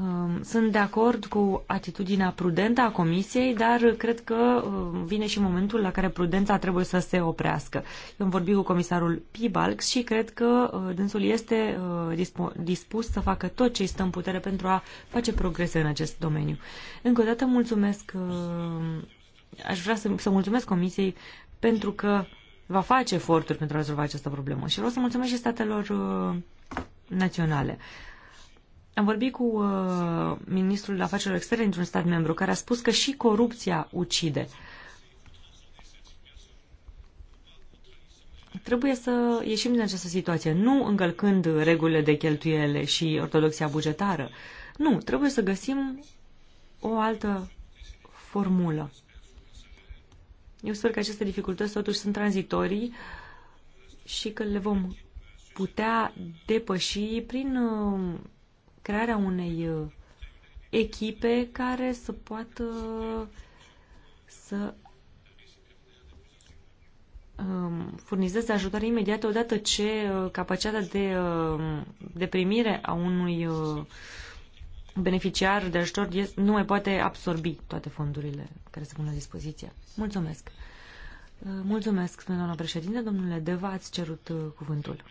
Um, sunt de acord cu atitudinea prudentă a Comisiei, dar cred că um, vine și momentul la care prudența trebuie să se oprească. Eu am vorbit cu comisarul Pibalx și cred că uh, dânsul este uh, dispus să facă tot ce stă în putere pentru a face progrese în acest domeniu. Încă o dată mulțumesc, uh, aș vrea să, să mulțumesc Comisiei pentru că va face eforturi pentru a rezolva această problemă și vreau să mulțumesc și statelor naționale. Am vorbit cu uh, ministrul afacerilor externe dintr-un stat membru care a spus că și corupția ucide. Trebuie să ieșim din această situație, nu încălcând regulile de cheltuiele și ortodoxia bugetară. Nu, trebuie să găsim o altă formulă. Eu sper că aceste dificultăți totuși sunt tranzitorii și că le vom putea depăși prin uh, crearea unei uh, echipe care să poată uh, să um, furnizeze ajutor imediat odată ce uh, capacitatea de, de primire a unui beneficiar de ajutor nu mai poate absorbi toate fondurile care se pun la dispoziție. Mulțumesc! Mulțumesc, doamna președinte. Domnule Deva, ați cerut cuvântul.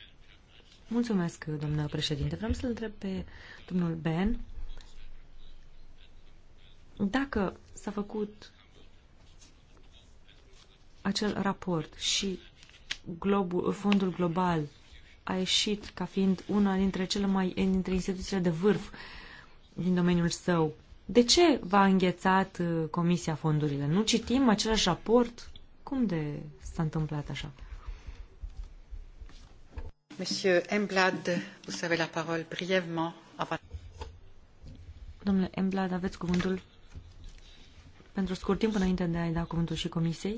Mulțumesc, domnule președinte. Vreau să-l întreb pe domnul Ben dacă s-a făcut acel raport și globul, fondul global a ieșit ca fiind una dintre cele mai dintre instituțiile de vârf din domeniul său. De ce v-a înghețat uh, Comisia fondurile? Nu citim același raport? Cum de s-a întâmplat așa? Domnule Emblad, aveți cuvântul pentru scurt timp înainte de a-i da cuvântul și comisiei.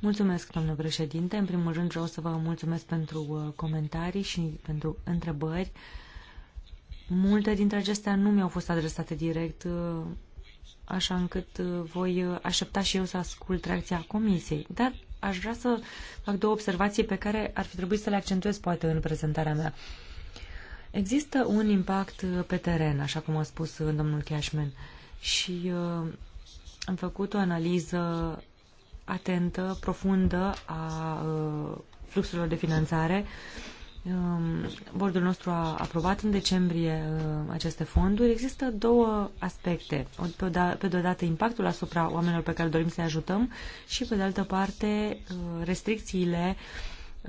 Mulțumesc, domnule președinte. În primul rând vreau să vă mulțumesc pentru uh, comentarii și pentru întrebări. Multe dintre acestea nu mi-au fost adresate direct, uh, așa încât uh, voi aștepta și eu să ascult reacția comisiei. Dar aș vrea să fac două observații pe care ar fi trebuit să le accentuez poate în prezentarea mea. Există un impact pe teren, așa cum a spus domnul Cashman, și uh, am făcut o analiză atentă, profundă a uh, fluxurilor de finanțare uh, Um, bordul nostru a aprobat în decembrie uh, aceste fonduri. Există două aspecte. Pe de o da, dată impactul asupra oamenilor pe care dorim să-i ajutăm și pe de altă parte uh, restricțiile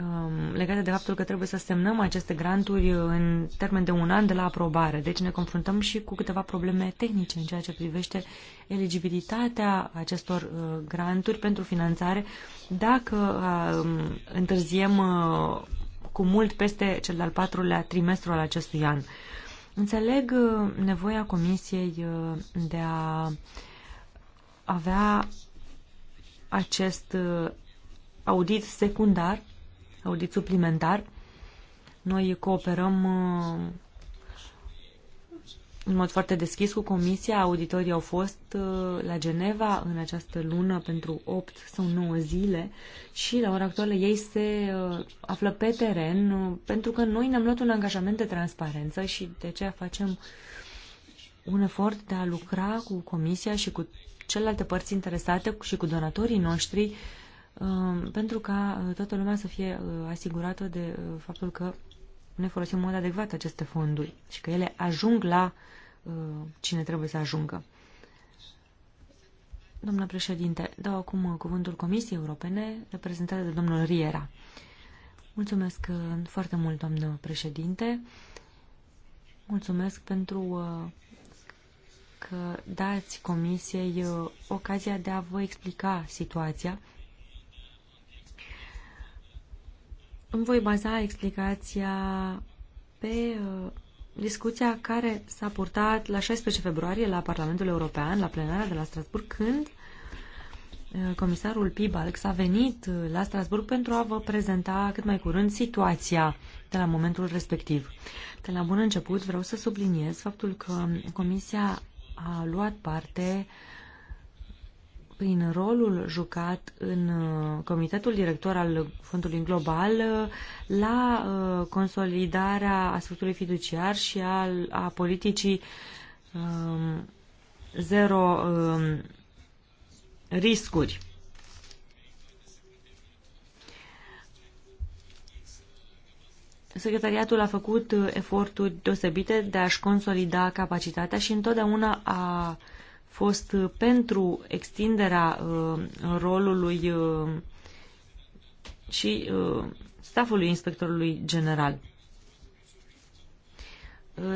um, legate de faptul că trebuie să semnăm aceste granturi în termen de un an de la aprobare. Deci ne confruntăm și cu câteva probleme tehnice în ceea ce privește eligibilitatea acestor uh, granturi pentru finanțare dacă întârziem cu mult peste cel de-al patrulea trimestru al acestui an. Înțeleg uh, nevoia Comisiei uh, de a avea acest uh, audit secundar, audit suplimentar. Noi cooperăm în mod foarte deschis cu comisia. Auditorii au fost uh, la Geneva în această lună pentru 8 sau 9 zile și la ora actuală ei se uh, află pe teren uh, pentru că noi ne-am luat un angajament de transparență și de aceea facem un efort de a lucra cu comisia și cu celelalte părți interesate și cu donatorii noștri pentru ca toată lumea să fie asigurată de faptul că nu ne folosim în mod adecvat aceste fonduri și că ele ajung la uh, cine trebuie să ajungă. Doamna președinte, dau acum uh, cuvântul Comisiei Europene, reprezentată de domnul Riera. Mulțumesc uh, foarte mult, doamnă președinte. Mulțumesc pentru uh, că dați Comisiei ocazia de a vă explica situația Îmi voi baza explicația pe uh, discuția care s-a purtat la 16 februarie la Parlamentul European, la plenarea de la Strasburg, când uh, comisarul Pibalx a venit uh, la Strasburg pentru a vă prezenta cât mai curând situația de la momentul respectiv. De la bun început vreau să subliniez faptul că Comisia a luat parte uh, prin rolul jucat în uh, comitetul director al Fondului Global uh, la uh, consolidarea aspectului fiduciar și al, a politicii um, zero um, riscuri. Secretariatul a făcut eforturi deosebite de a-și consolida capacitatea și întotdeauna a uh, fost uh, pentru extinderea uh, rolului uh, și stafului inspectorului general.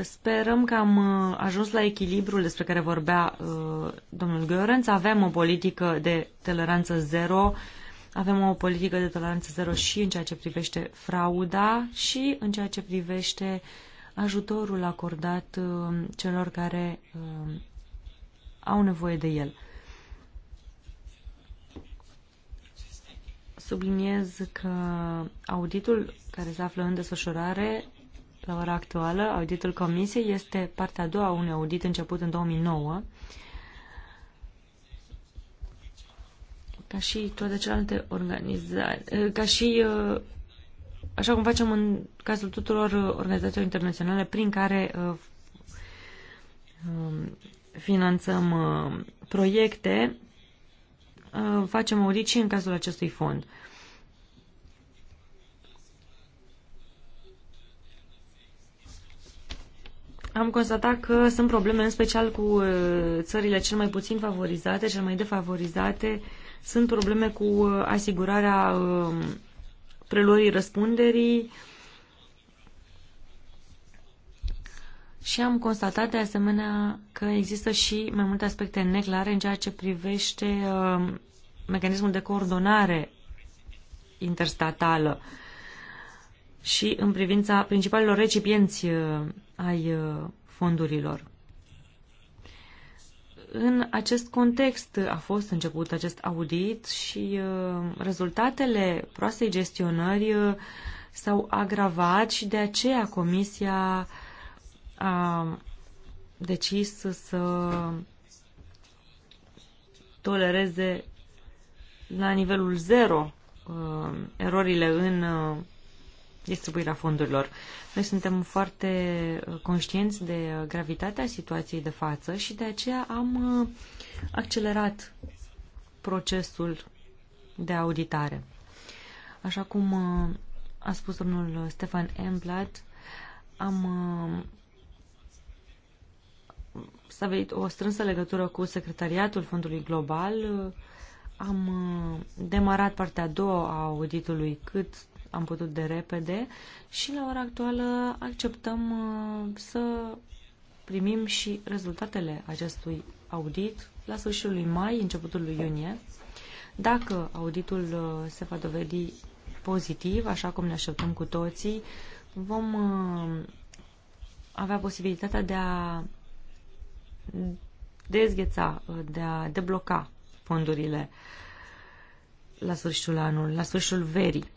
Sperăm că am ajuns la echilibrul despre care vorbea domnul Gheorenț. Avem o politică de toleranță zero, avem o politică de toleranță zero și în ceea ce privește frauda și în ceea ce privește ajutorul acordat celor care au nevoie de el. Subliniez că auditul care se află în desfășurare la ora actuală, auditul Comisiei, este partea a doua a unui audit început în 2009. Ca și toate celelalte organizații, ca și uh, așa cum facem în cazul tuturor uh, organizațiilor internaționale prin care uh, finanțăm uh, proiecte, uh, facem audit și în cazul acestui fond. Am constatat că sunt probleme în special cu uh, țările cel mai puțin favorizate, cel mai defavorizate. Sunt probleme cu asigurarea um, preluării răspunderii, Și am constatat de asemenea că există și mai multe aspecte neclare în ceea ce privește uh, mecanismul de coordonare interstatală și în privința principalilor recipienți uh, ai uh, fondurilor. În acest context a fost început acest audit și uh, rezultatele proastei gestionări uh, s-au agravat și de aceea Comisia uh, a decis să tolereze la nivelul zero uh, erorile în uh, distribuirea fondurilor. Noi suntem foarte uh, conștienți de gravitatea situației de față și de aceea am accelerat procesul de auditare. Așa cum a spus domnul Stefan Emblat, am stabilit o strânsă legătură cu secretariatul Fondului Global. Am uh, demarat partea a doua a auditului cât am putut de repede și la ora actuală acceptăm uh, să primim și rezultatele acestui audit la sfârșitul lui mai, începutul lui iunie. Dacă auditul uh, se va dovedi pozitiv, așa cum ne așteptăm cu toții, vom avea posibilitatea de a dezgheța, uh, de a debloca fondurile la sfârșitul anului, la sfârșitul verii.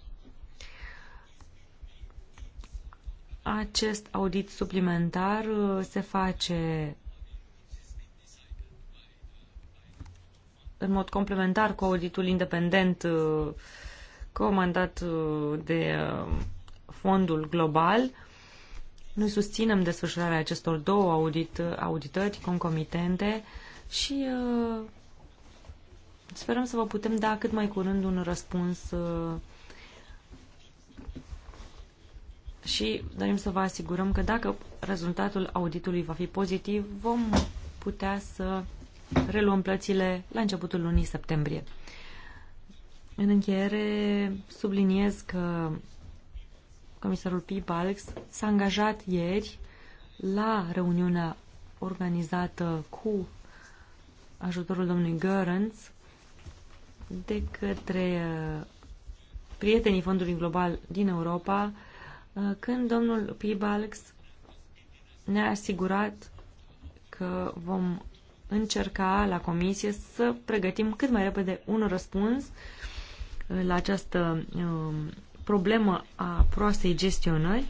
Acest audit suplimentar uh, se face în mod complementar cu auditul independent uh, comandat de fondul global noi susținem desfășurarea acestor două audit, auditări concomitente și uh, sperăm să vă putem da cât mai curând un răspuns uh, și dorim să vă asigurăm că dacă rezultatul auditului va fi pozitiv, vom putea să reluăm plățile la începutul lunii septembrie. În încheiere, subliniez că comisarul Pibalx s-a angajat ieri la reuniunea organizată cu ajutorul domnului Gărânț de către uh, prietenii Fondului Global din Europa, uh, când domnul Pibalx ne-a asigurat că vom încerca la comisie să pregătim cât mai repede un răspuns la această um, problemă a proastei gestionări.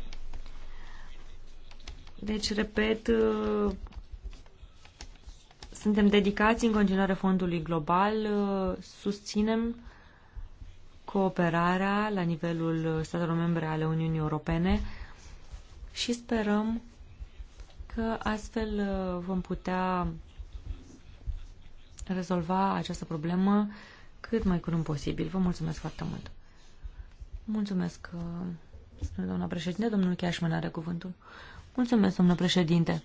Deci, repet, uh, suntem dedicați în continuare fondului global, uh, susținem cooperarea la nivelul statelor membre ale Uniunii Europene și sperăm că astfel uh, vom putea rezolva această problemă cât mai curând posibil. Vă mulțumesc foarte mult! Mulțumesc, uh, doamna președinte. Domnul Chiașman are cuvântul. Mulțumesc, domnul președinte.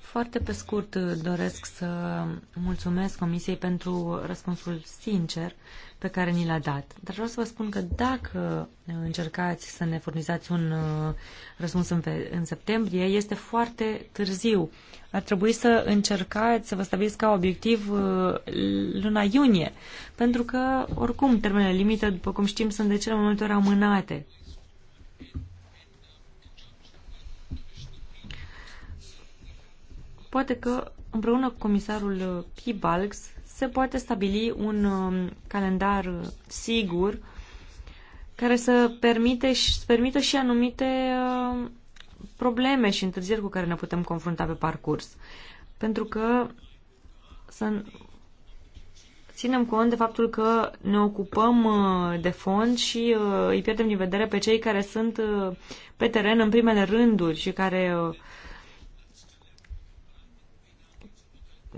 Foarte pe scurt uh, doresc să mulțumesc Comisiei pentru răspunsul sincer pe care ni l-a dat. Dar vreau să vă spun că dacă încercați să ne furnizați un uh, răspuns în, în septembrie, este foarte târziu. Ar trebui să încercați să vă stabiliți ca obiectiv uh, luna iunie, pentru că, oricum, termenele limite, după cum știm, sunt de cele mai multe ori amânate. Poate că împreună cu comisarul uh, P. Balks se poate stabili un um, calendar uh, sigur care să, permite și, să permită și anumite uh, probleme și întârzieri cu care ne putem confrunta pe parcurs. Pentru că să ținem cont de faptul că ne ocupăm uh, de fond și îi pierdem din vedere pe cei care sunt pe teren în primele rânduri și care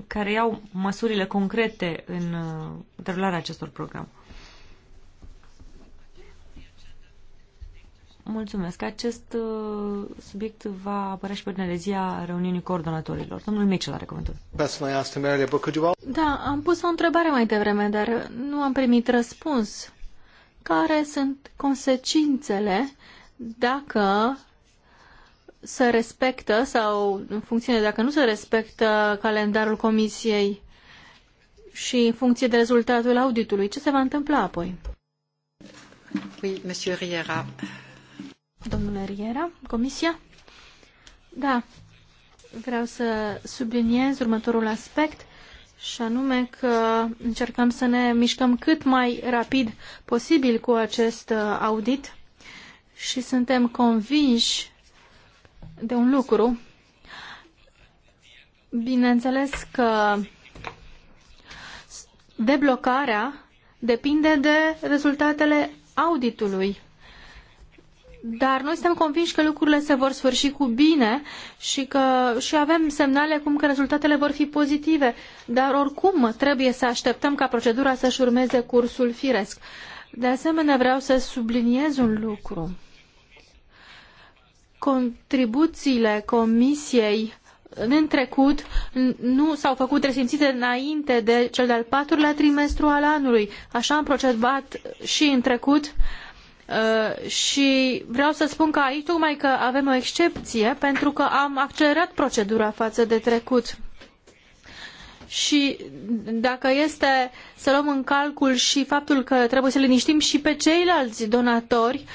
care iau măsurile concrete uh, în derularea acestor programe. Mulțumesc. Acest uh, subiect va apărea și pe ordinea de zi a reuniunii coordonatorilor. Domnul Mitchell are cuvântul. Da, am pus o întrebare mai devreme, dar nu am primit răspuns. Care sunt consecințele dacă se respectă sau în funcție de dacă nu se respectă calendarul comisiei și în funcție de rezultatul auditului, ce se va întâmpla apoi? Oui, monsieur Riera. Domnule Riera, comisia? Da, vreau să subliniez următorul aspect și anume că încercăm să ne mișcăm cât mai rapid posibil cu acest uh, audit și suntem convinși de un lucru. Bineînțeles că deblocarea depinde de rezultatele auditului. Dar noi suntem convinși că lucrurile se vor sfârși cu bine și că și avem semnale cum că rezultatele vor fi pozitive, dar oricum trebuie să așteptăm ca procedura să-și urmeze cursul firesc. De asemenea, vreau să subliniez un lucru contribuțiile comisiei în trecut nu s-au făcut resimțite înainte de cel de-al patrulea trimestru al anului. Așa am procedat și în trecut uh, și vreau să spun că aici tocmai că avem o excepție pentru că am accelerat procedura față de trecut. Și dacă este să luăm în calcul și faptul că trebuie să liniștim și pe ceilalți donatori, uh,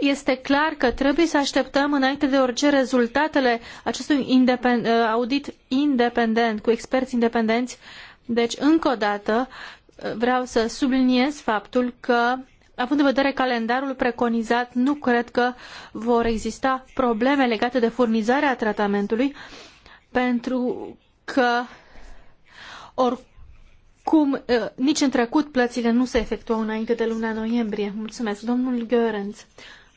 este clar că trebuie să așteptăm înainte de orice rezultatele acestui independ uh, audit independent, cu experți independenți. Deci, încă o dată, uh, vreau să subliniez faptul că, având în vedere calendarul preconizat, nu cred că vor exista probleme legate de furnizarea tratamentului, pentru că oricum, uh, nici în trecut plățile nu se efectuau înainte de luna noiembrie. Mulțumesc, domnul Görens.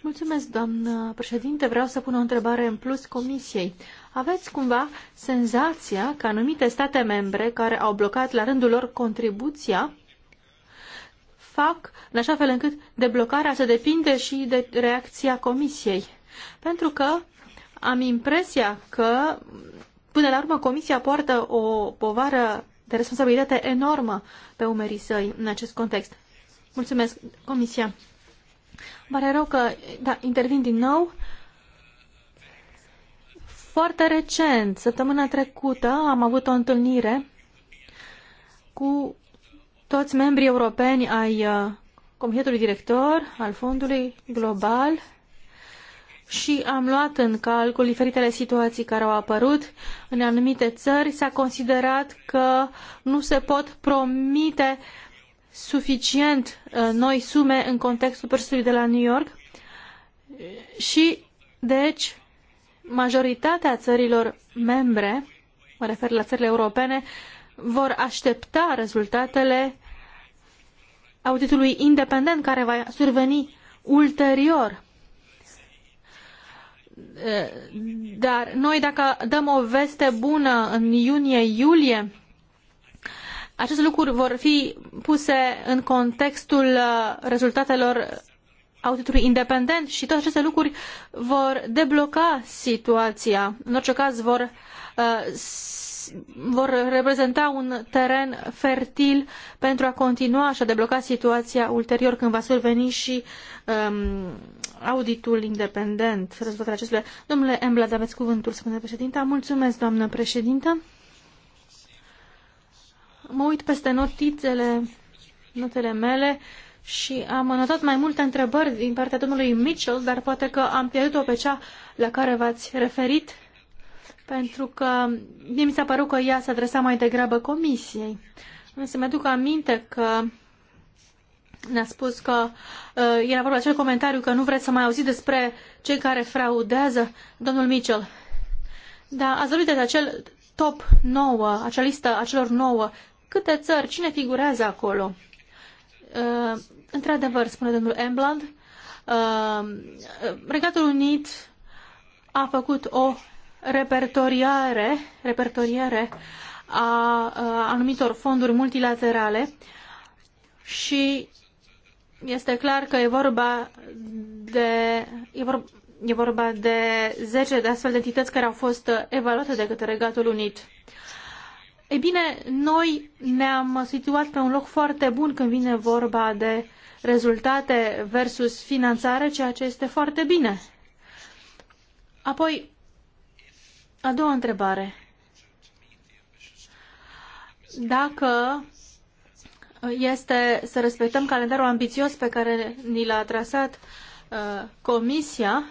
Mulțumesc, doamnă președinte. Vreau să pun o întrebare în plus Comisiei. Aveți cumva senzația că anumite state membre care au blocat la rândul lor contribuția fac în așa fel încât deblocarea să depinde și de reacția Comisiei? Pentru că am impresia că, până la urmă, Comisia poartă o povară de responsabilitate enormă pe umerii săi în acest context. Mulțumesc, Comisia. Pare rău că da, intervin din nou. Foarte recent, săptămâna trecută, am avut o întâlnire cu toți membrii europeni ai uh, Comitetului Director al Fondului Global și am luat în calcul diferitele situații care au apărut în anumite țări. S-a considerat că nu se pot promite uh, suficient uh, noi sume în contextul persului de la New York și, deci, majoritatea țărilor membre, mă refer la țările europene, vor aștepta rezultatele auditului independent care va surveni ulterior. Uh, dar noi dacă dăm o veste bună în iunie-iulie, aceste lucruri vor fi puse în contextul uh, rezultatelor auditului independent și toate aceste lucruri vor debloca situația. În orice caz vor, uh, vor reprezenta un teren fertil pentru a continua și a debloca situația ulterior când va surveni și um, auditul independent. Rezultatele acestuia. Domnule Embla, aveți cuvântul, spune președinta. Mulțumesc, doamnă președintă mă uit peste notițele, notele mele și am notat mai multe întrebări din partea domnului Mitchell, dar poate că am pierdut-o pe cea la care v-ați referit, pentru că mie mi s-a părut că ea se adresa mai degrabă comisiei. Însă mi-aduc aminte că ne-a spus că uh, era vorba acel comentariu că nu vreți să mai auziți despre cei care fraudează, domnul Mitchell. Da, ați vorbit de acel top 9, acea listă acelor 9 Câte țări? Cine figurează acolo? Uh, într-adevăr, spune domnul Embland, uh, Regatul Unit a făcut o repertoriare, repertoriere a, a uh, anumitor fonduri multilaterale și este clar că e vorba de, e vorba, e vorba de 10 de astfel de entități care au fost evaluate de către Regatul Unit. Ei bine, noi ne-am situat pe un loc foarte bun când vine vorba de rezultate versus finanțare, ceea ce este foarte bine. Apoi, a doua întrebare. Dacă este să respectăm calendarul ambițios pe care ni l-a trasat uh, Comisia,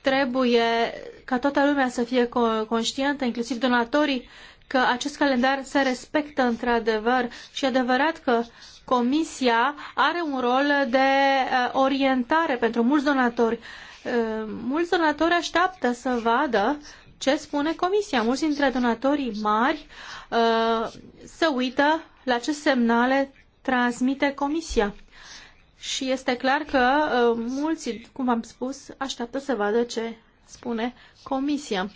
trebuie ca toată lumea să fie co conștientă, inclusiv donatorii, că acest calendar se respectă într-adevăr și adevărat că Comisia are un rol de uh, orientare pentru mulți donatori. Uh, mulți donatori așteaptă să vadă ce spune Comisia. Mulți dintre donatorii mari uh, se uită la ce semnale transmite Comisia. Și este clar că mulți, cum am spus, așteaptă să vadă ce spune Comisia.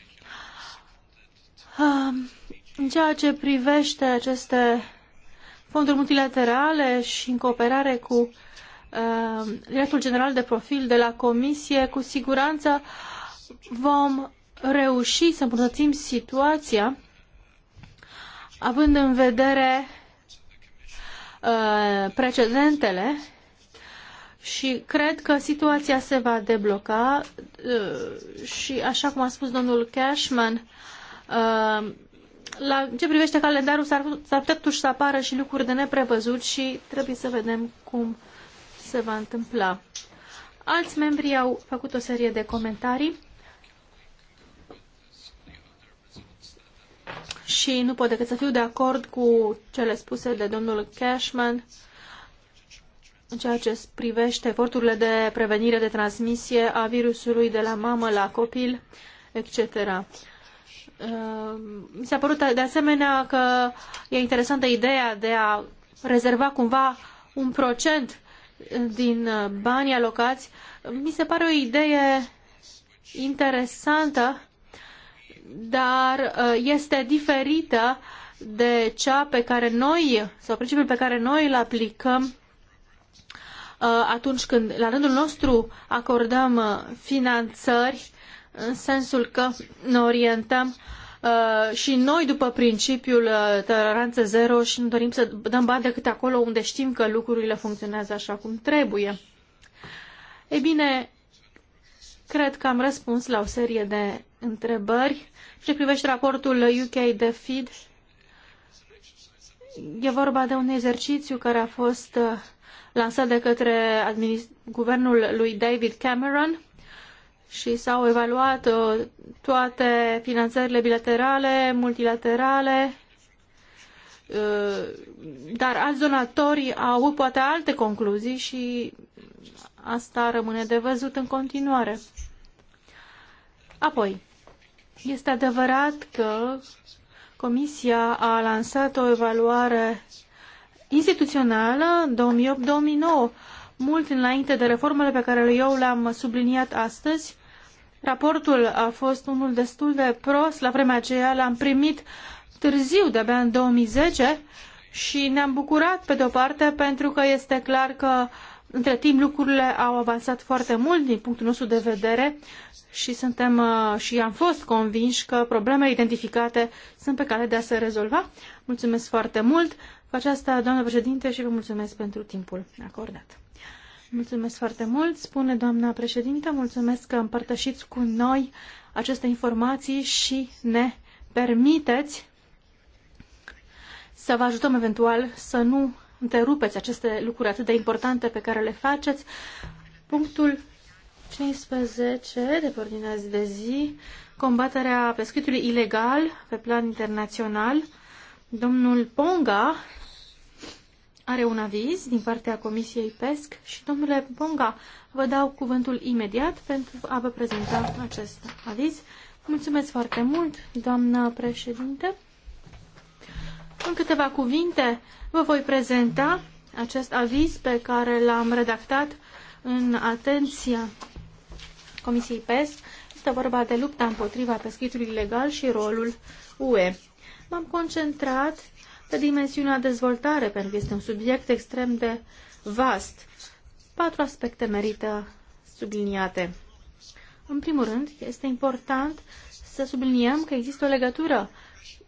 În ceea ce privește aceste fonduri multilaterale și în cooperare cu uh, Directul General de Profil de la Comisie, cu siguranță vom reuși să îmbunătățim situația având în vedere uh, precedentele și cred că situația se va debloca uh, și așa cum a spus domnul Cashman, uh, la ce privește calendarul, s-ar putea totuși să apară și lucruri de neprevăzut și trebuie să vedem cum se va întâmpla. Alți membri au făcut o serie de comentarii și nu pot decât să fiu de acord cu cele spuse de domnul Cashman în ceea ce privește eforturile de prevenire de transmisie a virusului de la mamă la copil, etc. Uh, mi s-a părut de asemenea că e interesantă ideea de a rezerva cumva un procent din banii alocați. Mi se pare o idee interesantă, dar uh, este diferită de cea pe care noi, sau principiul pe care noi îl aplicăm uh, atunci când, la rândul nostru, acordăm finanțări în sensul că ne orientăm uh, și noi după principiul uh, toleranță zero și nu dorim să dăm bani decât acolo unde știm că lucrurile funcționează așa cum trebuie. Ei bine, cred că am răspuns la o serie de întrebări. Ce privește raportul UK de FID, e vorba de un exercițiu care a fost uh, lansat de către guvernul lui David Cameron și s-au evaluat uh, toate finanțările bilaterale, multilaterale, uh, dar alți donatori au avut poate alte concluzii și asta rămâne de văzut în continuare. Apoi, este adevărat că Comisia a lansat o evaluare instituțională 2008-2009 mult înainte de reformele pe care eu le-am subliniat astăzi. Raportul a fost unul destul de prost, la vremea aceea l-am primit târziu, de-abia în 2010, și ne-am bucurat pe de-o parte pentru că este clar că între timp lucrurile au avansat foarte mult din punctul nostru de vedere și suntem uh, și am fost convinși că problemele identificate sunt pe cale de a se rezolva. Mulțumesc foarte mult. Cu aceasta, doamnă președinte, și vă mulțumesc pentru timpul acordat. Mulțumesc foarte mult, spune doamna președintă, mulțumesc că împărtășiți cu noi aceste informații și ne permiteți să vă ajutăm eventual să nu întrerupeți aceste lucruri atât de importante pe care le faceți. Punctul 15 de pe ordinea de zi, combaterea pescuitului ilegal pe plan internațional. Domnul Ponga are un aviz din partea Comisiei PESC și, domnule Bonga, vă dau cuvântul imediat pentru a vă prezenta acest aviz. Mulțumesc foarte mult, doamnă președinte. În câteva cuvinte vă voi prezenta acest aviz pe care l-am redactat în atenția Comisiei PESC. Este vorba de lupta împotriva pescuitului ilegal și rolul UE. M-am concentrat pe dimensiunea dezvoltare, pentru că este un subiect extrem de vast. Patru aspecte merită subliniate. În primul rând, este important să subliniem că există o legătură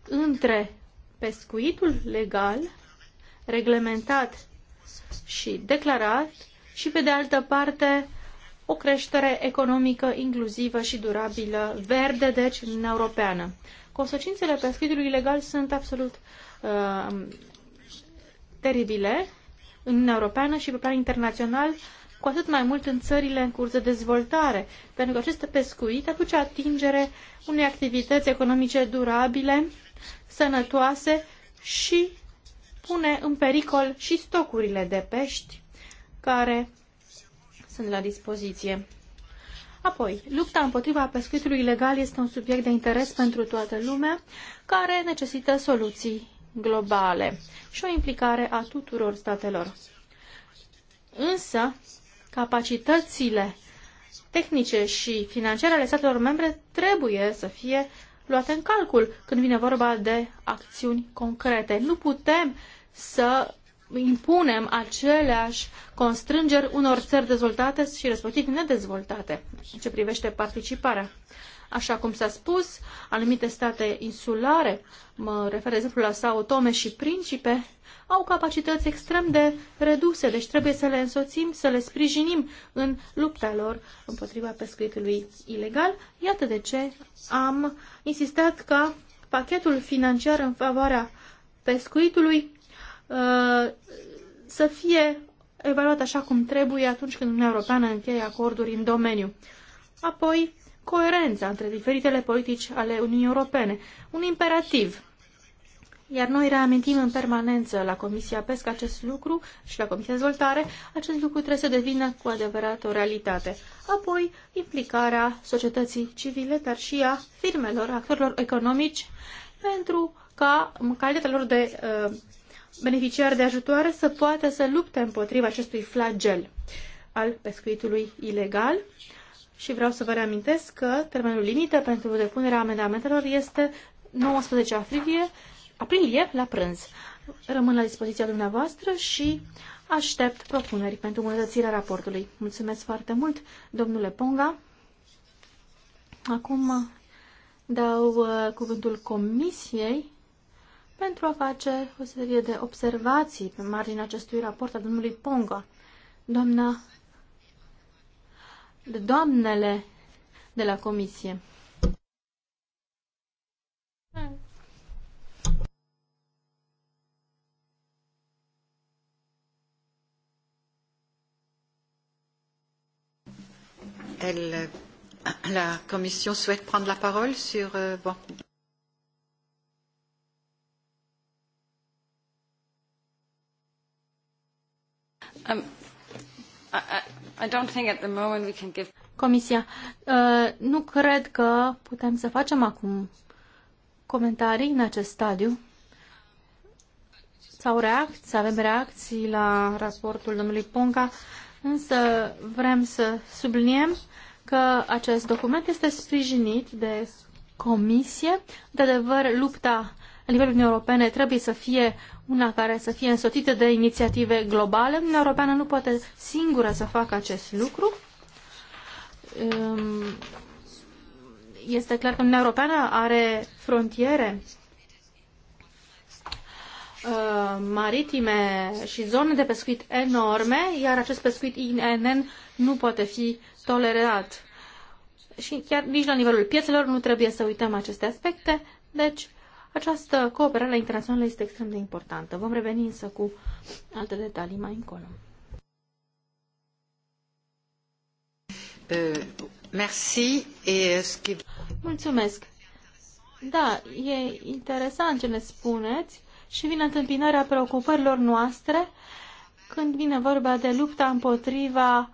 între pescuitul legal, reglementat și declarat, și pe de altă parte o creștere economică inclusivă și durabilă, verde, deci, în Europeană. Consecințele pescuitului ilegal sunt absolut uh, Uh, teribile în Uniunea Europeană și pe plan internațional, cu atât mai mult în țările în curs de dezvoltare, pentru că acest pescuit aduce atingere unei activități economice durabile, sănătoase și pune în pericol și stocurile de pești care sunt la dispoziție. Apoi, lupta împotriva pescuitului ilegal este un subiect de interes pentru toată lumea, care necesită soluții globale și o implicare a tuturor statelor. Însă, capacitățile tehnice și financiare ale statelor membre trebuie să fie luate în calcul când vine vorba de acțiuni concrete. Nu putem să impunem aceleași constrângeri unor țări dezvoltate și respectiv nedezvoltate în ce privește participarea. Așa cum s-a spus, anumite state insulare, mă refer de exemplu la Sao Tome și Principe, au capacități extrem de reduse, deci trebuie să le însoțim, să le sprijinim în lupta lor împotriva pescuitului ilegal. Iată de ce am insistat ca pachetul financiar în favoarea pescuitului uh, să fie evaluat așa cum trebuie atunci când Uniunea Europeană încheie acorduri în domeniu. Apoi, coerența între diferitele politici ale Uniunii Europene, un imperativ. Iar noi reamintim în permanență la Comisia PESC acest lucru și la Comisia Dezvoltare, acest lucru trebuie să devină cu adevărat o realitate. Apoi, implicarea societății civile, dar și a firmelor, actorilor economici, pentru ca în calitatea lor de uh, beneficiari de ajutoare să poată să lupte împotriva acestui flagel al pescuitului ilegal și vreau să vă reamintesc că termenul limită pentru depunerea amendamentelor este 19 aprilie, aprilie la prânz. Rămân la dispoziția dumneavoastră și aștept propuneri pentru îmbunătățirea raportului. Mulțumesc foarte mult, domnule Ponga. Acum uh, dau uh, cuvântul comisiei pentru a face o serie de observații pe marginea acestui raport a domnului Ponga. Doamna doamnele de la comisie. Elle, la Commission souhaite prendre la parole sur... Euh, bon. Comisia, nu cred că putem să facem acum comentarii în acest stadiu sau reacții, să avem reacții la raportul domnului Ponca, însă vrem să subliniem că acest document este sprijinit de comisie. De adevăr, lupta la nivelul Uniunii Europene trebuie să fie una care să fie însoțită de inițiative globale. Uniunea Europeană nu poate singură să facă acest lucru. Ehm, este clar că Uniunea Europeană are frontiere ehm, maritime și zone de pescuit enorme, iar acest pescuit INN nu poate fi tolerat. Și chiar nici la nivelul piețelor nu trebuie să uităm aceste aspecte, deci această cooperare internațională este extrem de importantă. Vom reveni însă cu alte detalii mai încolo. Eh, eh, Mulțumesc. Da, e interesant ce ne spuneți și vine întâmpinarea preocupărilor noastre când vine vorba de lupta împotriva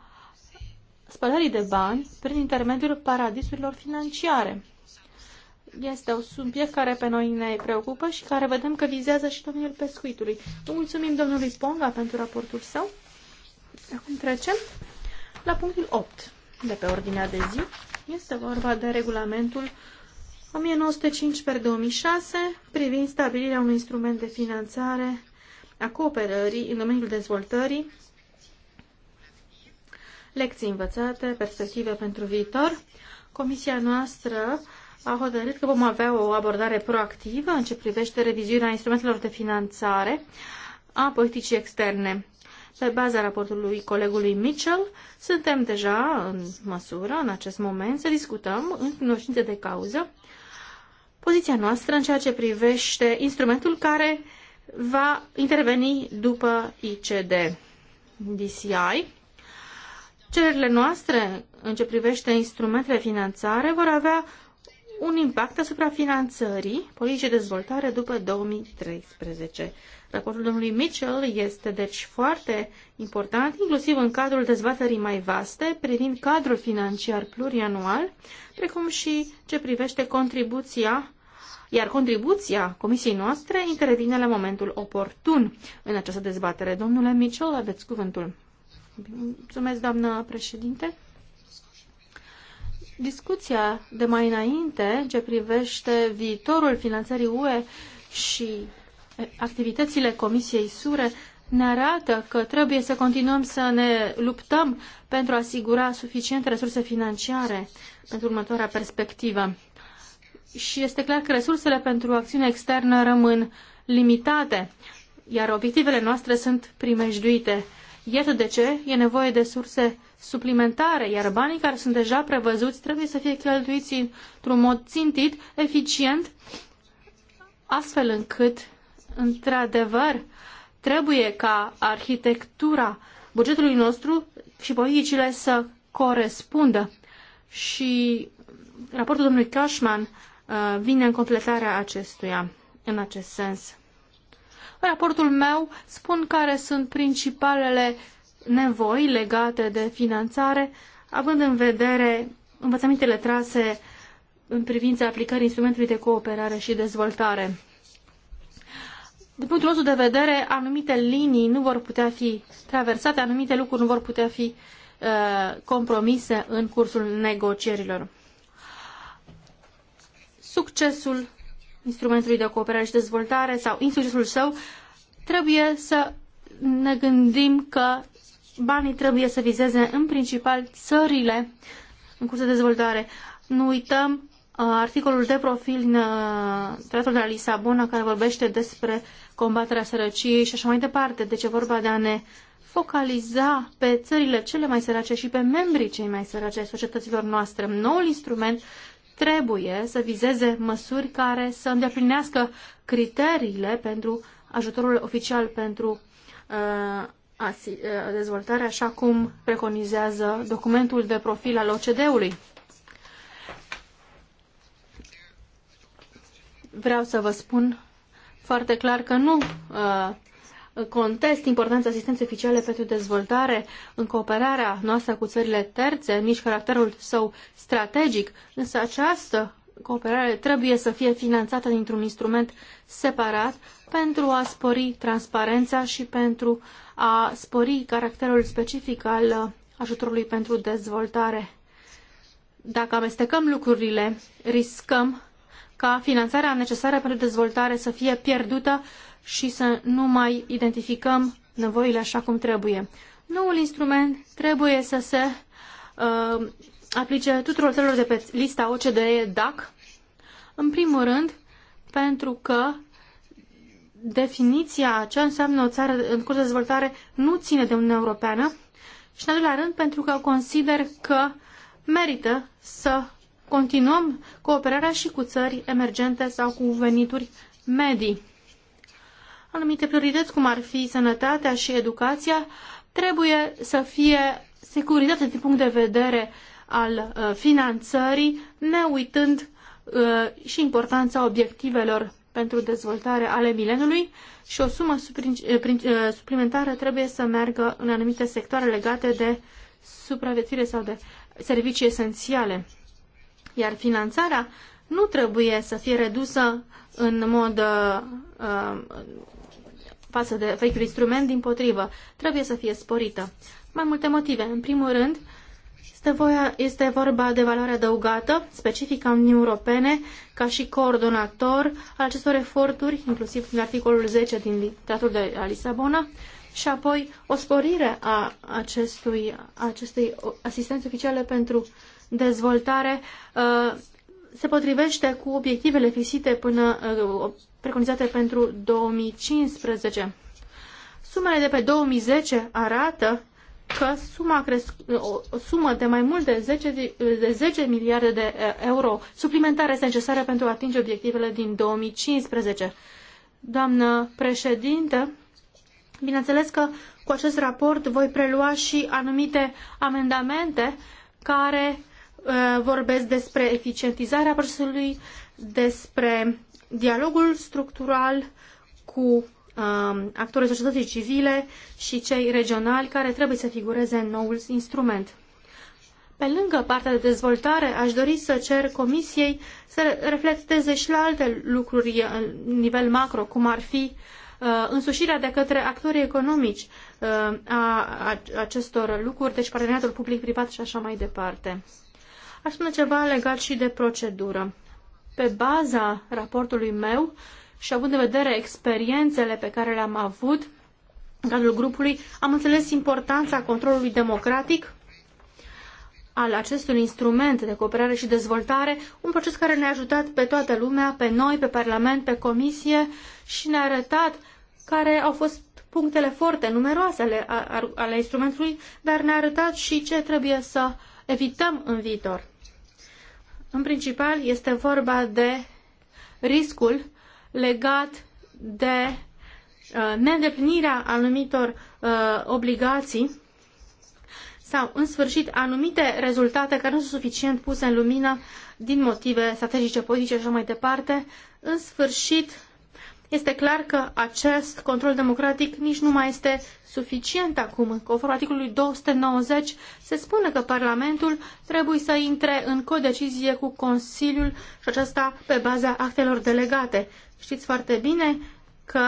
spălării de bani prin intermediul paradisurilor financiare. Este un subiect care pe noi ne preocupă și care vedem că vizează și domeniul pescuitului. Vă mulțumim domnului Ponga pentru raportul său. Acum trecem la punctul 8 de pe ordinea de zi. Este vorba de regulamentul 1905 per 2006 privind stabilirea unui instrument de finanțare a cooperării în domeniul dezvoltării, lecții învățate, perspective pentru viitor. Comisia noastră a hotărât că vom avea o abordare proactivă în ce privește revizuirea instrumentelor de finanțare a politicii externe. Pe baza raportului colegului Mitchell, suntem deja în măsură, în acest moment, să discutăm, în cunoștință de cauză, poziția noastră în ceea ce privește instrumentul care va interveni după ICD DCI. Cererile noastre în ce privește instrumentele finanțare vor avea un impact asupra finanțării politicii de dezvoltare după 2013. Raportul domnului Mitchell este deci foarte important, inclusiv în cadrul dezbaterii mai vaste privind cadrul financiar plurianual, precum și ce privește contribuția iar contribuția comisiei noastre intervine la momentul oportun în această dezbatere. Domnule Mitchell, aveți cuvântul. Mulțumesc, doamnă președinte. Discuția de mai înainte ce privește viitorul finanțării UE și activitățile Comisiei Sure ne arată că trebuie să continuăm să ne luptăm pentru a asigura suficiente resurse financiare pentru următoarea perspectivă. Și este clar că resursele pentru acțiune externă rămân limitate, iar obiectivele noastre sunt primejduite. Iată de ce e nevoie de surse suplimentare, iar banii care sunt deja prevăzuți trebuie să fie cheltuiți într-un mod țintit, eficient, astfel încât, într-adevăr, trebuie ca arhitectura bugetului nostru și politicile să corespundă. Și raportul domnului Cashman uh, vine în completarea acestuia în acest sens. În raportul meu spun care sunt principalele nevoi legate de finanțare, având în vedere învățămintele trase în privința aplicării instrumentului de cooperare și dezvoltare. Din punctul nostru de vedere, anumite linii nu vor putea fi traversate, anumite lucruri nu vor putea fi uh, compromise în cursul negocierilor. Succesul instrumentului de cooperare și dezvoltare sau insuccesul său, trebuie să ne gândim că banii trebuie să vizeze în principal țările în curs de dezvoltare. Nu uităm uh, articolul de profil în uh, Tratatul de la Lisabona care vorbește despre combaterea sărăciei și așa mai departe. Deci e vorba de a ne focaliza pe țările cele mai sărace și pe membrii cei mai sărace ai societăților noastre. Noul instrument trebuie să vizeze măsuri care să îndeplinească criteriile pentru ajutorul oficial pentru uh, uh dezvoltare, așa cum preconizează documentul de profil al OCD-ului. Vreau să vă spun foarte clar că nu uh, contest importanța asistenței oficiale pentru dezvoltare în cooperarea noastră cu țările terțe, nici caracterul său strategic, însă această cooperare trebuie să fie finanțată dintr-un instrument separat pentru a spori transparența și pentru a spori caracterul specific al ajutorului pentru dezvoltare. Dacă amestecăm lucrurile, riscăm ca finanțarea necesară pentru dezvoltare să fie pierdută și să nu mai identificăm nevoile așa cum trebuie. Noul instrument trebuie să se uh, aplice tuturor țărilor de pe lista OCDE DAC, în primul rând pentru că definiția ce înseamnă o țară în curs de dezvoltare nu ține de Uniunea Europeană și, în al doilea rând, pentru că consider că merită să continuăm cooperarea și cu țări emergente sau cu venituri medii anumite priorități, cum ar fi sănătatea și educația, trebuie să fie securitate din punct de vedere al uh, finanțării, ne uitând uh, și importanța obiectivelor pentru dezvoltare ale milenului și o sumă uh, suplimentară trebuie să meargă în anumite sectoare legate de supraviețuire sau de servicii esențiale. Iar finanțarea nu trebuie să fie redusă în mod uh, față de vechiul instrument, din potrivă, trebuie să fie sporită. Mai multe motive. În primul rând, este, voia, este vorba de valoare adăugată, specifică în Uniunii Europene, ca și coordonator al acestor eforturi, inclusiv în articolul 10 din Tratatul de la Lisabona, și apoi o sporire a acestui, acestei asistențe oficiale pentru dezvoltare uh, se potrivește cu obiectivele fixite până uh, preconizate pentru 2015. Sumele de pe 2010 arată că suma cresc, o sumă de mai mult de 10, de 10 miliarde de uh, euro suplimentare este necesară pentru a atinge obiectivele din 2015. Doamnă președintă, bineînțeles că cu acest raport voi prelua și anumite amendamente care Uh, vorbesc despre eficientizarea procesului, despre dialogul structural cu um, actorii societății civile și cei regionali care trebuie să figureze în noul instrument. Pe lângă partea de dezvoltare, aș dori să cer Comisiei să reflecteze și la alte lucruri în nivel macro, cum ar fi uh, însușirea de către actorii economici uh, a acestor lucruri, deci parteneriatul public-privat și așa mai departe. Aș spune ceva legat și de procedură. Pe baza raportului meu și având în vedere experiențele pe care le-am avut în cadrul grupului, am înțeles importanța controlului democratic al acestui instrument de cooperare și dezvoltare, un proces care ne-a ajutat pe toată lumea, pe noi, pe Parlament, pe Comisie și ne-a arătat care au fost punctele forte, numeroase ale, ale instrumentului, dar ne-a arătat și ce trebuie să evităm în viitor. În principal este vorba de riscul legat de uh, neîndeplinirea anumitor uh, obligații sau, în sfârșit, anumite rezultate care nu sunt suficient puse în lumină din motive strategice, politice și așa mai departe. În sfârșit, este clar că acest control democratic nici nu mai este suficient acum. Conform articolului 290 se spune că Parlamentul trebuie să intre în codecizie cu Consiliul și aceasta pe baza actelor delegate. Știți foarte bine că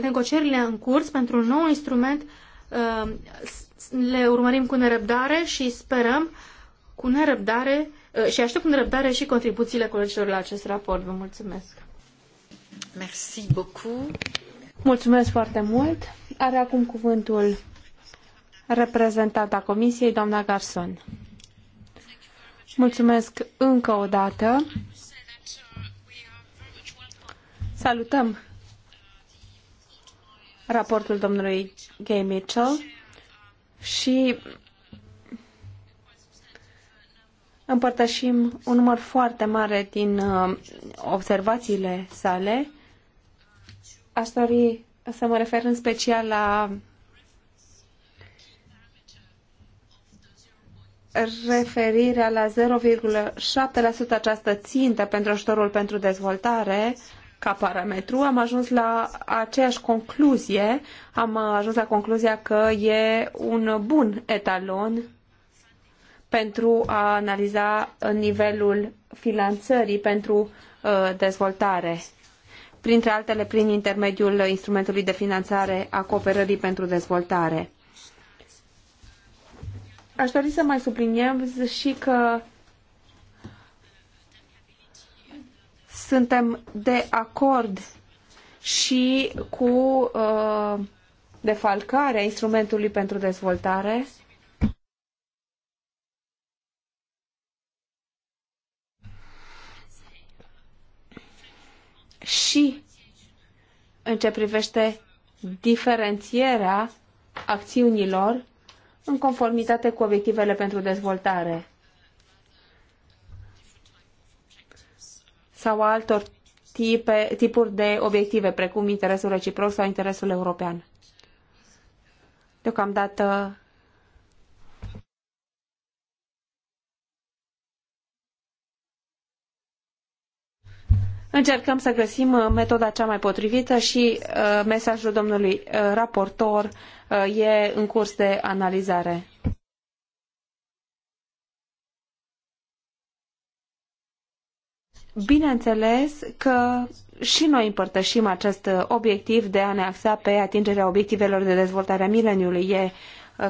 negocierile în curs pentru un nou instrument um, le urmărim cu nerăbdare și sperăm cu nerăbdare uh, și aștept cu nerăbdare și contribuțiile colegilor la acest raport. Vă mulțumesc! Merci beaucoup. Mulțumesc foarte mult. Are acum cuvântul reprezentanta Comisiei, doamna Garson. Mulțumesc încă o dată. Salutăm raportul domnului Gay Mitchell și Împărtășim un număr foarte mare din uh, observațiile sale. Aș dori să mă refer în special la referirea la 0,7% această țintă pentru ajutorul pentru dezvoltare ca parametru, am ajuns la aceeași concluzie, am ajuns la concluzia că e un bun etalon pentru a analiza uh, nivelul finanțării pentru uh, dezvoltare, printre altele prin intermediul instrumentului de finanțare a cooperării pentru dezvoltare. Aș dori să mai subliniem și că suntem de acord și cu uh, defalcarea instrumentului pentru dezvoltare în ce privește diferențierea acțiunilor în conformitate cu obiectivele pentru dezvoltare sau altor tipe, tipuri de obiective, precum interesul reciproc sau interesul european. Deocamdată încercăm să găsim uh, metoda cea mai potrivită și uh, mesajul domnului uh, raportor e în curs de analizare. Bineînțeles că și noi împărtășim acest obiectiv de a ne axa pe atingerea obiectivelor de dezvoltare a mileniului. E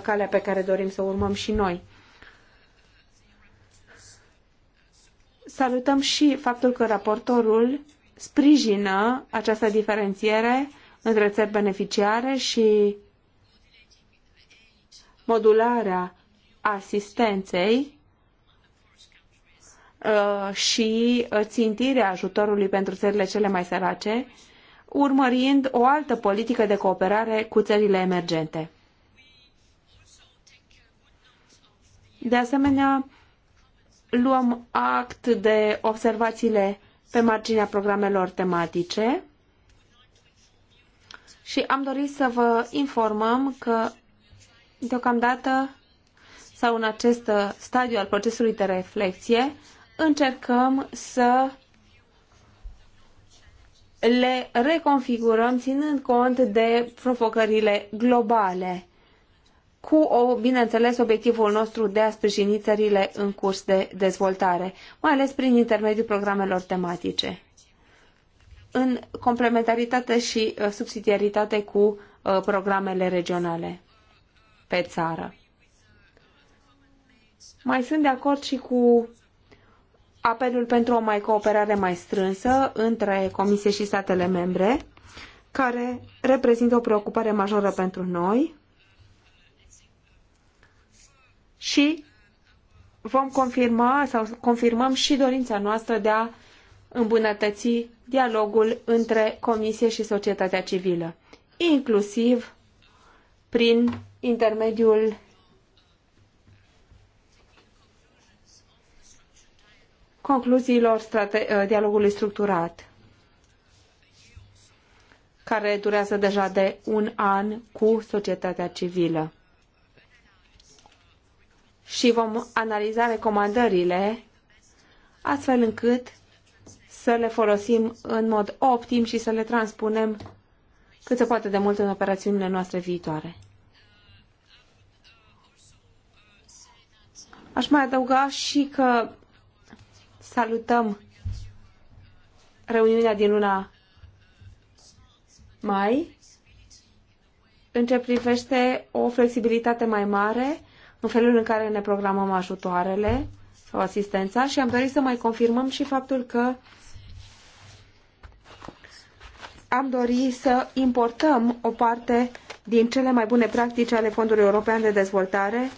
calea pe care dorim să o urmăm și noi. Salutăm și faptul că raportorul sprijină această diferențiere între țări beneficiare și modularea asistenței uh, și țintirea ajutorului pentru țările cele mai sărace, urmărind o altă politică de cooperare cu țările emergente. De asemenea, luăm act de observațiile pe marginea programelor tematice și am dorit să vă informăm că deocamdată sau în acest stadiu al procesului de reflexie încercăm să le reconfigurăm ținând cont de provocările globale cu, o, bineînțeles, obiectivul nostru de a sprijini țările în curs de dezvoltare, mai ales prin intermediul programelor tematice, în complementaritate și uh, subsidiaritate cu uh, programele regionale pe țară. Mai sunt de acord și cu apelul pentru o mai cooperare mai strânsă între Comisie și statele membre, care reprezintă o preocupare majoră pentru noi și vom confirma sau confirmăm și dorința noastră de a îmbunătăți dialogul între Comisie și societatea civilă, inclusiv prin intermediul concluziilor ă, dialogului structurat, care durează deja de un an cu societatea civilă și vom analiza recomandările astfel încât să le folosim în mod optim și să le transpunem cât se poate de mult în operațiunile noastre viitoare. Aș mai adăuga și că salutăm reuniunea din luna mai în ce privește o flexibilitate mai mare în felul în care ne programăm ajutoarele sau asistența și am dorit să mai confirmăm și faptul că am dorit să importăm o parte din cele mai bune practici ale Fondului European de Dezvoltare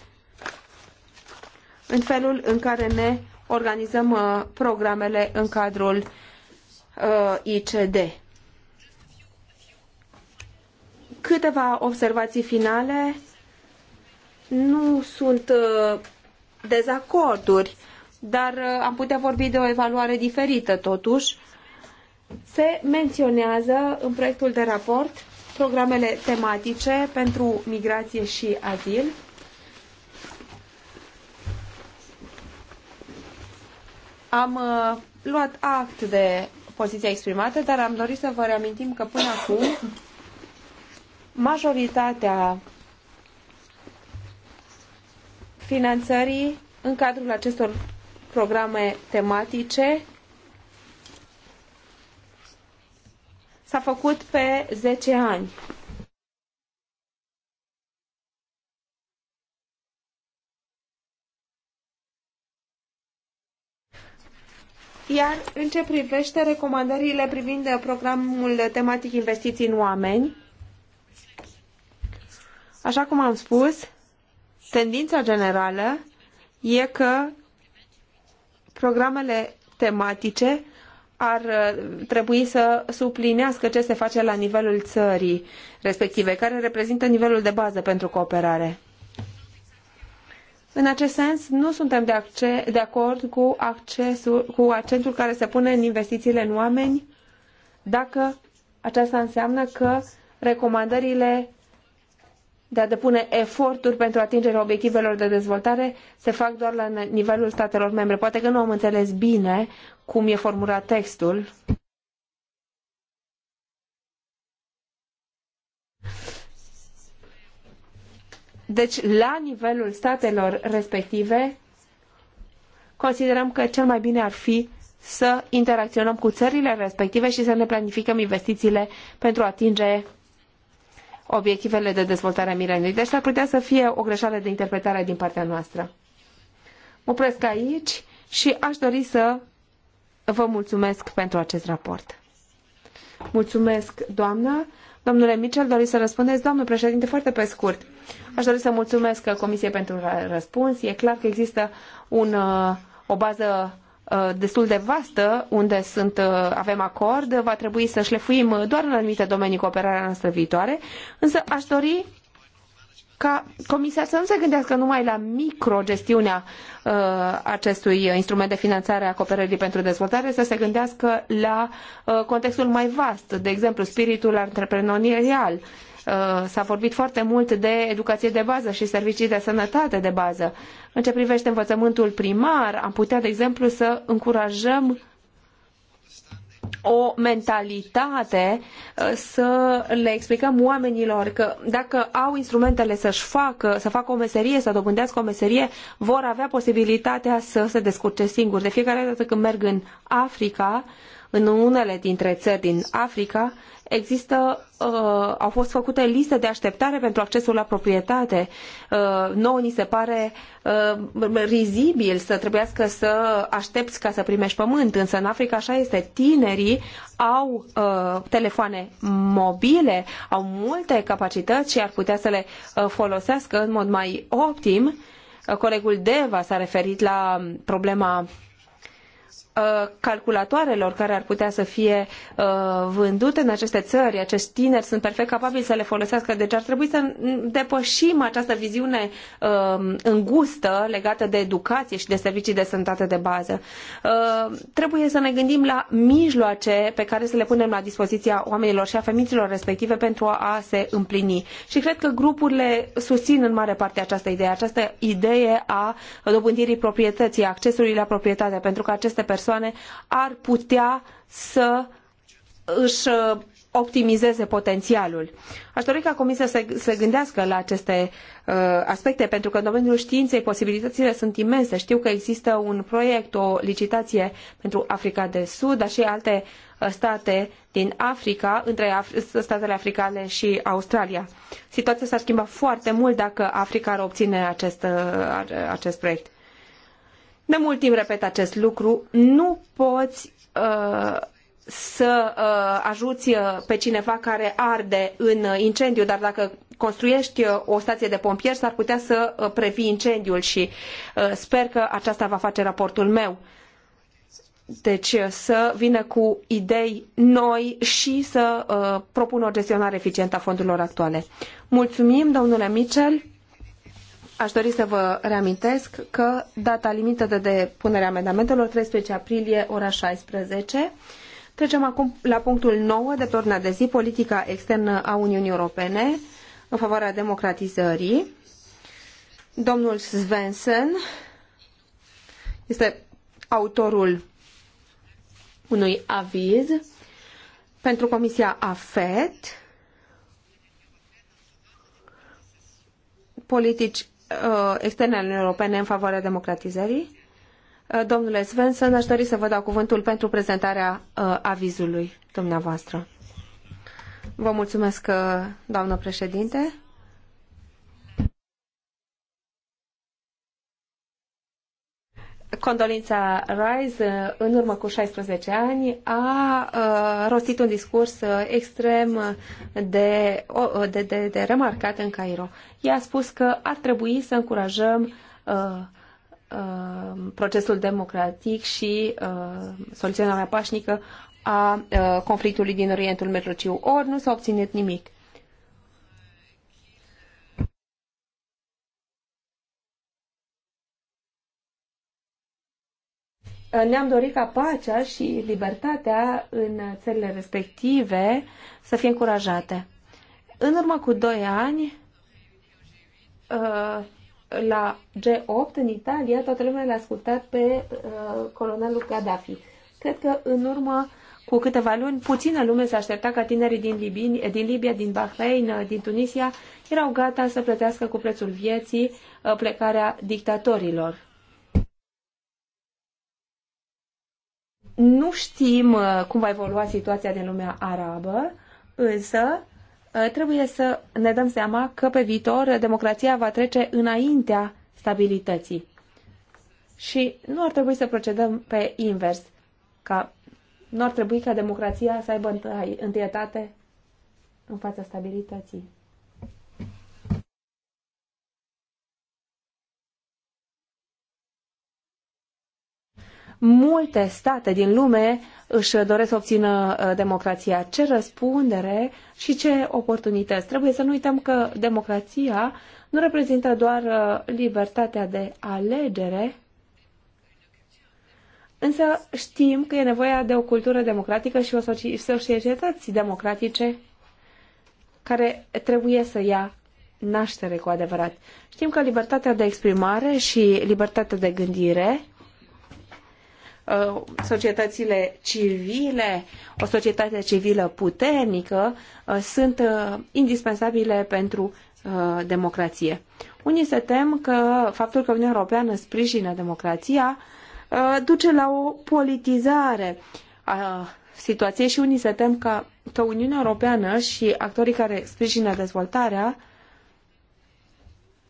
în felul în care ne organizăm uh, programele în cadrul uh, ICD. Câteva observații finale nu sunt uh, dezacorduri, dar uh, am putea vorbi de o evaluare diferită totuși. Se menționează în proiectul de raport programele tematice pentru migrație și azil. Am uh, luat act de poziția exprimată, dar am dorit să vă reamintim că până acum majoritatea finanțării în cadrul acestor programe tematice s-a făcut pe 10 ani. Iar în ce privește recomandările privind programul tematic investiții în oameni, așa cum am spus, tendința generală e că programele tematice ar uh, trebui să suplinească ce se face la nivelul țării respective, care reprezintă nivelul de bază pentru cooperare. În acest sens, nu suntem de, acce, de acord cu, accesul, cu accentul care se pune în investițiile în oameni, dacă aceasta înseamnă că recomandările de a depune eforturi pentru atingerea obiectivelor de dezvoltare se fac doar la nivelul statelor membre. Poate că nu am înțeles bine cum e formulat textul. Deci, la nivelul statelor respective, considerăm că cel mai bine ar fi să interacționăm cu țările respective și să ne planificăm investițiile pentru a atinge obiectivele de dezvoltare a mileniului. Deci ar putea să fie o greșeală de interpretare din partea noastră. Mă opresc aici și aș dori să vă mulțumesc pentru acest raport. Mulțumesc, doamnă. Domnule Mitchell, doriți să răspundeți? Domnul președinte, foarte pe scurt. Aș dori să mulțumesc Comisiei pentru răspuns. E clar că există un, uh, o bază Uh, destul de vastă unde sunt, uh, avem acord, va trebui să șlefuim doar în anumite domenii cooperarea noastră viitoare, însă aș dori ca Comisia să nu se gândească numai la microgestiunea uh, acestui instrument de finanțare a cooperării pentru dezvoltare, să se gândească la uh, contextul mai vast, de exemplu, spiritul antreprenorial, Uh, s-a vorbit foarte mult de educație de bază și servicii de sănătate de bază. În ce privește învățământul primar, am putea, de exemplu, să încurajăm o mentalitate uh, să le explicăm oamenilor că dacă au instrumentele să-și facă, să facă o meserie, să dobândească o meserie, vor avea posibilitatea să se descurce singuri. De fiecare dată când merg în Africa, în unele dintre țări din Africa, există, uh, au fost făcute liste de așteptare pentru accesul la proprietate. Uh, nouă ni se pare uh, rizibil să trebuiască să aștepți ca să primești pământ, însă în Africa așa este. Tinerii au uh, telefoane mobile, au multe capacități și ar putea să le uh, folosească în mod mai optim. Uh, colegul Deva s-a referit la problema Uh, calculatoarelor care ar putea să fie uh, vândute în aceste țări. Acești tineri sunt perfect capabili să le folosească, deci ar trebui să depășim această viziune uh, îngustă legată de educație și de servicii de sănătate de bază. Trebuie să ne gândim la mijloace pe care să le punem la dispoziția oamenilor și a femeilor respective pentru a se împlini. Și cred că grupurile susțin în mare parte această idee, această idee a dobândirii proprietății, accesului la proprietate, pentru că aceste persoane persoane ar putea să își uh, optimizeze potențialul. Aș dori ca Comisia să se gândească la aceste uh, aspecte, pentru că în domeniul științei posibilitățile sunt imense. Știu că există un proiect, o licitație pentru Africa de Sud, dar și alte uh, state din Africa, între Af- statele africane și Australia. Situația s-ar schimba foarte mult dacă Africa ar obține acest, uh, acest proiect. De mult timp repet acest lucru, nu poți uh, să uh, ajuți uh, pe cineva care arde în incendiu, dar dacă construiești uh, o stație de pompieri, s-ar putea să uh, previi incendiul și uh, sper că aceasta va face raportul meu. Deci să vină cu idei noi și să uh, propună o gestionare eficientă a fondurilor actuale. Mulțumim, domnule Mitchell. Aș dori să vă reamintesc că data limită de depunere a amendamentelor 13 aprilie, ora 16. Trecem acum la punctul 9 de pe ordinea de zi, politica externă a Uniunii Europene în favoarea democratizării. Domnul Svensson este autorul unui aviz pentru Comisia AFET, politici Uh, externe ale Uniunii Europene în favoarea democratizării. Uh, domnule Svensson, aș dori să vă dau cuvântul pentru prezentarea uh, avizului dumneavoastră. Vă mulțumesc, doamnă președinte. Condolința Rice, uh, în urmă cu 16 ani, a uh, rostit un discurs uh, extrem de, de, de, de remarcat în Cairo. Ea a spus că ar trebui să încurajăm uh, uh, procesul democratic și uh, soluționarea pașnică a conflictului din Orientul Mijlociu. Ori nu s-a obținut nimic. Uh, ne-am dorit ca pacea și libertatea în țările respective să fie încurajate. În urmă cu doi ani, uh, la G8 în Italia, toată lumea l-a ascultat pe uh, colonelul Gaddafi. Cred că în urmă cu câteva luni, puțină lume se aștepta ca tinerii din, Libin, eh, din Libia, din Bahrain, din Tunisia, erau gata să plătească cu prețul vieții plecarea dictatorilor nu știm uh, cum va evolua situația din lumea arabă, însă uh, trebuie să ne dăm seama că pe viitor democrația va trece înaintea stabilității. Și nu ar trebui să procedăm pe invers, ca nu ar trebui ca democrația să aibă întâietate în fața stabilității. Multe state din lume își doresc să obțină uh, democrația. Ce răspundere și ce oportunități. Trebuie să nu uităm că democrația nu reprezintă doar uh, libertatea de alegere, însă știm că e nevoie de o cultură democratică și o societăți democratice care trebuie să ia naștere cu adevărat. Știm că libertatea de exprimare și libertatea de gândire Uh, societățile civile, o societate civilă puternică, uh, sunt uh, indispensabile pentru democrație. Unii se tem că faptul că Uniunea Europeană sprijină democrația duce la o politizare a situației și unii se tem că, că Uniunea Europeană și actorii care sprijină dezvoltarea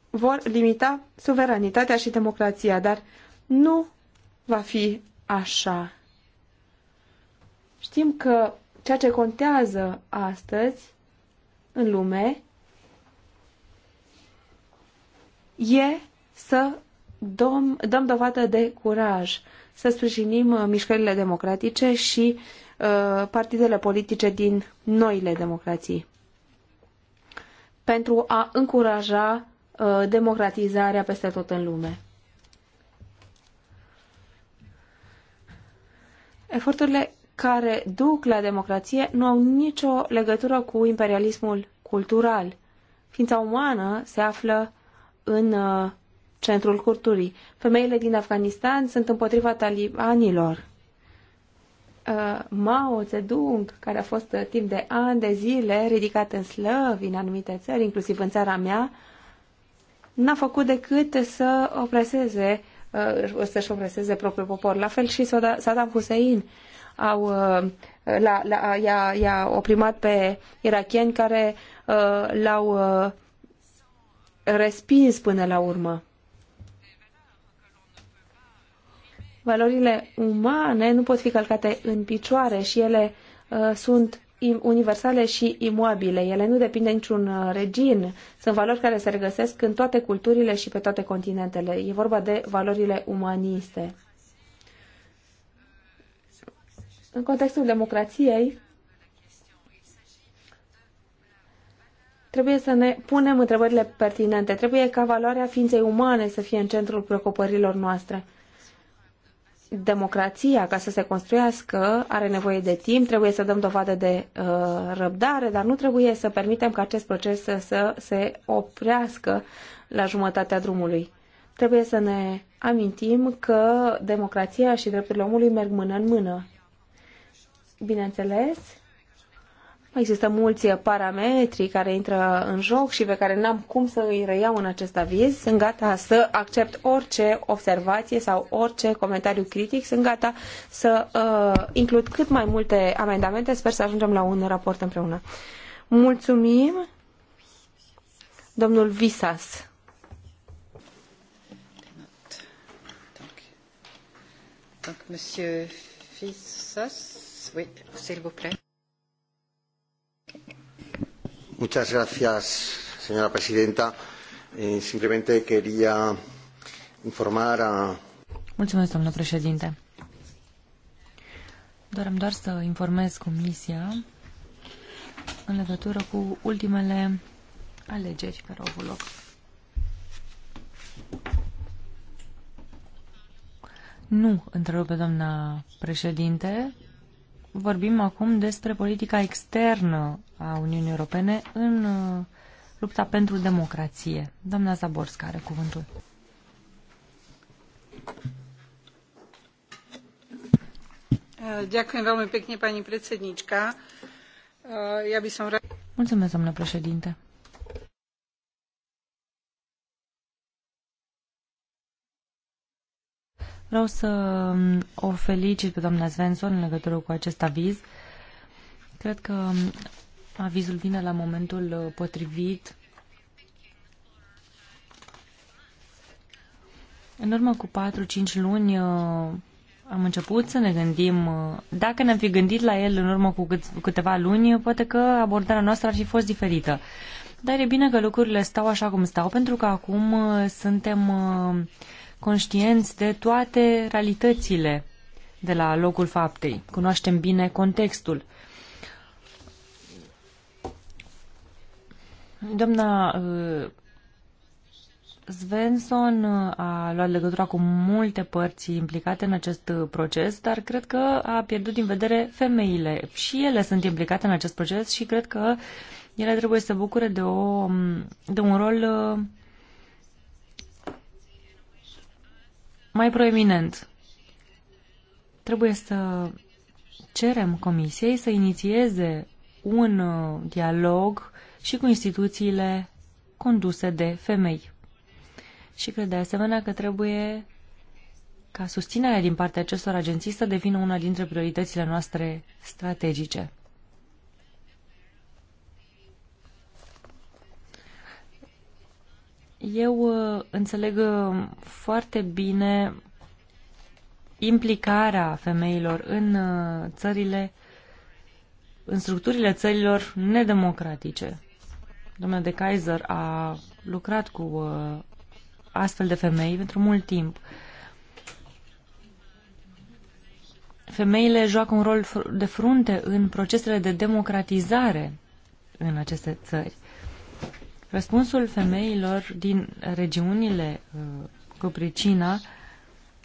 vor limita suveranitatea și democrația, dar nu va fi așa. Știm că ceea ce contează astăzi în lume e să dăm, dăm dovadă de curaj, să sprijinim uh, mișcările democratice și uh, partidele politice din noile democrații pentru a încuraja uh, democratizarea peste tot în lume. Eforturile care duc la democrație nu au nicio legătură cu imperialismul cultural. Ființa umană se află în uh, centrul culturii. Femeile din Afganistan sunt împotriva talibanilor. Uh, Mao Zedong, care a fost uh, timp de ani de zile ridicat în slăvi în anumite țări, inclusiv în țara mea, n-a făcut decât să opreseze Uh, să-și opreseze propriul popor. La fel și Saddam Hussein au, uh, la, la, i-a, i-a oprimat pe irachieni care uh, l-au respins până la urmă. Valorile umane nu pot fi călcate în picioare și ele uh, sunt universale și imobile. Ele nu depind de niciun uh, regim. Sunt valori care se regăsesc în toate culturile și pe toate continentele. E vorba de valorile umaniste. În contextul democrației, trebuie să ne punem întrebările pertinente. Trebuie ca valoarea ființei umane să fie în centrul preocupărilor noastre democrația, ca să se construiască, are nevoie de timp, trebuie să dăm dovadă de uh, răbdare, dar nu trebuie să permitem ca acest proces să, să se oprească la jumătatea drumului. Trebuie să ne amintim că democrația și drepturile omului merg mână în mână. Bineînțeles, Există mulți parametri care intră în joc și pe care n-am cum să îi reiau în acest aviz. Sunt gata să accept orice observație sau orice comentariu critic. Sunt gata să uh, includ cât mai multe amendamente. Sper să ajungem la un raport împreună. Mulțumim. Domnul Visas. Donc, monsieur Visas, oui, s'il vous plaît. Muchas gracias, señora presidenta. Eh, simplemente quería informar a. Mulțumesc, președinte. Doream doar să informez Comisia în legătură cu ultimele alegeri care au avut loc. Nu, întrerupe doamna președinte, Vorbim acum despre politica externă a Uniunii Europene în uh, lupta pentru democrație. Doamna Zaborska are cuvântul. Mulțumesc, doamnă președinte. Vreau să um, o felicit pe doamna Svensson în legătură cu acest aviz. Cred că um, avizul vine la momentul uh, potrivit. În urmă cu 4-5 luni uh, am început să ne gândim, uh, dacă ne-am fi gândit la el în urmă cu câteva luni, poate că abordarea noastră ar fi fost diferită. Dar e bine că lucrurile stau așa cum stau, pentru că acum suntem conștienți de toate realitățile de la locul faptei. Cunoaștem bine contextul. Doamna uh, Svensson uh, a luat legătura cu multe părți implicate în acest uh, proces, dar cred că a pierdut din vedere femeile. Și ele sunt implicate în acest proces și cred că ele trebuie să bucure de, o, um, de un rol mai proeminent. Trebuie să cerem Comisiei să inițieze un uh, dialog și cu instituțiile conduse de femei. Și cred de asemenea că trebuie ca susținerea din partea acestor agenții să devină una dintre prioritățile noastre strategice. Eu uh, înțeleg uh, foarte bine implicarea femeilor în uh, țările, în structurile țărilor nedemocratice. Domnul de Kaiser a lucrat cu astfel de femei pentru mult timp. Femeile joacă un rol de frunte în procesele de democratizare în aceste țări. Răspunsul femeilor din regiunile uh, cu pricina,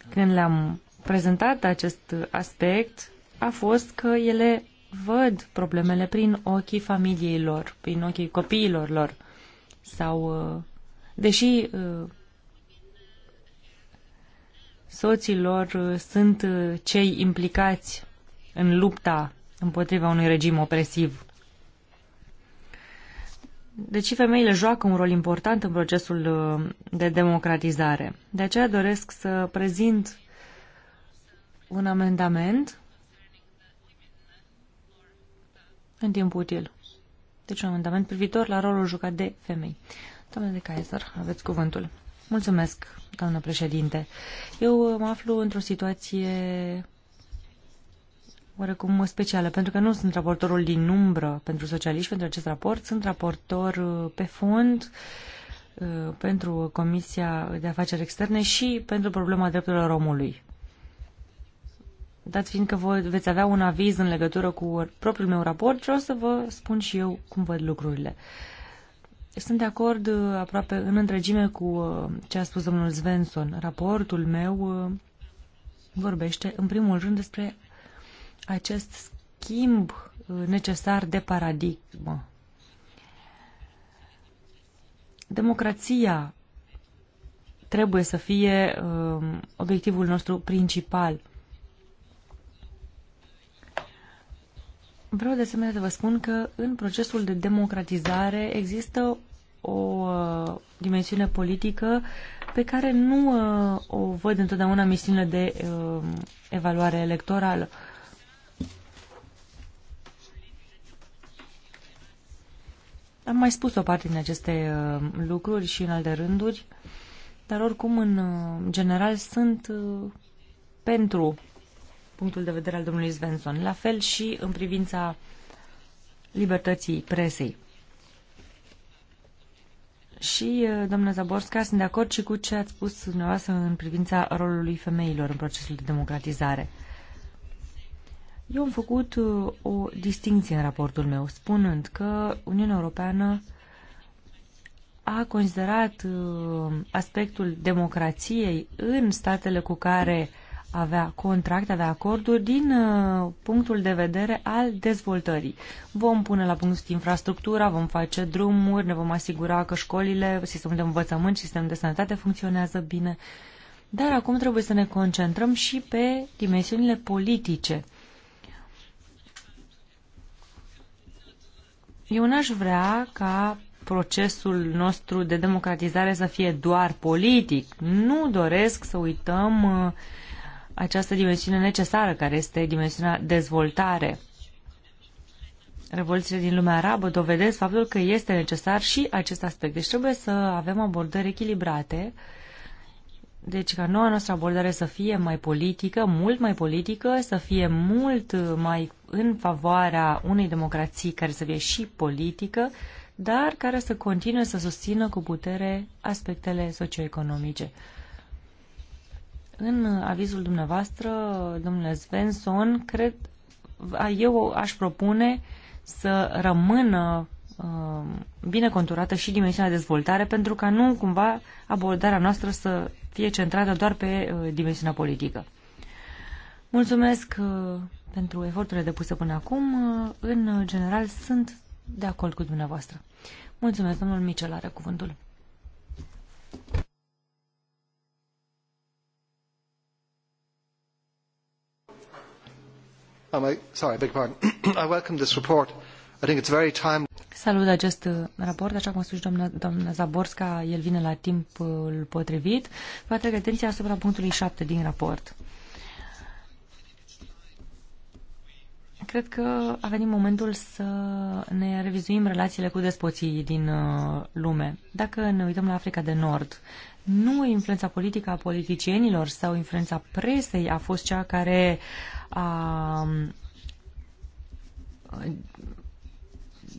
când le-am prezentat acest aspect, a fost că ele văd problemele prin ochii familiei lor, prin ochii copiilor lor. Sau, uh, deși uh, soții lor sunt cei implicați în lupta împotriva unui regim opresiv, deci femeile joacă un rol important în procesul uh, de democratizare. De aceea doresc să prezint un amendament în timp util. Deci un amendament privitor la rolul jucat de femei. Doamne de Kaiser, aveți cuvântul. Mulțumesc, doamnă președinte. Eu mă aflu într-o situație oarecum specială, pentru că nu sunt raportorul din umbră pentru socialiști pentru acest raport, sunt raportor uh, pe fond uh, pentru Comisia de Afaceri Externe și pentru problema drepturilor omului. Dat fiind că voi veți avea un aviz în legătură cu propriul meu raport, o să vă spun și eu cum văd lucrurile. Sunt de acord uh, aproape în întregime cu ce a spus domnul Svensson. Raportul meu vorbește în primul rând despre acest schimb uh, necesar de paradigmă. Democrația trebuie să fie uh, obiectivul nostru principal. Vreau de asemenea să vă spun că în procesul de democratizare există o uh, dimensiune politică pe care nu uh, o văd întotdeauna misiunile de uh, evaluare electorală. Uh, Am mai spus o parte din aceste uh, lucruri și în alte rânduri, dar oricum, în uh, general, sunt uh, pentru punctul de vedere al domnului Svensson, la fel și în privința libertății presei. Și, doamna Zaborska, sunt de acord și cu ce ați spus dumneavoastră în privința rolului femeilor în procesul de democratizare. Eu am făcut uh, o distinție în raportul meu, spunând că Uniunea Europeană a considerat uh, aspectul democrației în statele cu care avea contract, avea acorduri din uh, punctul de vedere al dezvoltării. Vom pune la punct infrastructura, vom face drumuri, ne vom asigura că școlile, sistemul de învățământ, sistemul de sănătate funcționează bine. Dar acum trebuie să ne concentrăm și pe dimensiunile politice Eu n-aș vrea ca procesul nostru de democratizare să fie doar politic. Nu doresc să uităm uh, această dimensiune necesară, care este dimensiunea dezvoltare. Revoluțiile din lumea arabă dovedesc faptul că este necesar și acest aspect. Deci trebuie să avem abordări echilibrate uh, deci ca noua noastră abordare să fie mai politică, mult mai politică, să fie mult mai în favoarea unei democrații care să fie și politică, dar care să continue să susțină cu putere aspectele socioeconomice. În avizul dumneavoastră, domnule Svensson, cred, eu aș propune să rămână Um, bine conturată și dimensiunea dezvoltare, pentru ca nu cumva abordarea noastră să fie centrată doar pe uh, dimensiunea politică. Mulțumesc uh, pentru eforturile depuse până acum. Uh, în general, sunt de acord cu dumneavoastră. Mulțumesc, domnul Micel are cuvântul. sorry, beg pardon. I welcome this report. I think it's very time... Salut acest raport, așa cum a spus doamna, doamna Zaborska, el vine la timpul potrivit. Vă atrag atenția asupra punctului 7 din raport. Cred că a venit momentul să ne revizuim relațiile cu despoții din uh, lume. Dacă ne uităm la Africa de Nord, nu influența politică a politicienilor sau influența presei a fost cea care a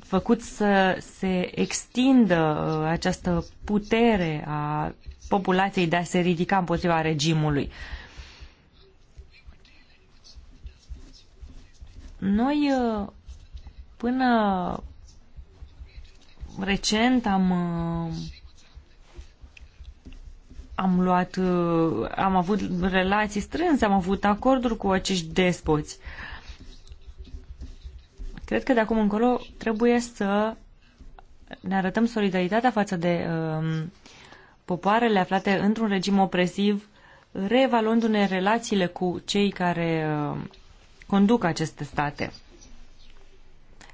făcut să se extindă uh, această putere a populației de a se ridica împotriva regimului. Noi uh, până recent am uh, am luat am avut relații strânse, am avut acorduri cu acești despoți. Uh, Cred că de acum încolo trebuie să ne arătăm solidaritatea față de um, popoarele aflate într-un regim opresiv, reevaluându-ne relațiile cu cei care uh, conduc aceste state.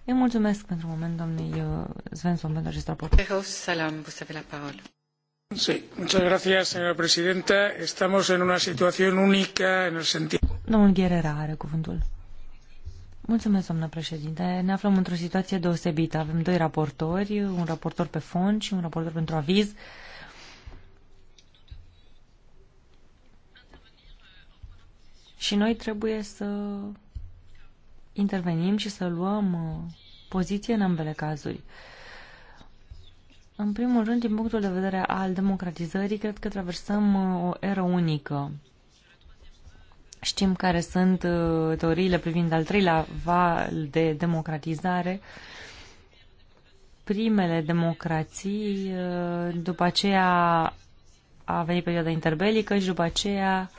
Îi mulțumesc pentru moment, domnului uh, Svensson, pentru acest raport. Sí, muchas gracias, señora presidenta. Estamos en una situación única en el sentido. Domnul Guerrera are cuvântul. Mulțumesc, doamnă președinte. Ne aflăm într-o situație deosebită. Avem doi raportori, un raportor pe fond și un raportor pentru aviz. Și noi trebuie să intervenim și să luăm uh, poziție în ambele cazuri. În primul rând, din punctul de vedere al democratizării, cred că traversăm uh, o eră unică. Știm care sunt uh, teoriile privind al treilea val de democratizare. Primele democrații, uh, după aceea a venit perioada interbelică și după aceea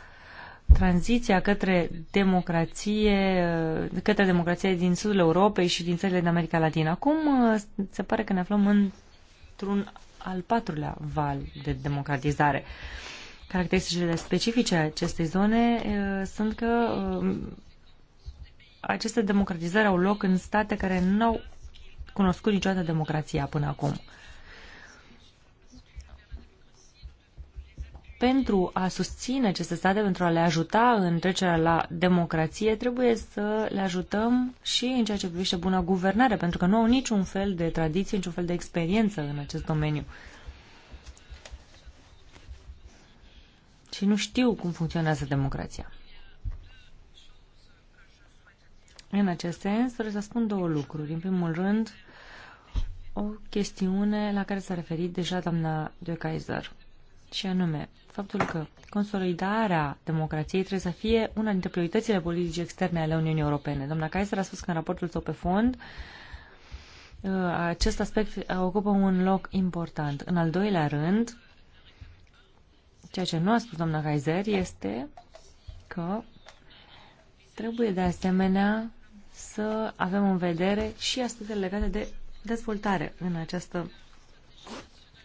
tranziția către democrație, uh, către democrație din sudul Europei și din țările din America Latină. Acum se pare că ne aflăm într-un al patrulea val de democratizare. Uh, Caracteristicile specifice acestei zone sunt că aceste democratizări au loc în state care nu au cunoscut niciodată democrația până acum. Pentru a susține aceste state, pentru a le ajuta în trecerea la democrație, trebuie să le ajutăm și în ceea ce privește bună guvernare, pentru că nu au niciun fel de tradiție, niciun fel de experiență în acest domeniu. și nu știu cum funcționează democrația. În acest sens, trebuie să spun două lucruri. În primul rând, o chestiune la care s-a referit deja doamna de Kaiser, și anume faptul că consolidarea democrației trebuie să fie una dintre prioritățile politice externe ale Uniunii Europene. Doamna Kaiser a spus că în raportul său pe fond uh, acest aspect ocupă un loc important. În al doilea rând, Ceea ce nu a spus doamna Kaiser este că trebuie de asemenea să avem în vedere și aspectele legate de dezvoltare în această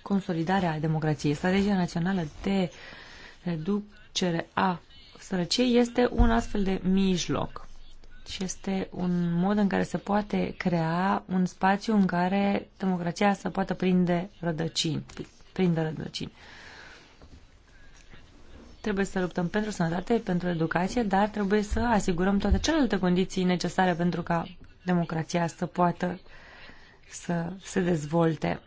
consolidare a democrației. Strategia națională de reducere a sărăciei este un astfel de mijloc și este un mod în care se poate crea un spațiu în care democrația să poată prinde rădăcini, prinde rădăcini. Trebuie să luptăm pentru sănătate, pentru educație, dar trebuie să asigurăm toate celelalte condiții necesare pentru ca democrația să poată să se dezvolte.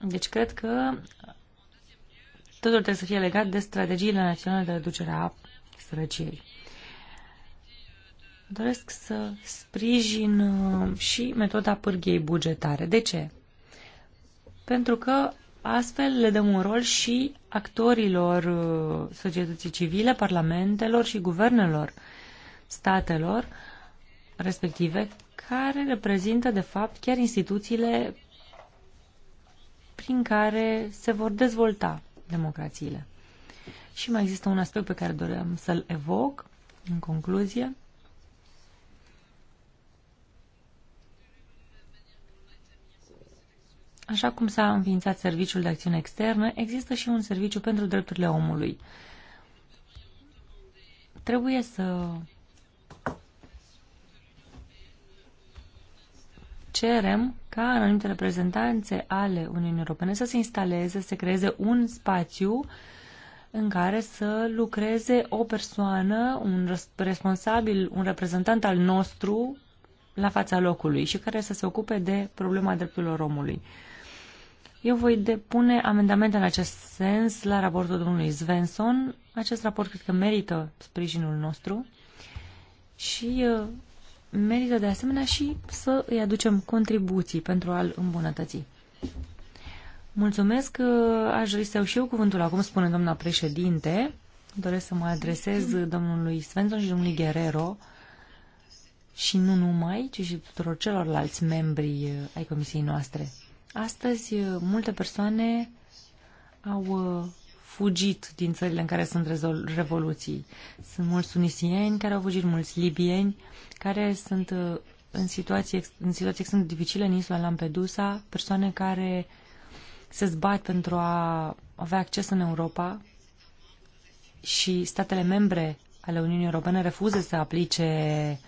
Deci cred că totul trebuie să fie legat de strategiile naționale de reducere a sărăciei. Doresc să sprijin uh, și metoda pârghiei bugetare. De ce? Pentru că Astfel le dăm un rol și actorilor uh, societății civile, parlamentelor și guvernelor statelor respective, care reprezintă, de fapt, chiar instituțiile prin care se vor dezvolta democrațiile. Și mai există un aspect pe care doream să-l evoc în concluzie. Așa cum s-a înființat Serviciul de Acțiune Externă, există și un serviciu pentru drepturile omului. Trebuie să cerem ca în anumite reprezentanțe ale Uniunii Europene să se instaleze, să se creeze un spațiu în care să lucreze o persoană, un responsabil, un reprezentant al nostru la fața locului și care să se ocupe de problema drepturilor omului. Eu voi depune amendamente în acest sens la raportul domnului Svensson. Acest raport cred că merită sprijinul nostru și uh, merită de asemenea și să îi aducem contribuții pentru a-l îmbunătăți. Mulțumesc, uh, aș dori să iau și eu cuvântul acum, spune doamna președinte. Doresc să mă adresez domnului Svensson și domnului Guerrero și nu numai, ci și tuturor celorlalți membri uh, ai comisiei noastre. Astăzi, uh, multe persoane au uh, fugit din țările în care sunt revoluții. Sunt mulți tunisieni care au fugit, mulți libieni care sunt uh, în situații, în situații sunt dificile în insula Lampedusa, persoane care se zbat pentru a avea acces în Europa și statele membre ale Uniunii Europene refuză să aplice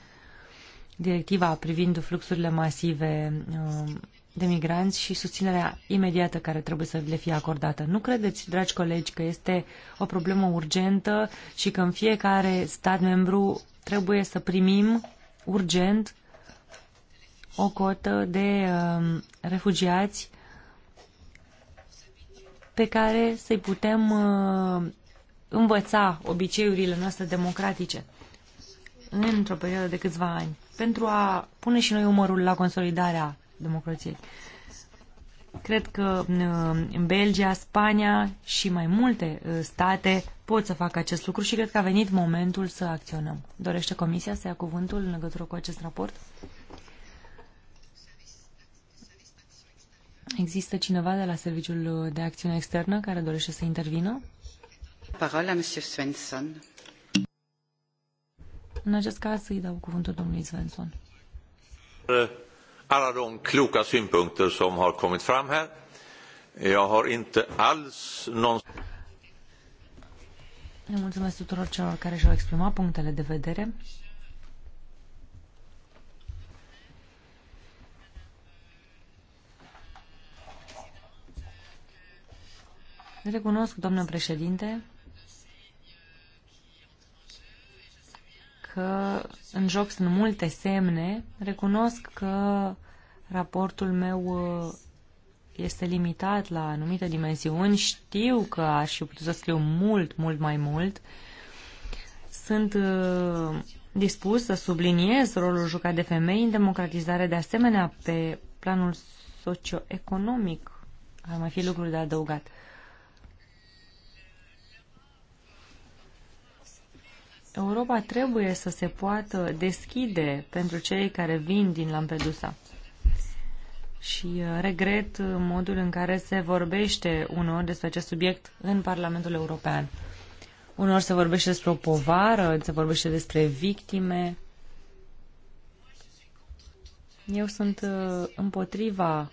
directiva privind fluxurile masive um, de migranți și susținerea imediată care trebuie să le fie acordată. Nu credeți, dragi colegi, că este o problemă urgentă și că în fiecare stat membru trebuie să primim urgent o cotă de uh, refugiați pe care să-i putem uh, învăța obiceiurile noastre democratice într-o perioadă de câțiva ani pentru a pune și noi umărul la consolidarea democrației. Cred că în uh, Belgia, Spania și mai multe uh, state pot să facă acest lucru și cred că a venit momentul să acționăm. Dorește Comisia să ia cuvântul în legătură cu acest raport? Există cineva de la Serviciul de Acțiune Externă care dorește să intervină? Parola, Monsieur Svensson. În acest caz îi dau cuvântul domnului Svensson alla de kloka synpunkter som har kommit fram här. Jag har inte alls någon... Ne mulțumesc tuturor celor care și-au exprimat punctele de vedere. Recunosc, domnule președinte, că în joc sunt multe semne, recunosc că raportul meu uh, este limitat la anumite dimensiuni. Știu că aș fi putut să scriu mult, mult mai mult. Sunt uh, dispus să subliniez rolul jucat de femei în democratizare, de asemenea, pe planul socioeconomic. Ar mai fi lucruri de adăugat. Europa trebuie să se poată deschide pentru cei care vin din Lampedusa. Și uh, regret uh, modul în care se vorbește unor despre acest subiect în Parlamentul European. Unor se vorbește despre o povară, se vorbește despre victime. Eu sunt uh, împotriva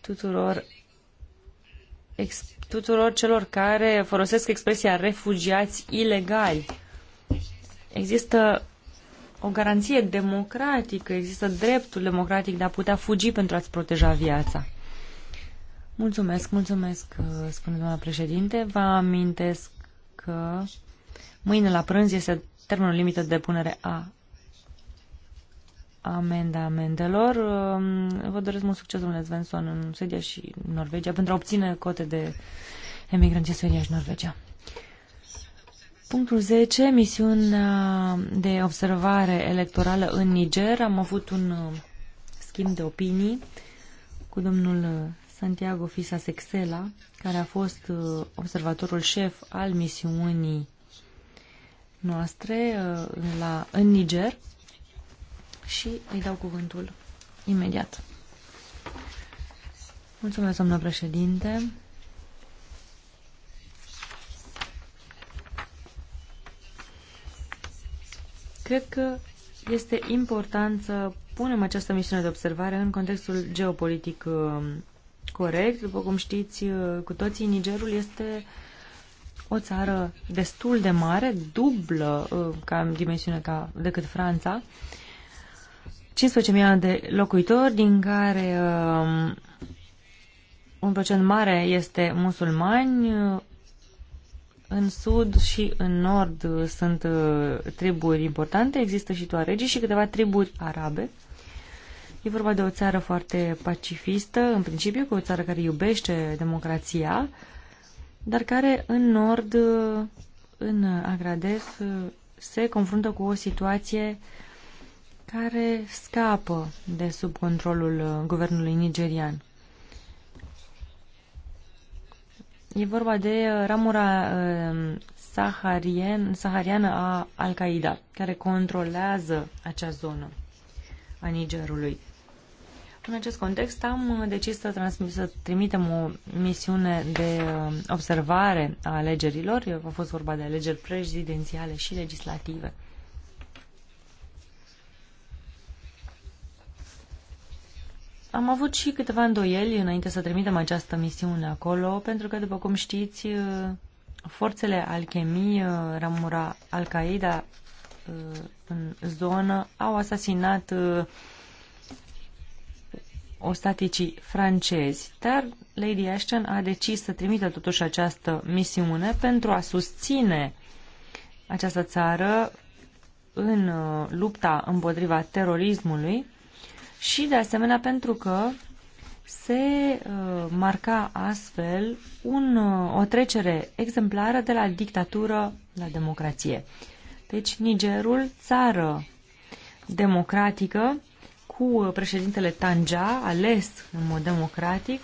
tuturor tuturor celor care folosesc expresia refugiați ilegali. Există o garanție democratică, există dreptul democratic de a putea fugi pentru a-ți proteja viața. Mulțumesc, mulțumesc, uh, spune doamna președinte. Vă amintesc că mâine la prânz este termenul limită de depunere a Amenda amendelor. Um, vă doresc mult succes, domnule Svensson, în Suedia și Norvegia pentru a obține cote de emigranți în Suedia și Norvegia. Punctul 10, misiunea de observare electorală în Niger. Am avut un um, schimb de opinii cu domnul uh, Santiago Fisa Sexela, care a fost uh, observatorul șef al misiunii noastre uh, la, în Niger și îi dau cuvântul imediat. Mulțumesc, domnul președinte. Cred că este important să punem această misiune de observare în contextul geopolitic uh, corect. După cum știți uh, cu toții, Nigerul este o țară destul de mare, dublă uh, ca dimensiune ca, decât Franța 15 milioane de locuitori, din care uh, un procent mare este musulmani. În sud și în nord sunt uh, triburi importante, există și tuaregii și câteva triburi arabe. E vorba de o țară foarte pacifistă, în principiu, cu o țară care iubește democrația, dar care în nord, uh, în Agrades, uh, se confruntă cu o situație uh, care scapă de sub controlul uh, guvernului nigerian. E vorba de uh, ramura uh, saharien, sahariană a Al-Qaeda, care controlează acea zonă a Nigerului. În acest context am decis să, transmit, să trimitem o misiune de observare a alegerilor. A fost vorba de alegeri prezidențiale și legislative. Am avut și câteva îndoieli înainte să trimitem această misiune acolo, pentru că, după cum știți, uh, forțele alchemii, uh, ramura Al-Qaeda uh, în zonă, au asasinat ostaticii francezi, dar Lady Ashton a decis să trimită totuși această misiune pentru a susține această țară în lupta împotriva terorismului și de asemenea pentru că se uh, marca astfel un, uh, o trecere exemplară de la dictatură la democrație. Deci Nigerul, țară democratică, cu uh, președintele Tanja, ales în mod democratic,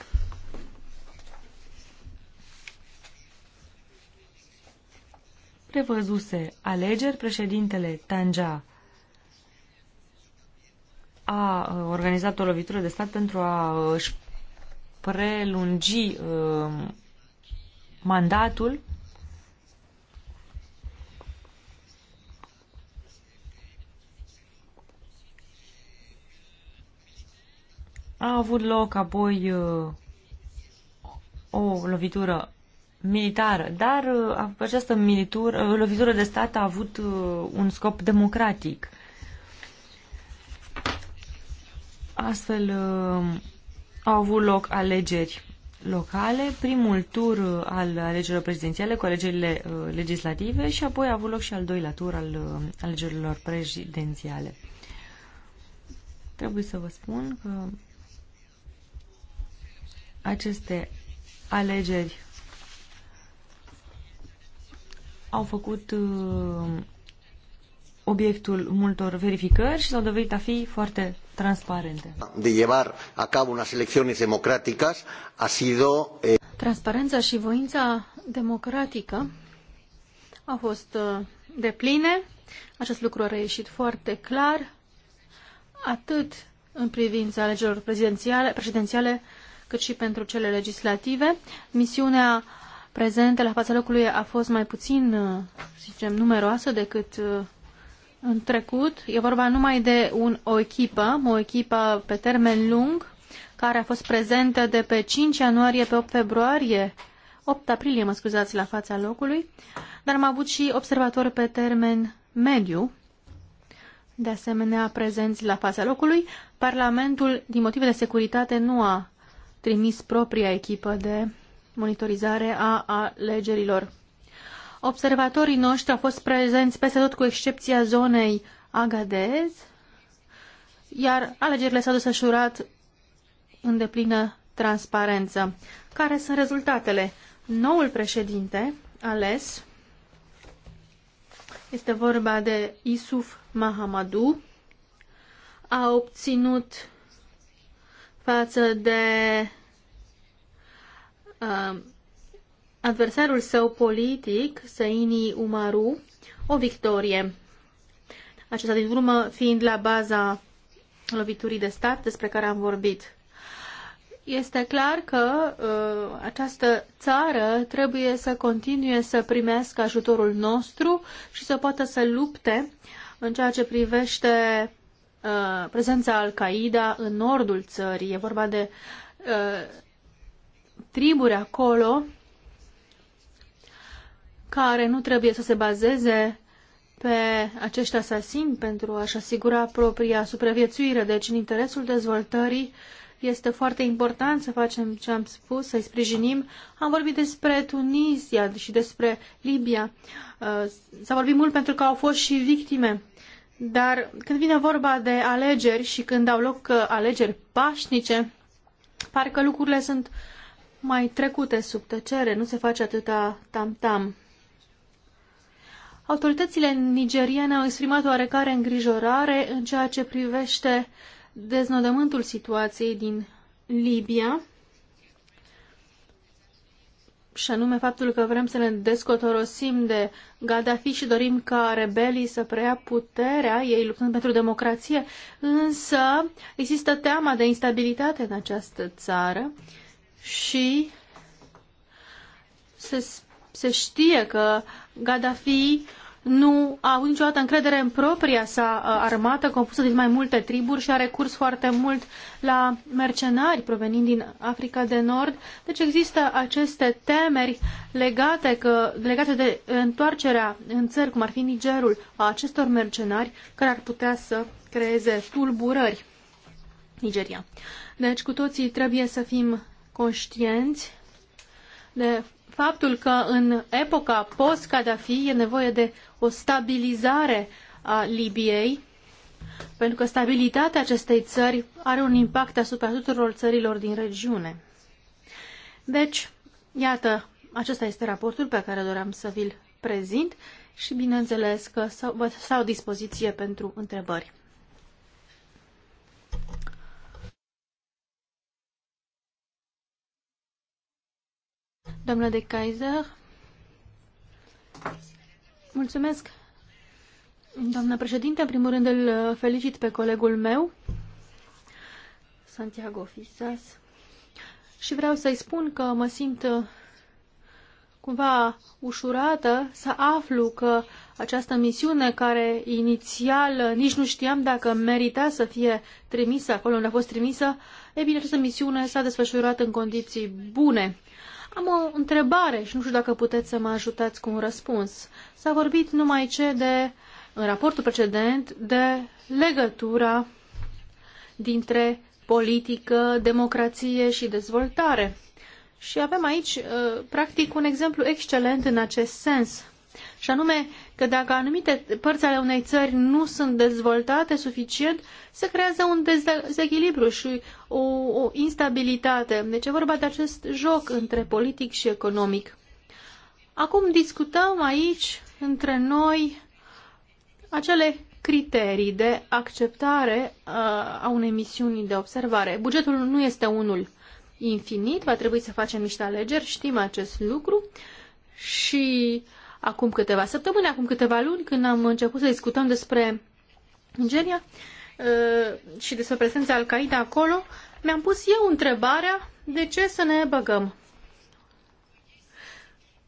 prevăzuse alegeri, președintele Tanja a organizat o lovitură de stat pentru a își prelungi ă, mandatul A avut loc apoi ă, o lovitură militară, dar ă, această militură, lovitură de stat a avut un scop democratic. Astfel uh, au avut loc alegeri locale, primul tur uh, al alegerilor prezidențiale cu alegerile uh, legislative și apoi a avut loc și al doilea tur al alegerilor prezidențiale. Trebuie să vă spun că aceste alegeri au făcut uh, obiectul multor verificări și s-au dovedit a fi foarte transparente. De llevar a cabo unas elecciones democráticas ha sido eh... Transparența și voința democratică au fost uh, de pline. Acest lucru a reieșit foarte clar, atât în privința alegerilor prezidențiale, prezidențiale, cât și pentru cele legislative. Misiunea prezentă la fața locului a fost mai puțin, uh, să zicem, numeroasă decât uh, în trecut. E vorba numai de un, o echipă, o echipă pe termen lung, care a fost prezentă de pe 5 ianuarie pe 8 februarie, 8 aprilie, mă scuzați, la fața locului, dar am avut și observatori pe termen mediu, de asemenea prezenți la fața locului. Parlamentul, din motive de securitate, nu a trimis propria echipă de monitorizare a alegerilor. Observatorii noștri au fost prezenți peste tot cu excepția zonei Agadez, iar alegerile s-au desfășurat în deplină transparență. Care sunt rezultatele? Noul președinte ales este vorba de Isuf Mahamadou, a obținut față de uh, adversarul său politic, Saini Umaru, o victorie. Acesta din urmă fiind la baza loviturii de stat despre care am vorbit. Este clar că uh, această țară trebuie să continue să primească ajutorul nostru și să poată să lupte în ceea ce privește uh, prezența Al-Qaeda în nordul țării. E vorba de uh, triburi acolo care nu trebuie să se bazeze pe acești asasini pentru a-și asigura propria supraviețuire. Deci, în interesul dezvoltării, este foarte important să facem ce am spus, să-i sprijinim. Am vorbit despre Tunisia și despre Libia. Uh, s-a vorbit mult pentru că au fost și victime. Dar când vine vorba de alegeri și când au loc uh, alegeri pașnice, parcă lucrurile sunt mai trecute sub tăcere, nu se face atâta tam-tam. Autoritățile nigeriene au exprimat oarecare îngrijorare în ceea ce privește deznodământul situației din Libia și anume faptul că vrem să ne descotorosim de Gaddafi și dorim ca rebelii să preia puterea, ei luptând pentru democrație, însă există teama de instabilitate în această țară și se, se știe că Gaddafi nu a avut niciodată încredere în propria sa uh, armată, compusă din mai multe triburi și a recurs foarte mult la mercenari provenind din Africa de Nord. Deci există aceste temeri legate, că, legate de întoarcerea în țări, cum ar fi Nigerul, a acestor mercenari care ar putea să creeze tulburări Nigeria. Deci cu toții trebuie să fim conștienți de faptul că în epoca post Cadafi e nevoie de o stabilizare a Libiei, pentru că stabilitatea acestei țări are un impact asupra tuturor țărilor din regiune. Deci, iată, acesta este raportul pe care doream să vi-l prezint și bineînțeles că vă stau dispoziție pentru întrebări. Domnule de Kaiser, Mulțumesc, doamnă președinte. În primul rând îl uh, felicit pe colegul meu, Santiago Fisas, și vreau să-i spun că mă simt uh, cumva ușurată să aflu că această misiune care inițial uh, nici nu știam dacă merita să fie trimisă acolo unde a fost trimisă, e bine, această misiune s-a desfășurat în condiții bune. Am o întrebare și nu știu dacă puteți să mă ajutați cu un răspuns. S-a vorbit numai ce de, în raportul precedent, de legătura dintre politică, democrație și dezvoltare. Și avem aici, uh, practic, un exemplu excelent în acest sens și anume că dacă anumite părți ale unei țări nu sunt dezvoltate suficient, se creează un dezechilibru și o, o instabilitate. Deci e vorba de acest joc între politic și economic. Acum discutăm aici, între noi, acele criterii de acceptare a unei misiuni de observare. Bugetul nu este unul infinit, va trebui să facem niște alegeri, știm acest lucru și uh, acum câteva săptămâni, acum câteva luni, când am început să discutăm despre Nigeria uh, și despre prezența Al-Qaeda acolo, mi-am pus eu întrebarea de ce să ne băgăm.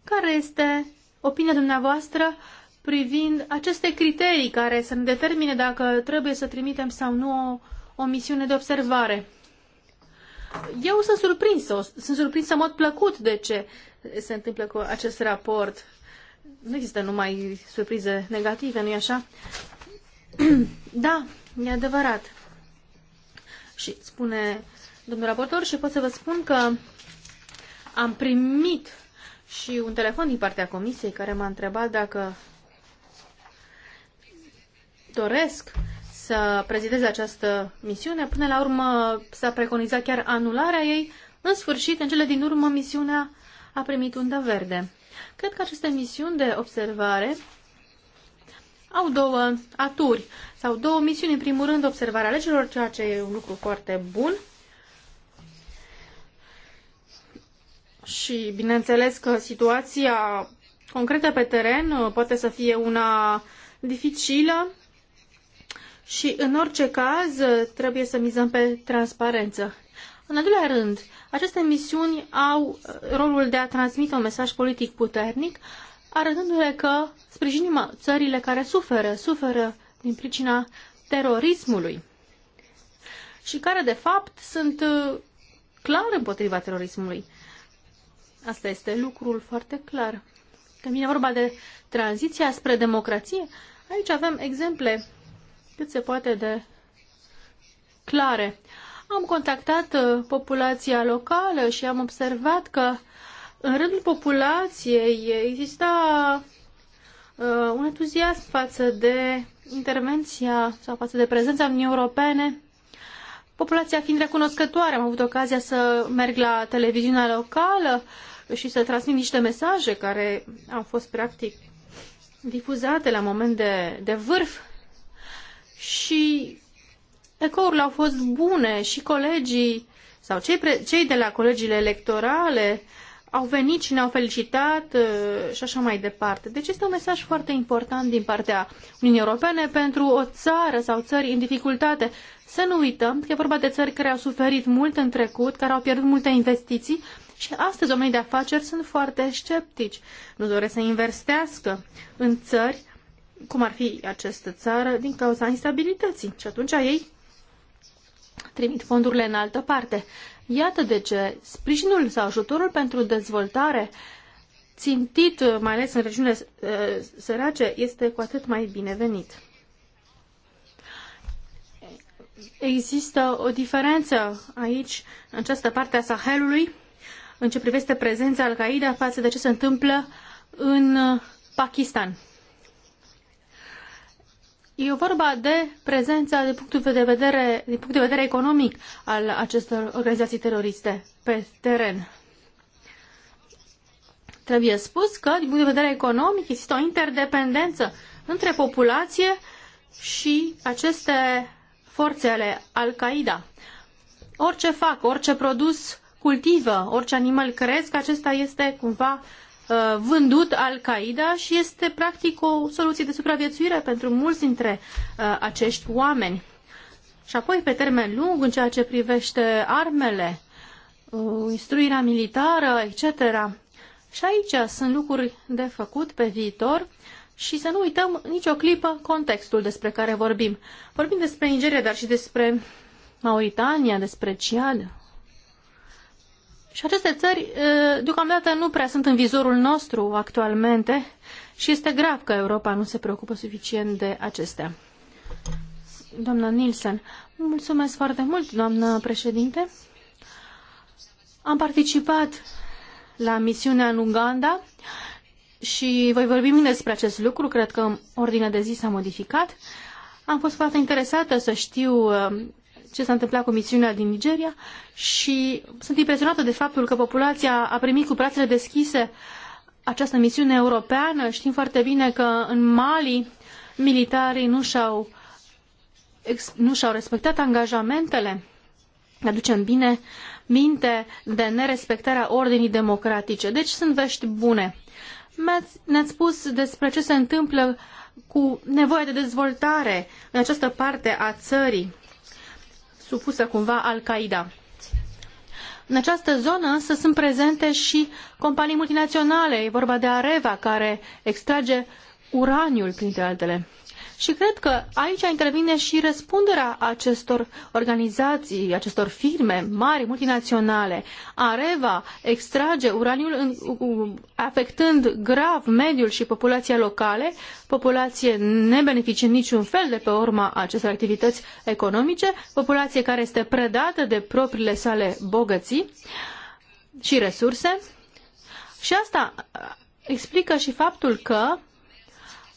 Care este opinia dumneavoastră privind aceste criterii care să ne determine dacă trebuie să trimitem sau nu o, o misiune de observare? Eu sunt surprinsă, sunt surprinsă în mod plăcut de ce se întâmplă cu acest raport nu există numai surprize negative, nu-i așa? da, e adevărat. Și spune domnul raportor și pot să vă spun că am primit și un telefon din partea comisiei care m-a întrebat dacă doresc să prezidez această misiune. Până la urmă s-a preconizat chiar anularea ei. În sfârșit, în cele din urmă, misiunea a primit undă verde. Cred că aceste misiuni de observare au două aturi sau două misiuni. În primul rând, observarea legilor, ceea ce e un lucru foarte bun. Și bineînțeles că situația concretă pe teren uh, poate să fie una dificilă și în orice caz uh, trebuie să mizăm pe transparență. În al doilea rând, aceste misiuni au uh, rolul de a transmite un mesaj politic puternic, arătându-le că sprijinim țările care suferă, suferă din pricina terorismului și care, de fapt, sunt uh, clar împotriva terorismului. Asta este lucrul foarte clar. Când vine vorba de tranziția spre democrație, aici avem exemple cât se poate de clare. Am contactat uh, populația locală și am observat că în rândul populației exista uh, un entuziasm față de intervenția sau față de prezența Uniunii Europene. Populația fiind recunoscătoare, am avut ocazia să merg la televiziunea locală și să transmit niște mesaje care au fost practic difuzate la moment de, de vârf și ecourile au fost bune și colegii sau cei, cei de la colegiile electorale au venit și ne-au felicitat uh, și așa mai departe. Deci este un mesaj foarte important din partea Uniunii Europene pentru o țară sau țări în dificultate. Să nu uităm că e vorba de țări care au suferit mult în trecut, care au pierdut multe investiții și astăzi oamenii de afaceri sunt foarte sceptici. Nu doresc să investească în țări cum ar fi această țară din cauza instabilității. Și atunci ei trimit fondurile în altă parte. Iată de ce sprijinul sau ajutorul pentru dezvoltare țintit, mai ales în regiunile eh, sărace, este cu atât mai binevenit. Există o diferență aici, în această parte a Sahelului, în ce privește prezența Al-Qaeda față de ce se întâmplă în eh, Pakistan. E vorba de prezența din punct de vedere, din punct de vedere economic al acestor organizații teroriste pe teren. Trebuie spus că, din punct de vedere economic, există o interdependență între populație și aceste forțe ale Al-Qaeda. Orice fac, orice produs cultivă, orice animal cresc, acesta este cumva uh, Uh, vândut Al-Qaeda și este practic o soluție de supraviețuire pentru mulți dintre uh, acești oameni. Și apoi, pe termen lung, în ceea ce privește armele, uh, instruirea militară, etc. Și aici sunt lucruri de făcut pe viitor și să nu uităm nicio clipă contextul despre care vorbim. Vorbim despre Nigeria, dar și despre Mauritania, despre Ciad, și aceste țări deocamdată nu prea sunt în vizorul nostru actualmente și este grav că Europa nu se preocupă suficient de acestea. Doamna Nielsen, mulțumesc foarte mult, doamnă președinte. Am participat la misiunea în Uganda și voi vorbi mâine despre acest lucru, cred că ordinea de zi s-a modificat. Am fost foarte interesată să știu ce s-a întâmplat cu misiunea din Nigeria și sunt impresionată de faptul că populația a primit cu brațele deschise această misiune europeană. Știm foarte bine că în Mali militarii nu și-au, nu și-au respectat angajamentele. Aducem bine minte de nerespectarea ordinii democratice. Deci sunt vești bune. Ne-ați spus despre ce se întâmplă cu nevoia de dezvoltare în această parte a țării supusă cumva Al-Qaeda. În această zonă însă sunt prezente și companii multinaționale. E vorba de Areva, care extrage uraniul, printre altele. Și cred că aici intervine și răspunderea acestor organizații, acestor firme mari, multinaționale. Areva extrage uraniul afectând grav mediul și populația locale, populație nebeneficiind niciun fel de pe urma acestor activități economice, populație care este predată de propriile sale bogății și resurse. Și asta explică și faptul că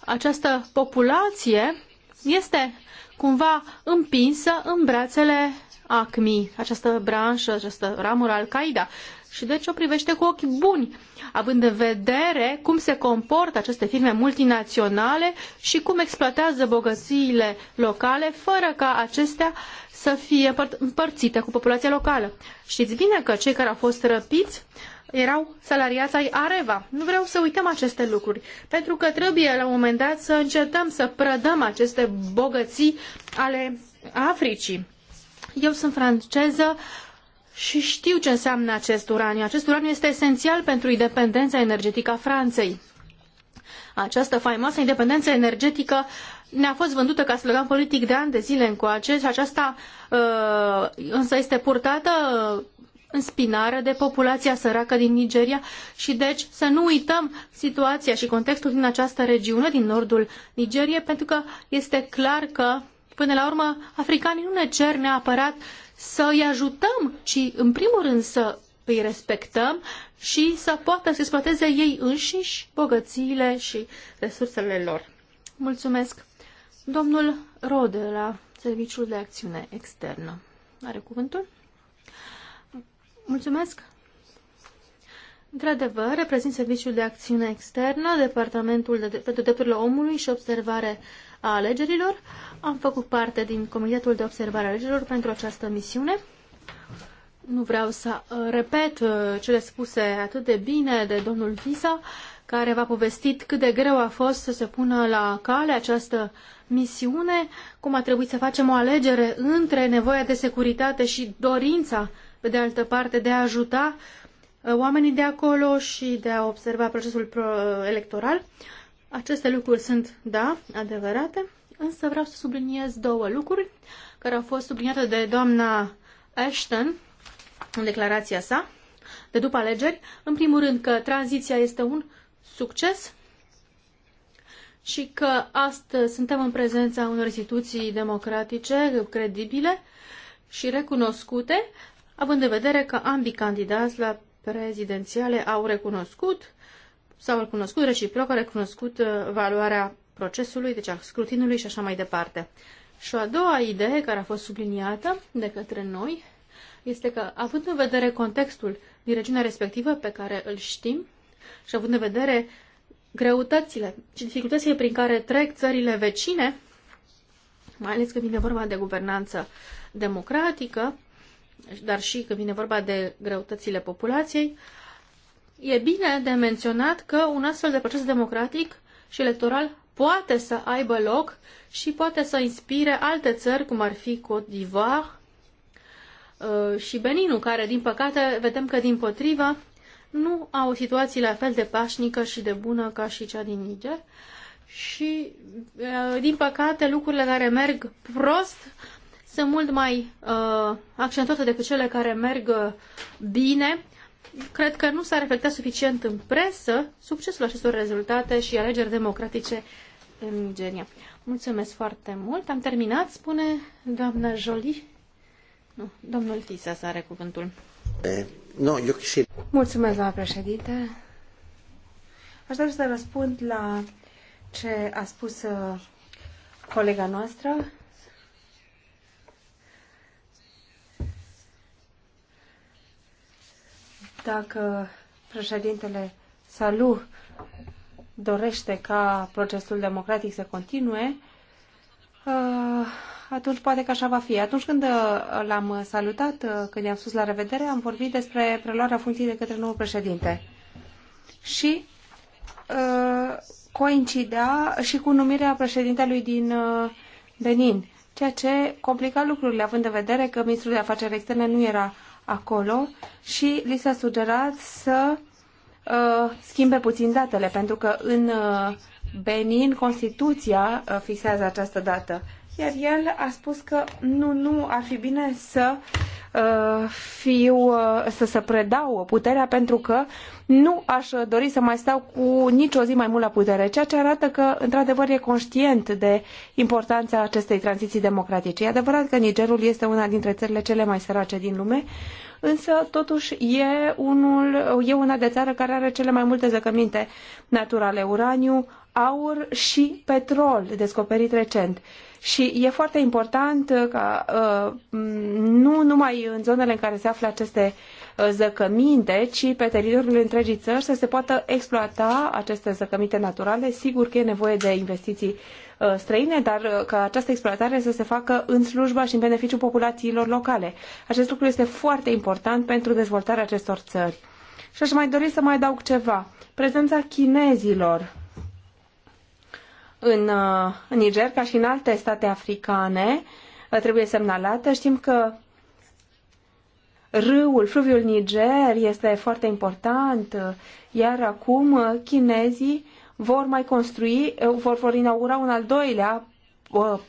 această populație este cumva împinsă în brațele ACMI, această branșă, această ramură Al-Qaeda. Și deci o privește cu ochi buni, având în vedere cum se comportă aceste firme multinaționale și cum exploatează bogățiile locale, fără ca acestea să fie împărțite cu populația locală. Știți bine că cei care au fost răpiți uh, erau salariați ai Areva. Nu vreau să uităm aceste lucruri, pentru că trebuie la un moment dat să încetăm să prădăm aceste bogății ale Africii. Eu sunt franceză și știu ce înseamnă acest uraniu. Acest uraniu este esențial pentru independența energetică a Franței. Această faimoasă independență energetică ne-a fost vândută ca slogan politic de ani de zile încoace și aceasta uh, însă este purtată uh, în spinare de populația săracă din Nigeria și deci să nu uităm situația și contextul din această regiune, din nordul Nigeriei, pentru că este clar că, până la urmă, africanii nu ne cer neapărat să îi ajutăm, ci în primul rând să îi respectăm și să poată să exploateze ei înșiși bogățiile și resursele lor. Mulțumesc! Domnul Rode la Serviciul de Acțiune Externă. Are cuvântul? Mulțumesc! Într-adevăr, reprezint Serviciul de Acțiune Externă, Departamentul de, pentru Drepturile Omului și Observare a Alegerilor. Am făcut parte din Comitetul de Observare a Alegerilor pentru această misiune. Nu vreau să uh, repet uh, cele spuse atât de bine de domnul Visa, care v-a povestit cât de greu a fost să se pună la cale această misiune, cum a trebuit să facem o alegere între nevoia de securitate și dorința pe de altă parte, de a ajuta uh, oamenii de acolo și de a observa procesul uh, electoral. Aceste lucruri sunt, da, adevărate, însă vreau să subliniez două lucruri care au fost subliniate de doamna Ashton în declarația sa de după alegeri. În primul rând că tranziția este un succes și că astăzi suntem în prezența unor instituții democratice credibile și recunoscute având în vedere că ambii candidați la prezidențiale au recunoscut sau au recunoscut reciproc, au recunoscut uh, valoarea procesului, deci a scrutinului și așa mai departe. Și o a doua idee care a fost subliniată de către noi este că, având în vedere contextul din regiunea respectivă pe care îl știm și având în vedere greutățile și dificultățile prin care trec țările vecine, mai ales că vine vorba de guvernanță democratică, dar și când vine vorba de greutățile populației, e bine de menționat că un astfel de proces democratic și electoral poate să aibă loc și poate să inspire alte țări, cum ar fi Côte d'Ivoire uh, și Beninul, care, din păcate, vedem că, din potrivă, nu au o situație la fel de pașnică și de bună ca și cea din Niger. Și, uh, din păcate, lucrurile care merg prost sunt mult mai uh, accentuate decât cele care merg bine. Cred că nu s-a reflectat suficient în presă succesul acestor rezultate și alegeri democratice în Nigeria. Mulțumesc foarte mult. Am terminat, spune doamna Jolie. Nu, domnul Tisa să are cuvântul. E, eh, no, eu Mulțumesc, doamna președinte. Aș dori să răspund la ce a spus uh, colega noastră Dacă președintele Salu dorește ca procesul democratic să continue, uh, atunci poate că așa va fi. Atunci când uh, l-am salutat, uh, când i-am spus la revedere, am vorbit despre preluarea funcției de către nou președinte. Și coincidea și cu numirea președintelui din Benin, ceea ce complica lucrurile, având în vedere că ministrul de afaceri externe nu era acolo și li s-a sugerat să uh, schimbe puțin datele, pentru că în uh, Benin Constituția uh, fixează această dată iar el a spus că nu, nu, ar fi bine să uh, fiu, uh, să, să predau puterea pentru că nu aș dori să mai stau cu nicio zi mai mult la putere, ceea ce arată că, într-adevăr, e conștient de importanța acestei tranziții democratice. E adevărat că Nigerul este una dintre țările cele mai sărace din lume, însă, totuși, e, unul, e una de țară care are cele mai multe zăcăminte naturale, uraniu, aur și petrol descoperit recent. Și e foarte important ca uh, nu numai în zonele în care se află aceste uh, zăcăminte, ci pe teritoriul întregii țări să se poată exploata aceste zăcăminte naturale. Sigur că e nevoie de investiții uh, străine, dar ca această exploatare să se facă în slujba și în beneficiul populațiilor locale. Acest lucru este foarte important pentru dezvoltarea acestor țări. Și aș mai dori să mai adaug ceva. Prezența chinezilor în, uh, în Niger, ca și în alte state africane, uh, trebuie semnalată. Știm că râul, fluviul Niger este foarte important, uh, iar acum chinezii vor mai construi, vor, vor inaugura un al doilea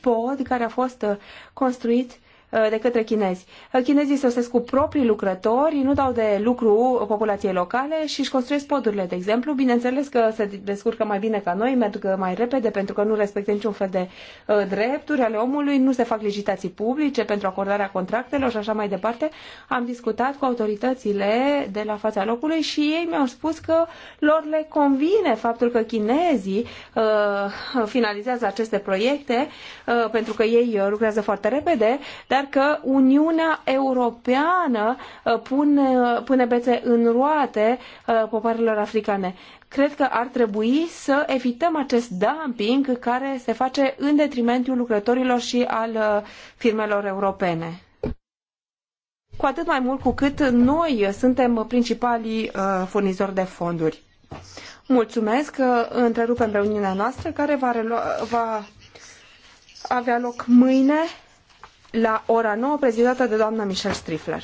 pod care a fost construit Uh, de către chinezi. Uh, chinezii sosesc cu proprii lucrători, nu dau de lucru populației locale și își construiesc podurile, de exemplu. Bineînțeles că se descurcă mai bine ca noi, merg mai repede pentru că nu respectă niciun fel de uh, drepturi ale omului, nu se fac licitații publice pentru acordarea contractelor și așa mai departe. Am discutat cu autoritățile de la fața locului și ei mi-au spus că lor le convine faptul că chinezii uh, finalizează aceste proiecte uh, pentru că ei lucrează foarte repede, dar iar că Uniunea Europeană uh, pune, uh, pune bețe în roate uh, popoarelor africane. Cred că ar trebui să evităm acest dumping care se face în detrimentul lucrătorilor și al firmelor europene cu atât mai mult cu cât noi suntem principalii furnizori de fonduri. Mulțumesc că întrerupem reuniunea noastră care va, relua, va avea loc mâine la ora nouă, prezidată de doamna Michelle Strifler.